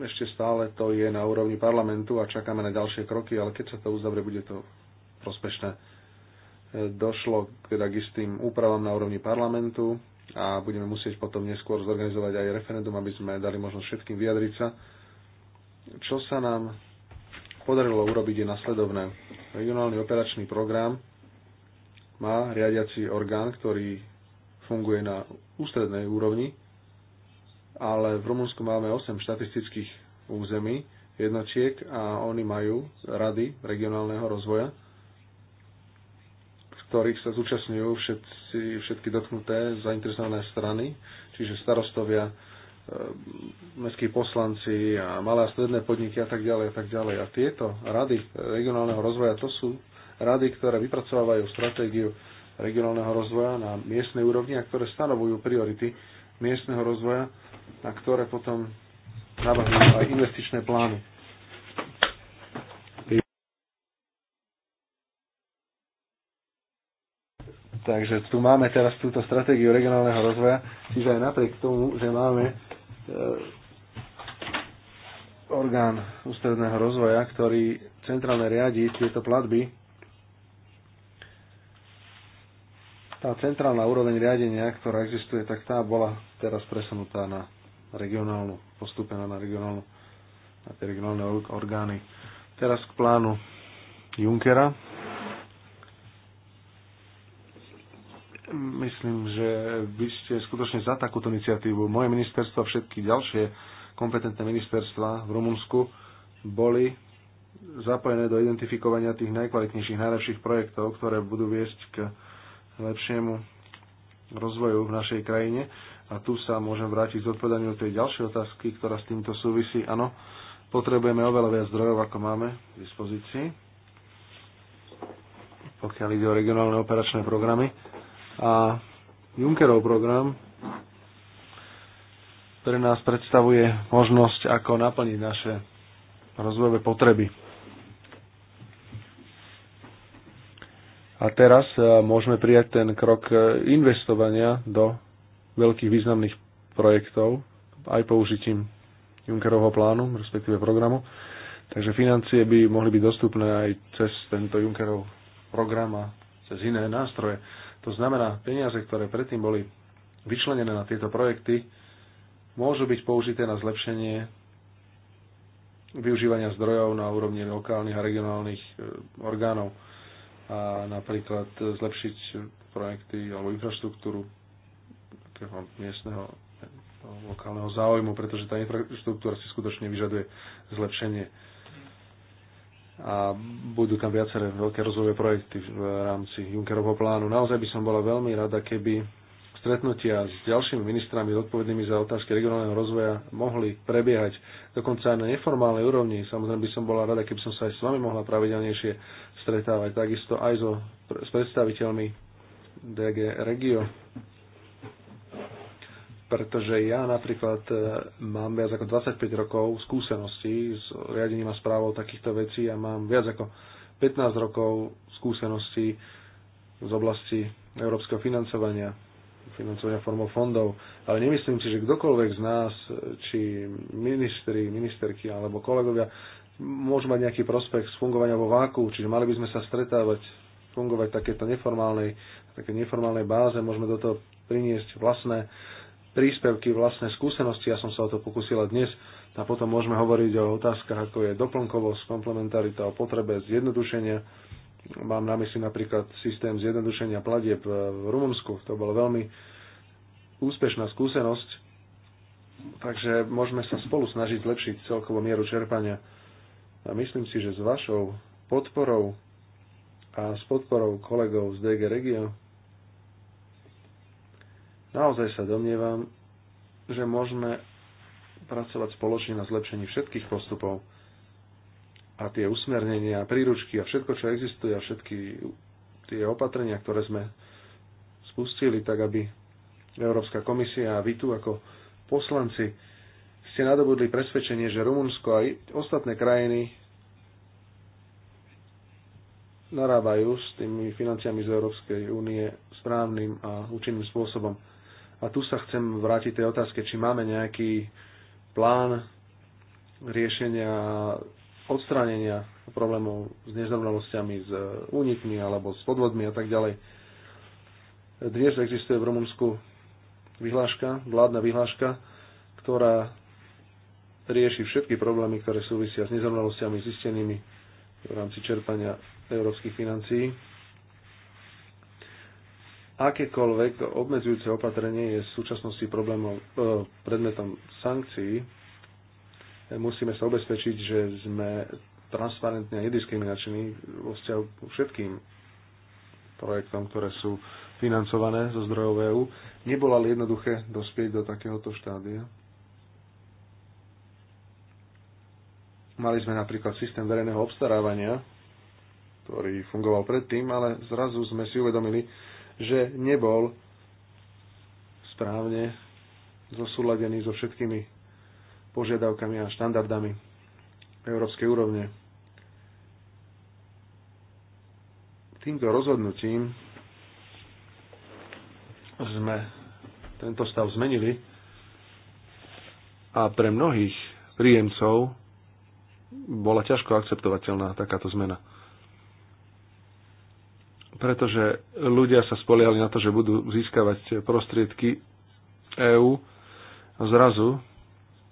ešte stále to je na úrovni parlamentu a čakáme na ďalšie kroky, ale keď sa to uzavrie, bude to prospešné. E, došlo teda k istým úpravám na úrovni parlamentu a budeme musieť potom neskôr zorganizovať aj referendum, aby sme dali možnosť všetkým vyjadriť sa. Čo sa nám podarilo urobiť je nasledovné. Regionálny operačný program má riadiaci orgán, ktorý funguje na ústrednej úrovni, ale v Rumunsku máme 8 štatistických území, jednotiek a oni majú rady regionálneho rozvoja, v ktorých sa zúčastňujú všetci, všetky dotknuté zainteresované strany, čiže starostovia, e, mestskí poslanci a malé a stredné podniky a tak ďalej a tak ďalej. A tieto rady regionálneho rozvoja to sú rady, ktoré vypracovávajú stratégiu regionálneho rozvoja na miestnej úrovni a ktoré stanovujú priority miestneho rozvoja na ktoré potom navrhujú aj investičné plány. Takže tu máme teraz túto stratégiu regionálneho rozvoja, čiže aj napriek tomu, že máme e, orgán ústredného rozvoja, ktorý centrálne riadi tieto platby tá centrálna úroveň riadenia, ktorá existuje, tak tá bola teraz presunutá na regionálnu, postúpená na regionálnu, na tie regionálne orgány. Teraz k plánu Junkera. Myslím, že vy ste skutočne za takúto iniciatívu. Moje ministerstvo a všetky ďalšie kompetentné ministerstva v Rumunsku boli zapojené do identifikovania tých najkvalitnejších, najlepších projektov, ktoré budú viesť k lepšiemu rozvoju v našej krajine. A tu sa môžem vrátiť k odpovedaniu tej ďalšej otázky, ktorá s týmto súvisí. Áno, potrebujeme oveľa viac zdrojov, ako máme k dispozícii, pokiaľ ide o regionálne operačné programy. A Junckerov program pre nás predstavuje možnosť, ako naplniť naše rozvojové potreby A teraz e, môžeme prijať ten krok e, investovania do veľkých významných projektov aj použitím Junckerovho plánu, respektíve programu. Takže financie by mohli byť dostupné aj cez tento Junckerov program a cez iné nástroje. To znamená, peniaze, ktoré predtým boli vyčlenené na tieto projekty, môžu byť použité na zlepšenie využívania zdrojov na úrovni lokálnych a regionálnych e, orgánov a napríklad zlepšiť projekty alebo infraštruktúru takého miestneho lokálneho záujmu, pretože tá infraštruktúra si skutočne vyžaduje zlepšenie. A budú tam viaceré veľké rozvojové projekty v rámci Junckerovho plánu. Naozaj by som bola veľmi rada, keby stretnutia s ďalšími ministrami odpovednými za otázky regionálneho rozvoja mohli prebiehať dokonca aj na neformálnej úrovni. Samozrejme by som bola rada, keby som sa aj s vami mohla pravidelnejšie stretávať, takisto aj so, s predstaviteľmi DG Regio, pretože ja napríklad e, mám viac ako 25 rokov skúseností s riadením a správou takýchto vecí a mám viac ako 15 rokov skúseností z oblasti európskeho financovania financovania formou fondov. Ale nemyslím si, že kdokoľvek z nás, e, či ministri, ministerky alebo kolegovia, môžu mať nejaký prospekt z fungovania vo váku, čiže mali by sme sa stretávať, fungovať takéto neformálnej, také neformálnej báze, môžeme do toho priniesť vlastné príspevky, vlastné skúsenosti, ja som sa o to pokusila dnes, a potom môžeme hovoriť o otázkach, ako je doplnkovosť, komplementarita, o potrebe zjednodušenia, Mám na mysli napríklad systém zjednodušenia platieb v Rumunsku. To bola veľmi úspešná skúsenosť, takže môžeme sa spolu snažiť zlepšiť celkovú mieru čerpania. A myslím si, že s vašou podporou a s podporou kolegov z DG Regio naozaj sa domnievam, že môžeme pracovať spoločne na zlepšení všetkých postupov a tie usmernenia, príručky a všetko, čo existuje a všetky tie opatrenia, ktoré sme spustili, tak aby Európska komisia a vy tu ako poslanci ste nadobudli presvedčenie, že Rumunsko aj ostatné krajiny narábajú s tými financiami z Európskej únie správnym a účinným spôsobom. A tu sa chcem vrátiť tej otázke, či máme nejaký plán riešenia odstránenia problémov s nezrovnalosťami, s e, únikmi alebo s podvodmi a tak ďalej. Dnes existuje v Rumunsku vyhláška, vládna vyhláška, ktorá rieši všetky problémy, ktoré súvisia s nezrovnalosťami zistenými v rámci čerpania európskych financií. Akékoľvek obmedzujúce opatrenie je v súčasnosti problémom, e, predmetom sankcií Musíme sa ubezpečiť, že sme transparentní a nediskriminační vo vzťahu ku všetkým projektom, ktoré sú financované zo zdrojov EU, Nebolo ale jednoduché dospieť do takéhoto štádia. Mali sme napríklad systém verejného obstarávania, ktorý fungoval predtým, ale zrazu sme si uvedomili, že nebol správne zosúladený so všetkými požiadavkami a štandardami európskej úrovne. Týmto rozhodnutím sme tento stav zmenili a pre mnohých príjemcov bola ťažko akceptovateľná takáto zmena pretože ľudia sa spoliali na to, že budú získavať prostriedky EÚ a zrazu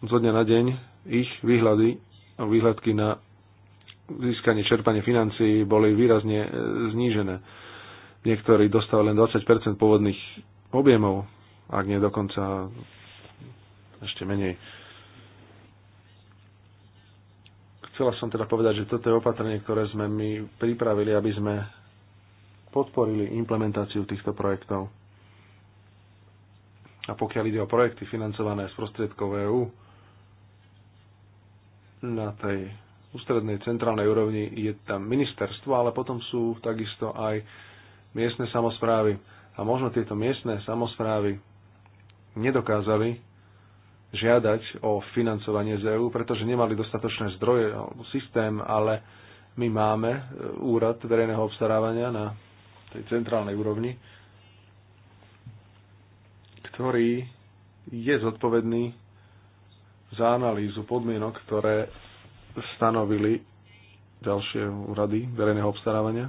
zo dňa na deň ich výhľady a výhľadky na získanie čerpanie financií boli výrazne e, znížené. Niektorí dostali len 20 pôvodných objemov, ak nie dokonca ešte menej. Chcela som teda povedať, že toto je opatrenie, ktoré sme my pripravili, aby sme podporili implementáciu týchto projektov. A pokiaľ ide o projekty financované z prostriedkov EÚ, na tej ústrednej centrálnej úrovni je tam ministerstvo, ale potom sú takisto aj miestne samozprávy. A možno tieto miestne samozprávy nedokázali žiadať o financovanie z EU, pretože nemali dostatočné zdroje alebo systém, ale my máme e, úrad verejného obstarávania na tej centrálnej úrovni, ktorý je zodpovedný za analýzu podmienok, ktoré stanovili ďalšie úrady verejného obstarávania.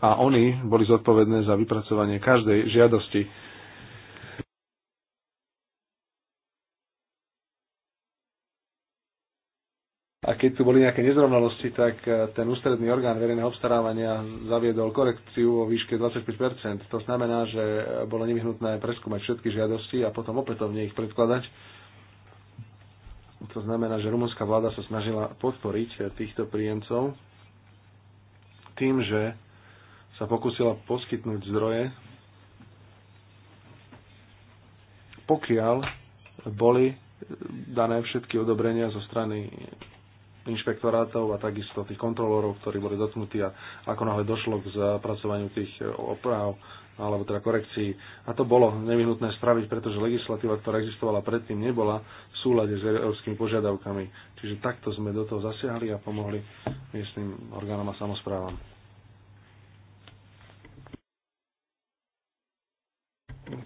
A oni boli zodpovedné za vypracovanie každej žiadosti A keď tu boli nejaké nezrovnalosti, tak eh, ten ústredný orgán verejného obstarávania zaviedol korekciu vo výške 25 To znamená, že eh, bolo nevyhnutné preskúmať všetky žiadosti a potom opätovne ich predkladať. To znamená, že rumunská vláda sa snažila podporiť eh, týchto príjemcov tým, že sa pokúsila poskytnúť zdroje, pokiaľ boli dané všetky odobrenia zo strany inšpektorátov a takisto tých kontrolórov, ktorí boli dotknutí a ako náhle došlo k zapracovaniu tých e, oprav alebo teda korekcií. A to bolo nevyhnutné spraviť, pretože legislatíva, ktorá existovala predtým, nebola v súlade s európskymi požiadavkami. Čiže takto sme do toho zasiahli a pomohli miestnym orgánom a samozprávam.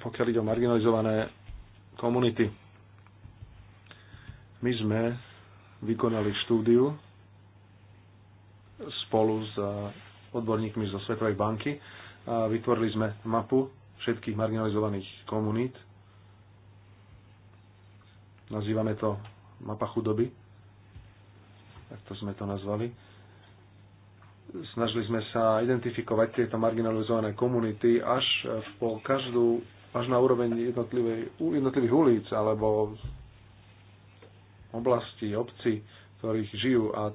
Pokiaľ ide o marginalizované komunity, my sme vykonali štúdiu spolu s eh, odborníkmi zo Svetovej banky a vytvorili sme mapu všetkých marginalizovaných komunít. Nazývame to mapa chudoby. tak to sme to nazvali. Snažili sme sa identifikovať tieto marginalizované komunity až eh, po každú, až na úroveň jednotlivých ulic alebo oblasti, obci, v ktorých žijú a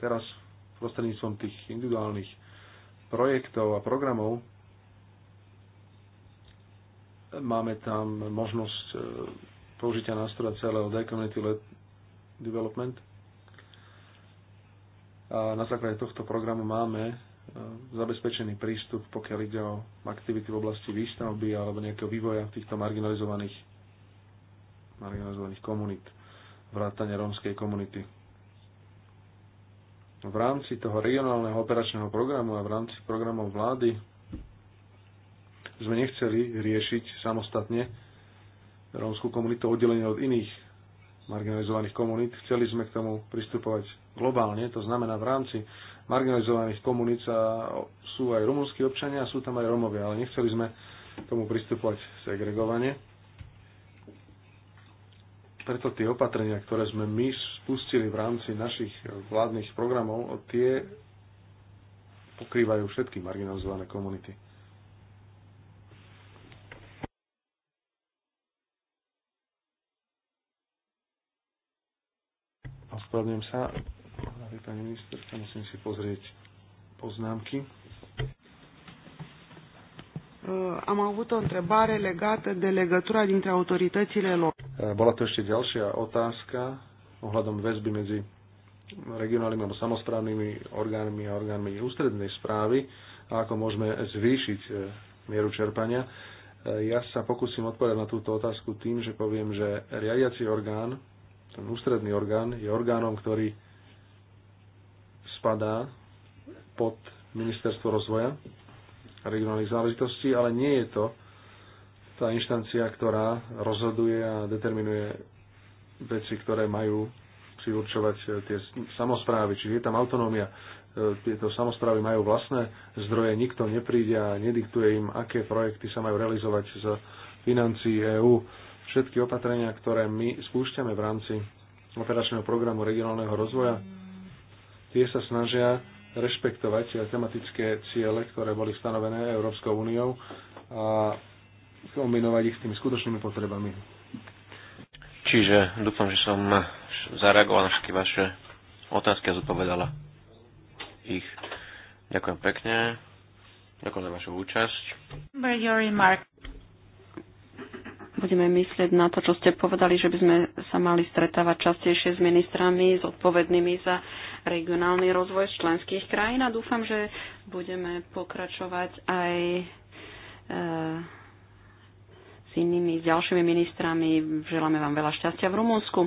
teraz prostredníctvom tých individuálnych projektov a programov máme tam možnosť e, použitia nástroja celého D Community Development. A na základe tohto programu máme e, zabezpečený prístup, pokiaľ ide o aktivity v oblasti výstavby alebo nejakého vývoja týchto marginalizovaných, marginalizovaných komunít vrátane rómskej komunity. V rámci toho regionálneho operačného programu a v rámci programov vlády sme nechceli riešiť samostatne rómskú komunitu oddelenie od iných marginalizovaných komunít. Chceli sme k tomu pristupovať globálne, to znamená v rámci marginalizovaných komunít sa, sú aj rumúnsky občania a sú tam aj Romovia, ale nechceli sme k tomu pristupovať segregovane preto tie opatrenia, ktoré sme my spustili v rámci našich vládnych programov, tie pokrývajú všetky marginalizované komunity. Ospravedlňujem sa, pani ministerka, musím si pozrieť poznámky. Am avut o întrebare legată de legătura dintre autoritățile locale. E, bola to ešte ďalšia otázka ohľadom väzby medzi regionálnymi alebo samozprávnymi orgánmi a orgánmi ústrednej správy a ako môžeme zvýšiť e, mieru čerpania. E, ja sa pokúsim odpovedať na túto otázku tým, že poviem, že riadiaci orgán, ten ústredný orgán, je orgánom, ktorý spadá pod Ministerstvo rozvoja regionálnych záležitostí, ale nie je to tá inštancia, ktorá rozhoduje a determinuje veci, ktoré majú si určovať eh, tie samozprávy. Čiže je tam autonómia. Eh, tieto samozprávy majú vlastné zdroje, nikto nepríde a nediktuje im, aké projekty sa majú realizovať z financií EÚ. Všetky opatrenia, ktoré my spúšťame v rámci operačného programu regionálneho rozvoja, tie sa snažia rešpektovať tematické ciele, ktoré boli stanovené Európskou úniou a kombinovať ich s tými skutočnými potrebami. Čiže dúfam, že som zareagoval na všetky vaše otázky a zodpovedala ich. Ďakujem pekne. Ďakujem za vašu účasť. Budeme myslieť na to, čo ste povedali, že by sme sa mali stretávať častejšie s ministrami, s odpovednými za regionálny rozvoj členských krajín a dúfam, že budeme pokračovať aj e, s inými, s ďalšími ministrami. Želáme vám veľa šťastia v Rumunsku.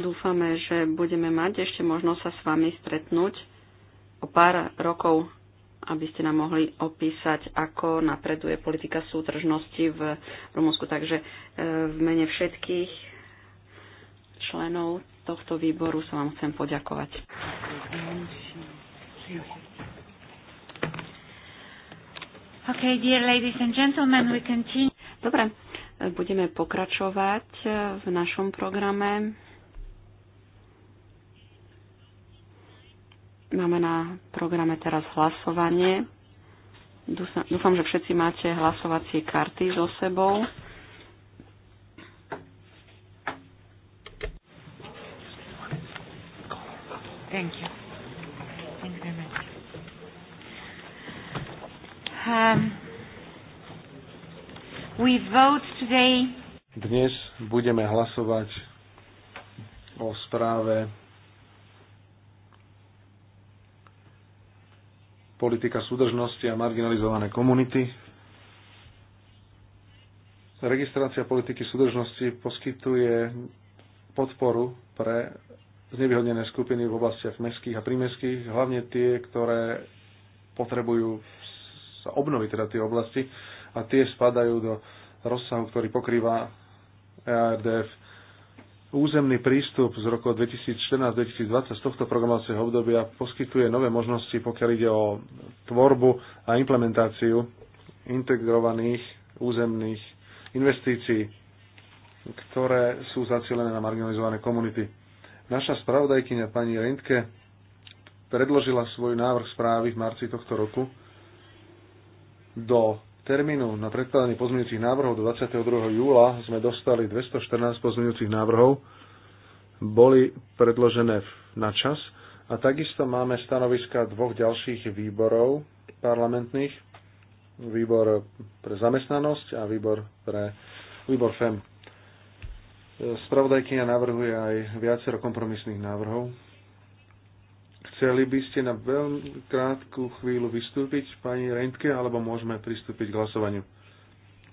Dúfame, že budeme mať ešte možnosť sa s vami stretnúť o pár rokov, aby ste nám mohli opísať, ako napreduje politika súdržnosti v Rumunsku. Takže e, v mene všetkých členov tohto výboru sa vám chcem poďakovať. Thank you. Okay, dear ladies and gentlemen, we continue. Dobre, budeme pokračovať v našom programe. Máme na programe teraz hlasovanie. Dúfam, že všetci máte hlasovacie karty so sebou. Thank you. Um, we vote today. Dnes budeme hlasovať o správe politika súdržnosti a marginalizované komunity. Registrácia politiky súdržnosti poskytuje podporu pre znevýhodnené skupiny v oblastiach mestských a prímestských, hlavne tie, ktoré potrebujú sa obnoví teda tie oblasti a tie spadajú do rozsahu, ktorý pokrýva EARDF. Územný prístup z roku 2014-2020 z tohto programovacieho obdobia poskytuje nové možnosti, pokiaľ ide o tvorbu a implementáciu integrovaných územných investícií, ktoré sú zacielené na marginalizované komunity. Naša spravodajkyňa pani Rentke predložila svoj návrh správy v marci tohto roku do termínu na predkladanie pozmeňujúcich návrhov do 22. júla sme dostali 214 pozmeňujúcich návrhov. Boli predložené na čas a takisto máme stanoviska dvoch ďalších výborov parlamentných. Výbor pre zamestnanosť a výbor, pre, výbor FEM. Spravodajkynia navrhuje aj viacero kompromisných návrhov. Chceli by ste na veľmi krátku chvíľu vystúpiť, pani Rentke, alebo môžeme pristúpiť k hlasovaniu?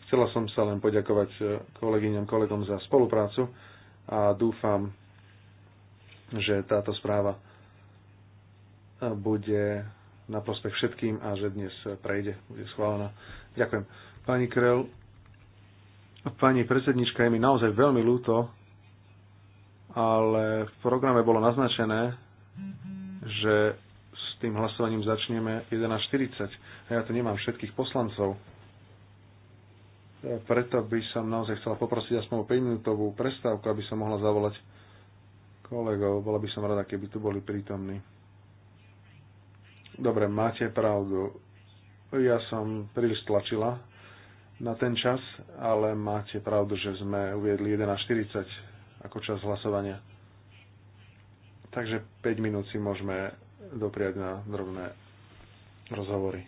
Chcela som sa len poďakovať eh, kolegyňam, kolegom za spoluprácu a dúfam, že táto správa eh, bude na prospech všetkým a že dnes eh, prejde, bude schválená. Ďakujem. Pani Krel, pani predsednička, je mi naozaj veľmi ľúto, ale v programe bolo naznačené, že s tým hlasovaním začneme 11.40 a ja tu nemám všetkých poslancov. Preto by som naozaj chcela poprosiť aspoň o 5-minútovú prestávku, aby som mohla zavolať kolegov. Bola by som rada, keby tu boli prítomní. Dobre, máte pravdu. Ja som príliš tlačila na ten čas, ale máte pravdu, že sme uviedli 11.40 ako čas hlasovania. Takže 5 minút si môžeme dopriať na drobné rozhovory.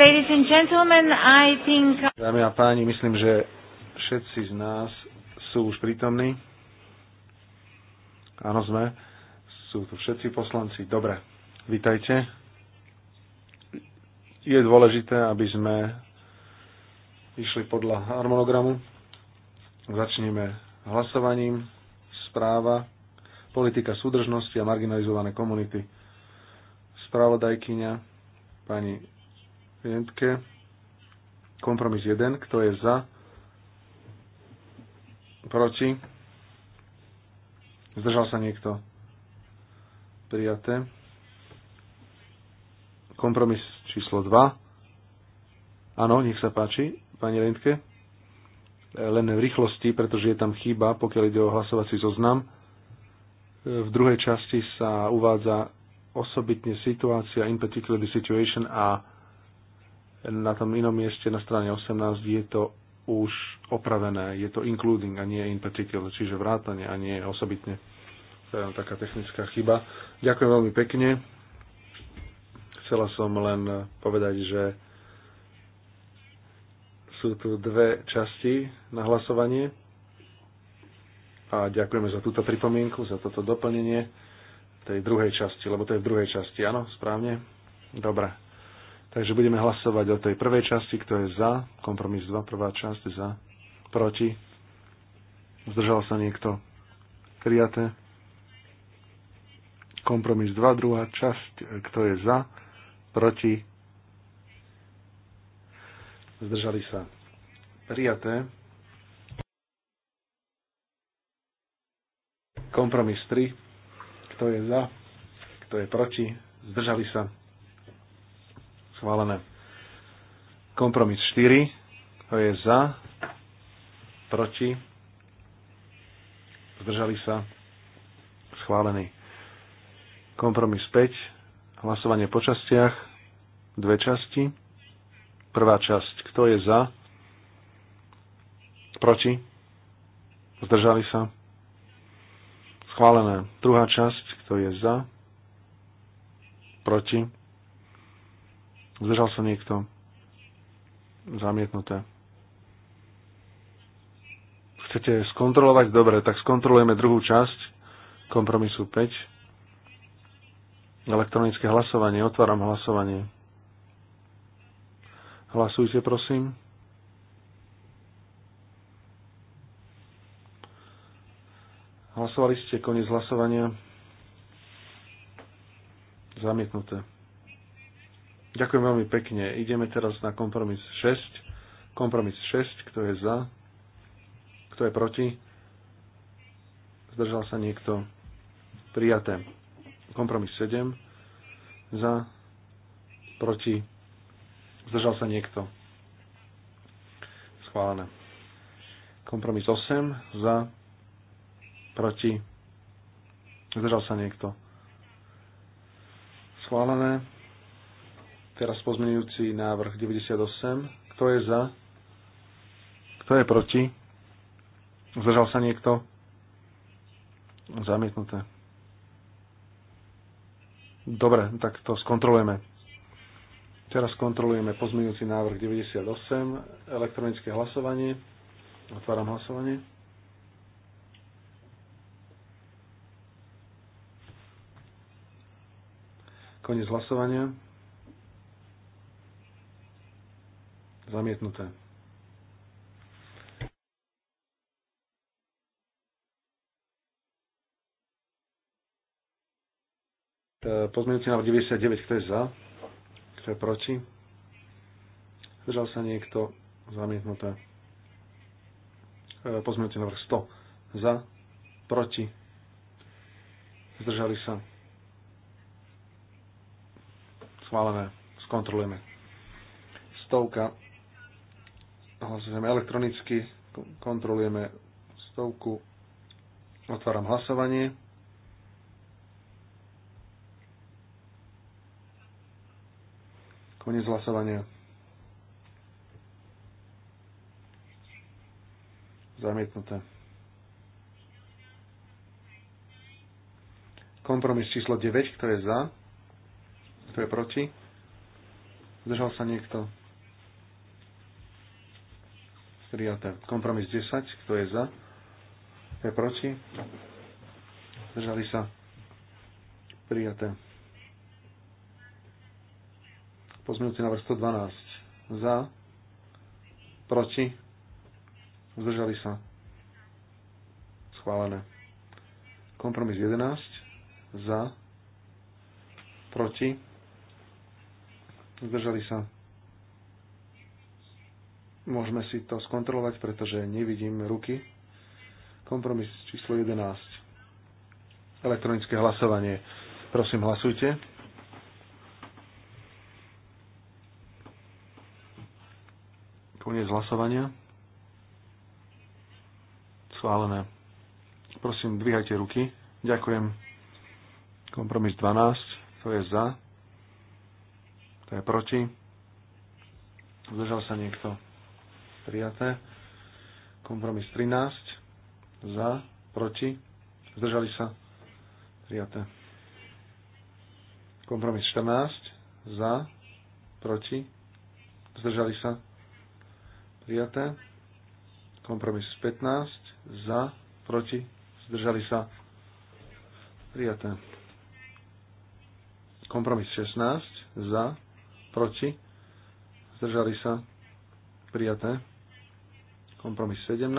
Ladies and gentlemen, I think... Dámy a páni, myslím, že všetci z nás sú už prítomní. Áno, sme. Sú tu všetci poslanci. Dobre, vítajte. Je dôležité, aby sme išli podľa harmonogramu. Začneme hlasovaním. Správa. Politika súdržnosti a marginalizované komunity. Spravodajkyňa pani jednotke. Kompromis 1, kto je za, proti, zdržal sa niekto, prijaté. Kompromis číslo 2, áno, nech sa páči, pani Lindke, len v rýchlosti, pretože je tam chyba, pokiaľ ide o hlasovací zoznam. V druhej časti sa uvádza osobitne situácia, in particular the situation a na tom inom mieste na strane 18 je to už opravené, je to including a nie in particular, čiže vrátanie a nie osobitne. To je taká technická chyba. Ďakujem veľmi pekne. Chcela som len povedať, že sú tu dve časti na hlasovanie a ďakujeme za túto pripomienku, za toto doplnenie tej druhej časti, lebo to je v druhej časti, áno, správne? Dobre. Takže budeme hlasovať o tej prvej časti, kto je za, kompromis 2, prvá časť za, proti, zdržal sa niekto, prijaté. Kompromis 2, druhá časť, kto je za, proti, zdržali sa, prijaté. Kompromis 3, kto je za, kto je proti, zdržali sa, Schválené. Kompromis 4. Kto je za? Proti? Zdržali sa? Schválený. Kompromis 5. Hlasovanie po častiach. Dve časti. Prvá časť. Kto je za? Proti? Zdržali sa? Schválené. Druhá časť. Kto je za? Proti? Zdržal sa niekto? Zamietnuté. Chcete skontrolovať? Dobre, tak skontrolujeme druhú časť kompromisu 5. Elektronické hlasovanie. Otváram hlasovanie. Hlasujte, prosím. Hlasovali ste koniec hlasovania. Zamietnuté. Ďakujem veľmi pekne. Ideme teraz na kompromis 6. Kompromis 6, kto je za, kto je proti. Zdržal sa niekto. Prijaté. Kompromis 7. Za, proti. Zdržal sa niekto. Schválené. Kompromis 8. Za, proti. Zdržal sa niekto. Schválené Teraz pozmenujúci návrh 98. Kto je za? Kto je proti? Zdržal sa niekto? Zamietnuté. Dobre, tak to skontrolujeme. Teraz kontrolujeme pozmeňujúci návrh 98, elektronické hlasovanie. Otváram hlasovanie. Koniec hlasovania. Zamietnuté. Pozmeňujúci návrh 99, kto je za? Kto je proti? Zdržal sa niekto? Zamietnuté. E, pozmeňujúci návrh 100. Za? Proti? Zdržali sa? Schválené. Skontrolujeme. Stovka hlasujeme elektronicky, kontrolujeme stovku, otváram hlasovanie. Koniec hlasovania. Zamietnuté. Kompromis číslo 9, kto je za, kto je proti. Zdržal sa niekto? prijaté. Kompromis 10, kto je za, kto je proti, zdržali sa, prijaté. Pozmeňujúci návrh 112, za, proti, zdržali sa, schválené. Kompromis 11, za, proti, zdržali sa, Môžeme si to skontrolovať, pretože nevidím ruky. Kompromis číslo 11. Elektronické hlasovanie. Prosím, hlasujte. Koniec hlasovania. Schválené. Prosím, dvíhajte ruky. Ďakujem. Kompromis 12. To je za. To je proti. Zdržal sa niekto prijaté. Kompromis 13 za, proti, zdržali sa, prijaté. Kompromis 14 za, proti, zdržali sa, prijaté. Kompromis 15 za, proti, zdržali sa, prijaté. Kompromis 16 za, proti, zdržali sa, prijaté. Kompromis 17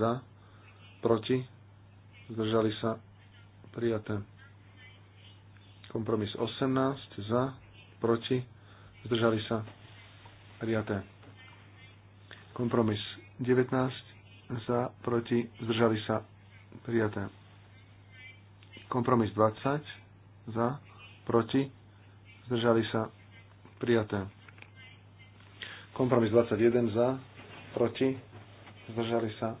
za, proti, zdržali sa prijaté. Kompromis 18 za, proti, zdržali sa prijaté. Kompromis 19 za, proti, zdržali sa prijaté. Kompromis 20 za, proti, zdržali sa prijaté. Kompromis 21 za, proti, zdržali sa,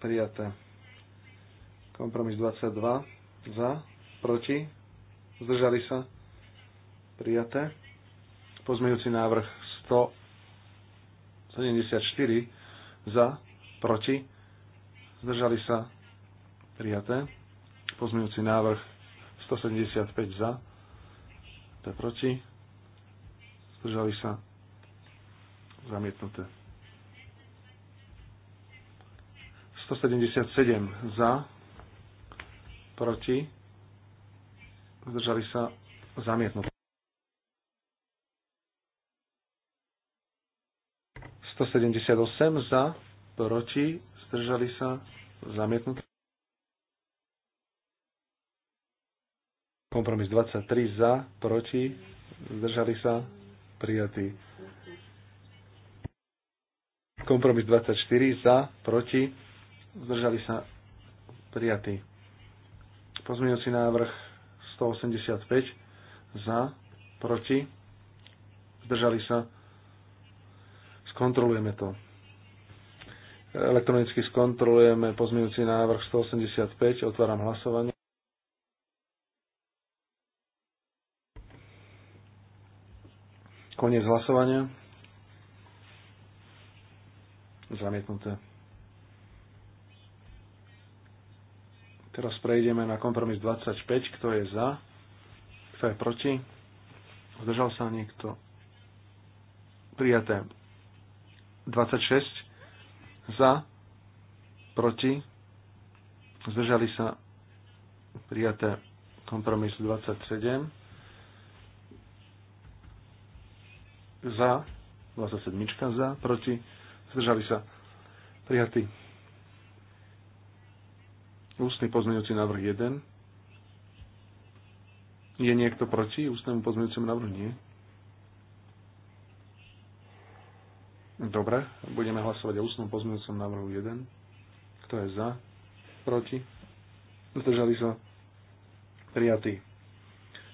prijaté. Kompromis 22, za, proti, zdržali sa, prijaté. Pozmejúci návrh 174, za, proti, zdržali sa, prijaté. Pozmejúci návrh 175 za, to je proti, zdržali sa, zamietnuté. 177 za, proti, zdržali sa zamietnutí. 178 za, proti, zdržali sa zamietnutí. Kompromis 23 za, proti, zdržali sa prijatí. Kompromis 24 za, proti, zdržali sa prijatí. Pozmeňujúci návrh 185 za, proti, zdržali sa. Skontrolujeme to. Elektronicky skontrolujeme pozmeňujúci návrh 185, otváram hlasovanie. Koniec hlasovania. Zamietnuté. Teraz prejdeme na kompromis 25. Kto je za? Kto je proti? Zdržal sa niekto? Prijaté. 26. Za? Proti? Zdržali sa? Prijaté. Kompromis 27. Za? 27. Za? Proti? Zdržali sa? Prijatý. Ústny pozmeňujúci návrh 1. Je niekto proti ústnemu pozmeňujúcemu návrhu? Nie. Dobre, budeme hlasovať o ústnom pozmeňujúcom návrhu 1. Kto je za? Proti? Zdržali sa? Prijatý.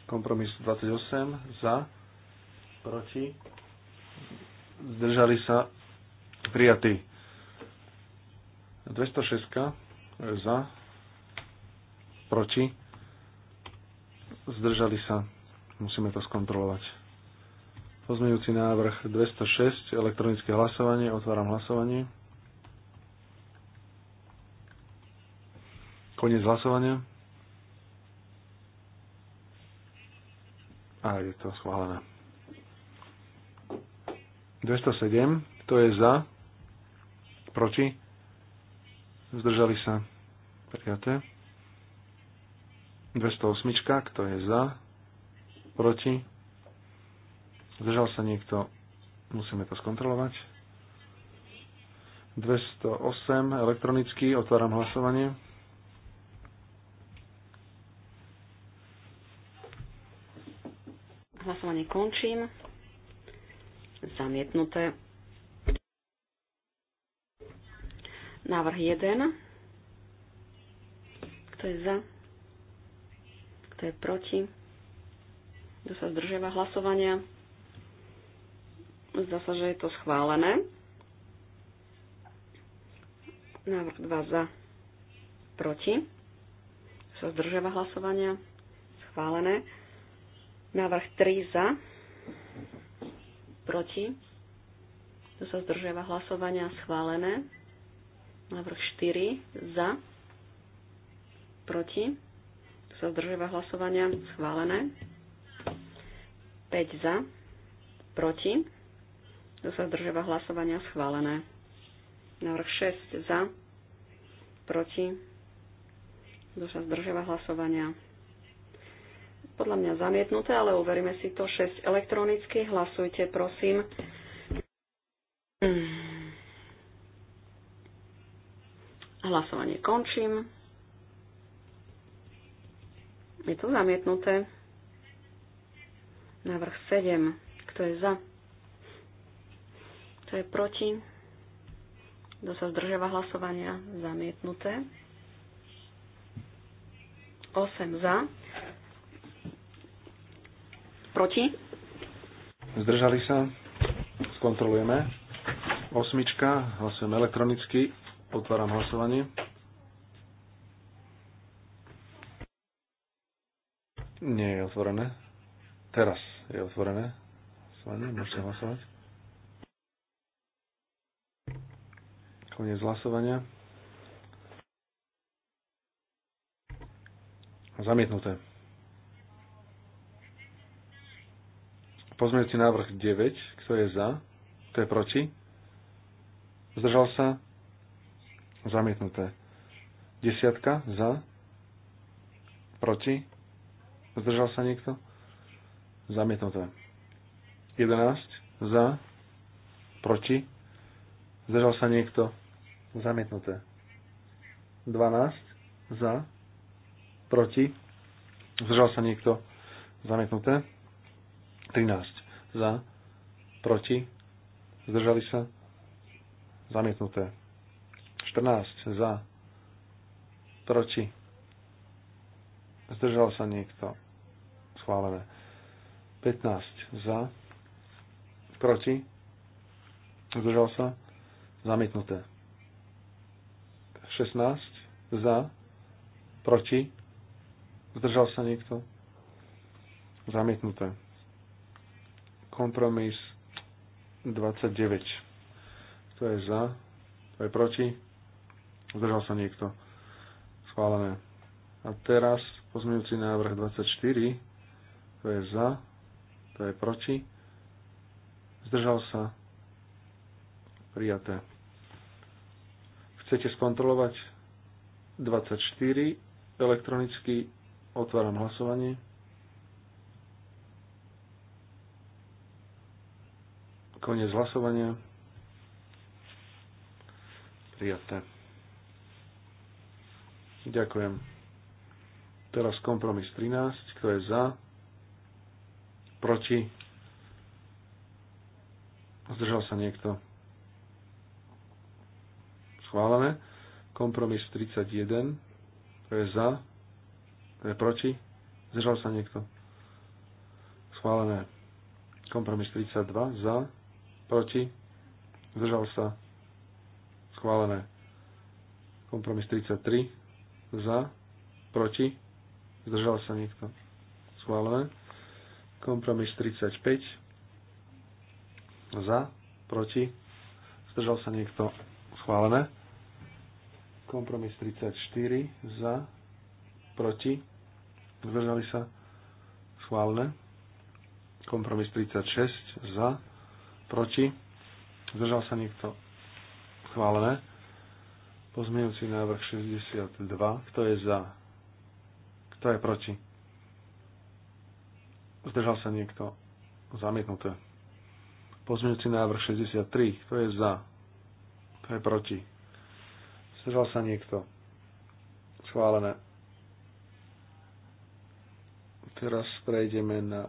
Kompromis 28. Za? Proti? Zdržali sa? Prijatý. 206. Za? proti, zdržali sa, musíme to skontrolovať. Pozmejúci návrh 206, elektronické hlasovanie, otváram hlasovanie. Koniec hlasovania. A je to schválené. 207, kto je za, proti, zdržali sa, prijaté. 208, kto je za, proti, zdržal sa niekto, musíme to skontrolovať. 208 elektronicky, otváram hlasovanie. Hlasovanie končím. Zamietnuté. Návrh 1. Kto je za? Kto je proti? Kto sa zdržiava hlasovania? Zdá sa, že je to schválené. Návrh 2 za. Proti. Kto sa zdržiava hlasovania? Schválené. Návrh 3 za. Proti. Kto sa zdržiava hlasovania? Schválené. Návrh 4 za. Proti sa zdržiava hlasovania, schválené. 5 za, proti, kto sa zdržiava hlasovania, schválené. Návrh 6 za, proti, kto sa zdržiava hlasovania. Podľa mňa zamietnuté, ale uveríme si to 6 elektronicky. Hlasujte, prosím. Hlasovanie končím. Je to zamietnuté. Návrh 7. Kto je za? Kto je proti? Kto sa zdržiava hlasovania? Zamietnuté. 8 za. Proti? Zdržali sa. Skontrolujeme. Osmička. Hlasujeme elektronicky. Otváram hlasovanie. Nie je otvorené. Teraz je otvorené. Hlasovanie, môžete hlasovať. Koniec hlasovania. Zamietnuté. Pozmeňujúci návrh 9. Kto je za? Kto je proti? Zdržal sa? Zamietnuté. Desiatka za? Proti? Zdržal sa niekto? Zamietnuté. 11. Za. Proti. Zdržal sa niekto? Zamietnuté. 12. Za. Proti. Zdržal sa niekto? Zamietnuté. 13. Za. Proti. Zdržali sa? Zamietnuté. 14. Za. Proti Zdržal sa niekto. Schválené. 15 za. Proti. Zdržal sa. Zamietnuté. 16 za. Proti. Zdržal sa niekto. Zamietnuté. Kompromis 29. Kto je za? Kto je proti? Zdržal sa niekto. Schválené. A teraz Pozmeňujúci návrh 24, to je za, to je proti. Zdržal sa. Prijaté. Chcete skontrolovať 24 elektronicky. Otváram hlasovanie. Koniec hlasovania. Prijaté. Ďakujem. Teraz kompromis 13, kto je za, proti, zdržal sa niekto. Schválené. Kompromis 31, kto je za, kto je proti, zdržal sa niekto. Schválené. Kompromis 32, za, proti, zdržal sa, schválené. Kompromis 33, za, proti, Zdržal sa niekto? Schválené. Kompromis 35. Za. Proti. Zdržal sa niekto? Schválené. Kompromis 34. Za. Proti. Zdržali sa? Schválené. Kompromis 36. Za. Proti. Zdržal sa niekto? Schválené. Pozmienujúci návrh 62. Kto je za? Kto je proti? Zdržal sa niekto? Zamietnuté. Pozmeňujúci návrh 63. Kto je za? Kto je proti? Zdržal sa niekto? Schválené. Teraz prejdeme na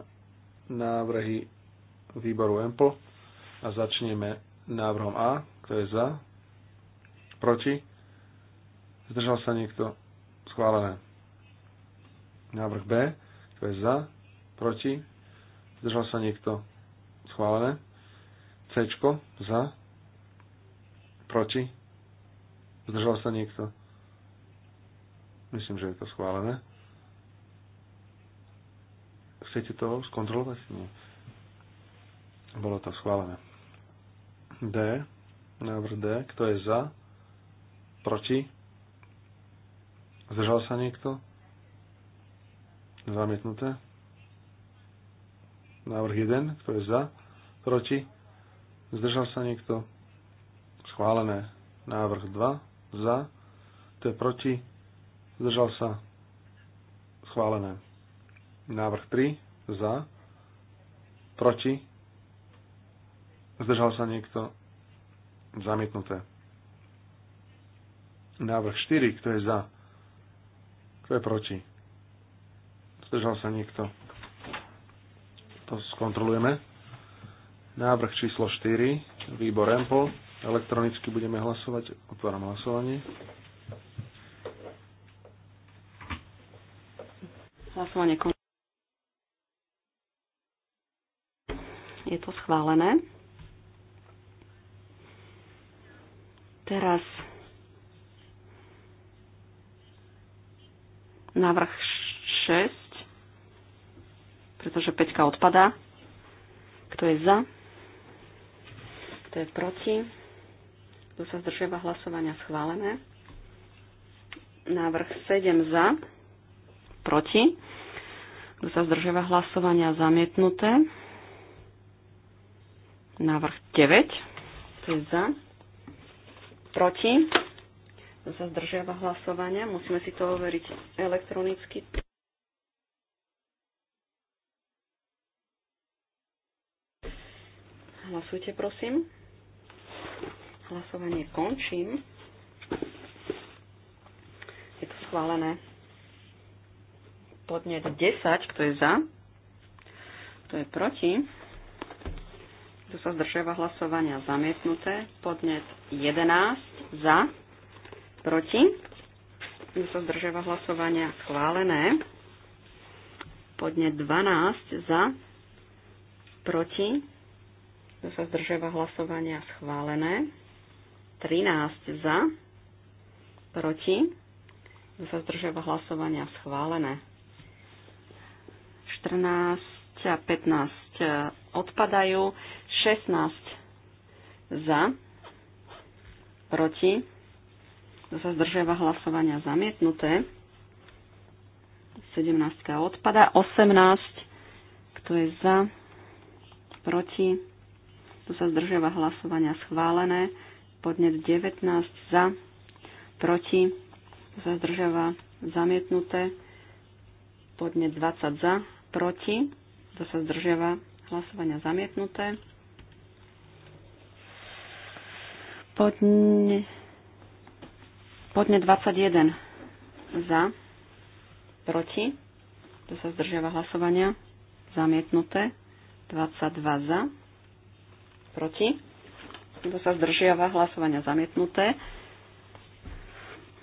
návrhy výboru EMPL a začneme návrhom A. Kto je za? Proti? Zdržal sa niekto? Schválené. Návrh B, kto je za, proti, zdržal sa niekto, schválené. C, za, proti, zdržal sa niekto. Myslím, že je to schválené. Chcete to skontrolovať? Nie. Bolo to schválené. D, návrh D, kto je za, proti, zdržal sa niekto, Zamietnuté. Návrh 1, kto je za? Proti? Zdržal sa niekto? Schválené. Návrh 2, za? Kto je proti? Zdržal sa? Schválené. Návrh 3, za? Proti? Zdržal sa niekto? Zamietnuté. Návrh 4, kto je za? Kto je proti? Zdržal sa niekto? To skontrolujeme. Návrh číslo 4, výbor EMPO. Elektronicky budeme hlasovať. Otváram hlasovanie. Hlasovanie kon... Je to schválené. Teraz návrh 6 pretože peťka odpadá. Kto je za? Kto je proti? Kto sa zdržiava hlasovania schválené? Návrh 7 za, proti. Kto sa zdržiava hlasovania zamietnuté? Návrh 9. Kto je za? Proti. Kto sa zdržiava hlasovania? Musíme si to overiť elektronicky. Hlasujte, prosím. Hlasovanie končím. Je to schválené. Podnet 10, kto je za, kto je proti, kto sa zdržiava hlasovania zamietnuté. Podnet 11, za, proti, kto sa zdržiava hlasovania schválené. Podnet 12, za, proti, kto sa zdržiava hlasovania schválené. 13 za, proti, kto sa zdržiava hlasovania schválené. 14 a 15 e, odpadajú, 16 za, proti, kto sa zdržiava hlasovania zamietnuté. 17 odpada, 18, kto je za, proti, kto sa zdržiava hlasovania schválené. Podnet 19 za. Proti. Kto sa zdržiava zamietnuté. Podnet 20 za. Proti. Kto sa zdržiava hlasovania zamietnuté. Podne, podne 21 za, proti, tu sa zdržiava hlasovania, zamietnuté, 22 za, proti, kto sa zdržiava hlasovania zamietnuté.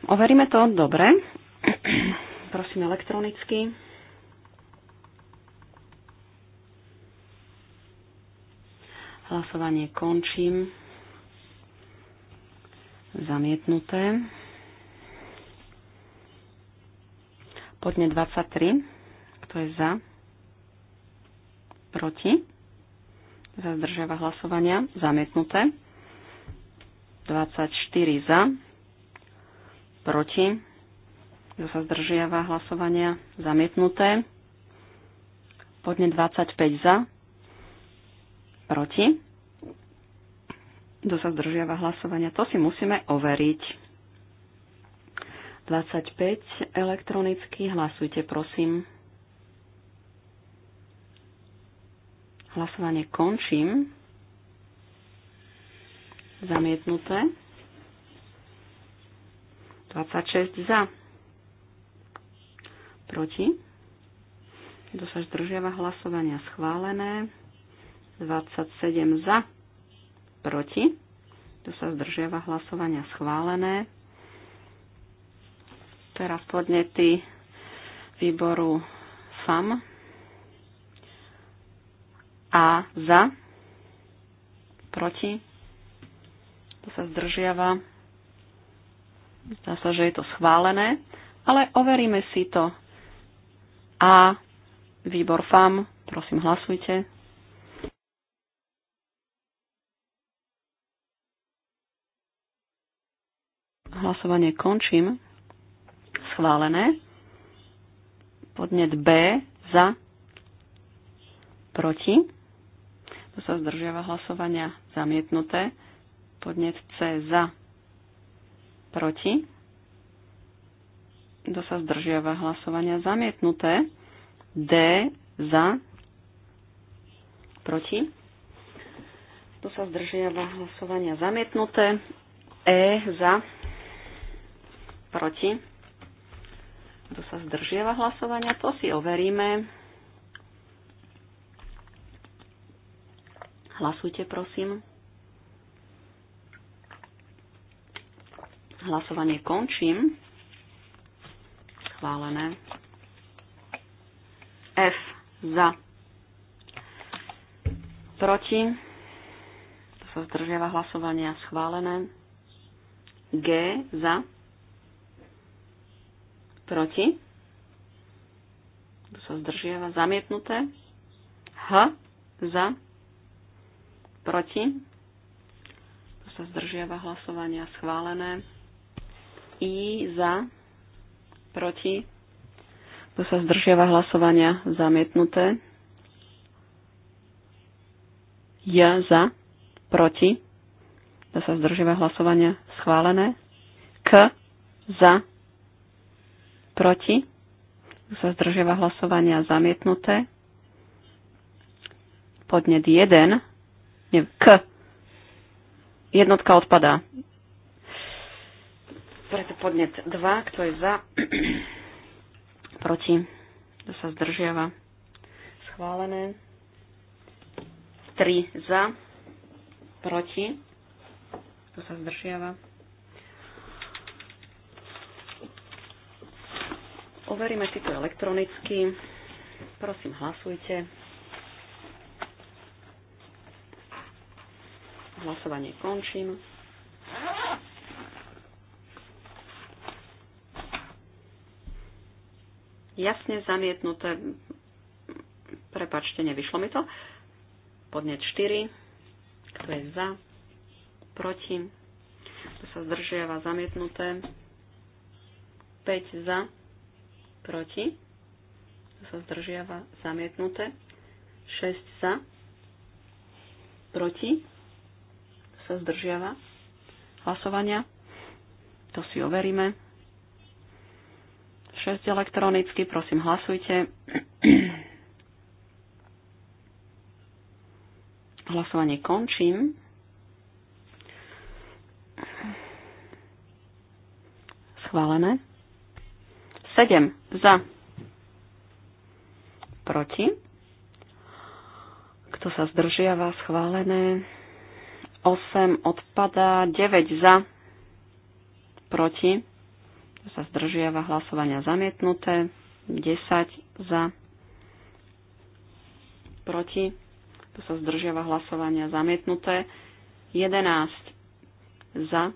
Overíme to, dobre. Prosím elektronicky. Hlasovanie končím. Zamietnuté. Podne 23. Kto je za? Proti? sa zdržiava hlasovania, zamietnuté. 24 za, proti, kto sa zdržiava hlasovania, zamietnuté. Podne 25 za, proti, kto sa zdržiava hlasovania, to si musíme overiť. 25 elektronicky, hlasujte prosím. Hlasovanie končím. Zamietnuté. 26 za. Proti. Kto sa zdržiava hlasovania schválené. 27 za. Proti. Kto sa zdržiava hlasovania schválené. Teraz podnety výboru FAM a za, proti, to sa zdržiava. Zdá sa, že je to schválené, ale overíme si to. A, výbor FAM, prosím hlasujte. Hlasovanie končím. Schválené. Podnet B za proti kto sa zdržiava hlasovania? Zamietnuté. Podnet C za. Proti. Kto sa zdržiava hlasovania? Zamietnuté. D za. Proti. Kto sa zdržiava hlasovania? Zamietnuté. E za. Proti. Kto sa zdržiava hlasovania? To si overíme. Hlasujte, prosím. Hlasovanie končím. Schválené. F za. Proti. To sa zdržiava hlasovania. Schválené. G za. Proti. To sa zdržiava. Zamietnuté. H za Proti? To sa zdržiava hlasovania schválené. I za? Proti? To sa zdržiava hlasovania zamietnuté. J za? Proti? To sa zdržiava hlasovania schválené. K za? Proti? To sa zdržiava hlasovania zamietnuté podnet 1 nie, k. Jednotka odpadá. Preto podnet 2, kto je za, proti, kto sa zdržiava. Schválené. 3 za, proti, kto sa zdržiava. Overíme si to elektronicky. Prosím, hlasujte. Hlasovanie končím. Jasne zamietnuté. Prepačte, nevyšlo mi to. Podnet 4. Kto je za? Proti? Kto sa zdržiava? Zamietnuté. 5 za. Proti? Kto sa zdržiava? Zamietnuté. 6 za. Proti? sa zdržiava hlasovania. To si overíme. 6 elektronicky, prosím, hlasujte. Hlasovanie končím. Schválené. 7 za. Proti. Kto sa zdržiava, schválené. 8 odpadá, 9 za, proti, sa zdržiava hlasovania zamietnuté, 10 za, proti, tu sa zdržiava hlasovania zamietnuté, 11 za,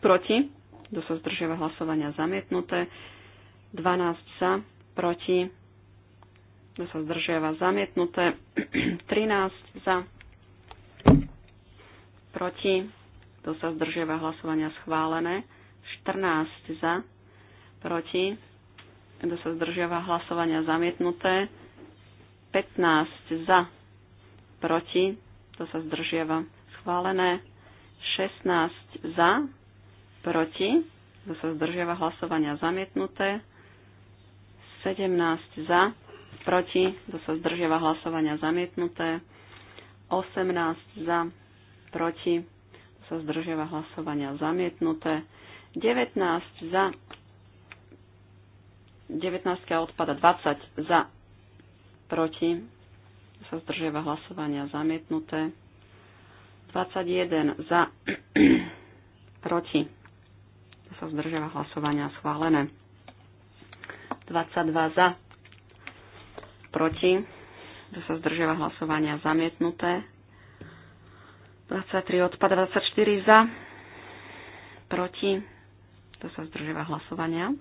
proti, tu sa zdržiava hlasovania zamietnuté, 12 za, proti, tu sa zdržiava zamietnuté, 13 za, proti, kto sa zdržiava hlasovania schválené, 14 za, proti, kto sa zdržiava hlasovania zamietnuté, 15 za, proti, kto sa zdržiava schválené, 16 za, proti, kto sa zdržiava hlasovania zamietnuté, 17 za, proti, kto sa zdržiava hlasovania zamietnuté, 18 za, proti, sa zdržiava hlasovania zamietnuté, 19 za, 19 odpada 20 za, proti, sa zdržiava hlasovania zamietnuté, 21 za, proti, sa zdržiava hlasovania schválené, 22 za, proti, sa zdržiava hlasovania zamietnuté, 23 odpada 24 za, proti, to sa zdržiava hlasovania,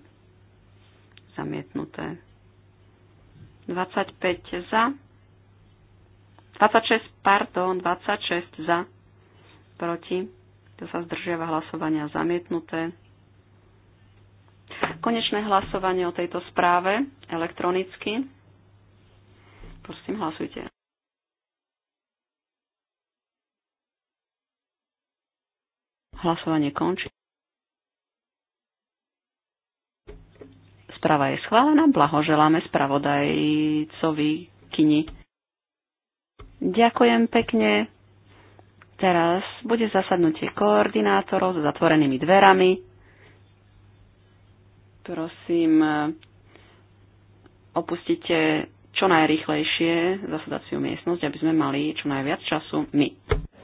zamietnuté. 25 za, 26, pardon, 26 za, proti, to sa zdržiava hlasovania, zamietnuté. Konečné hlasovanie o tejto správe elektronicky. Prosím, hlasujte. Hlasovanie končí. Správa je schválená. Blahoželáme spravodajcovi Kini. Ďakujem pekne. Teraz bude zasadnutie koordinátorov s zatvorenými dverami. Prosím, opustite čo najrychlejšie zasadaciu miestnosť, aby sme mali čo najviac času my.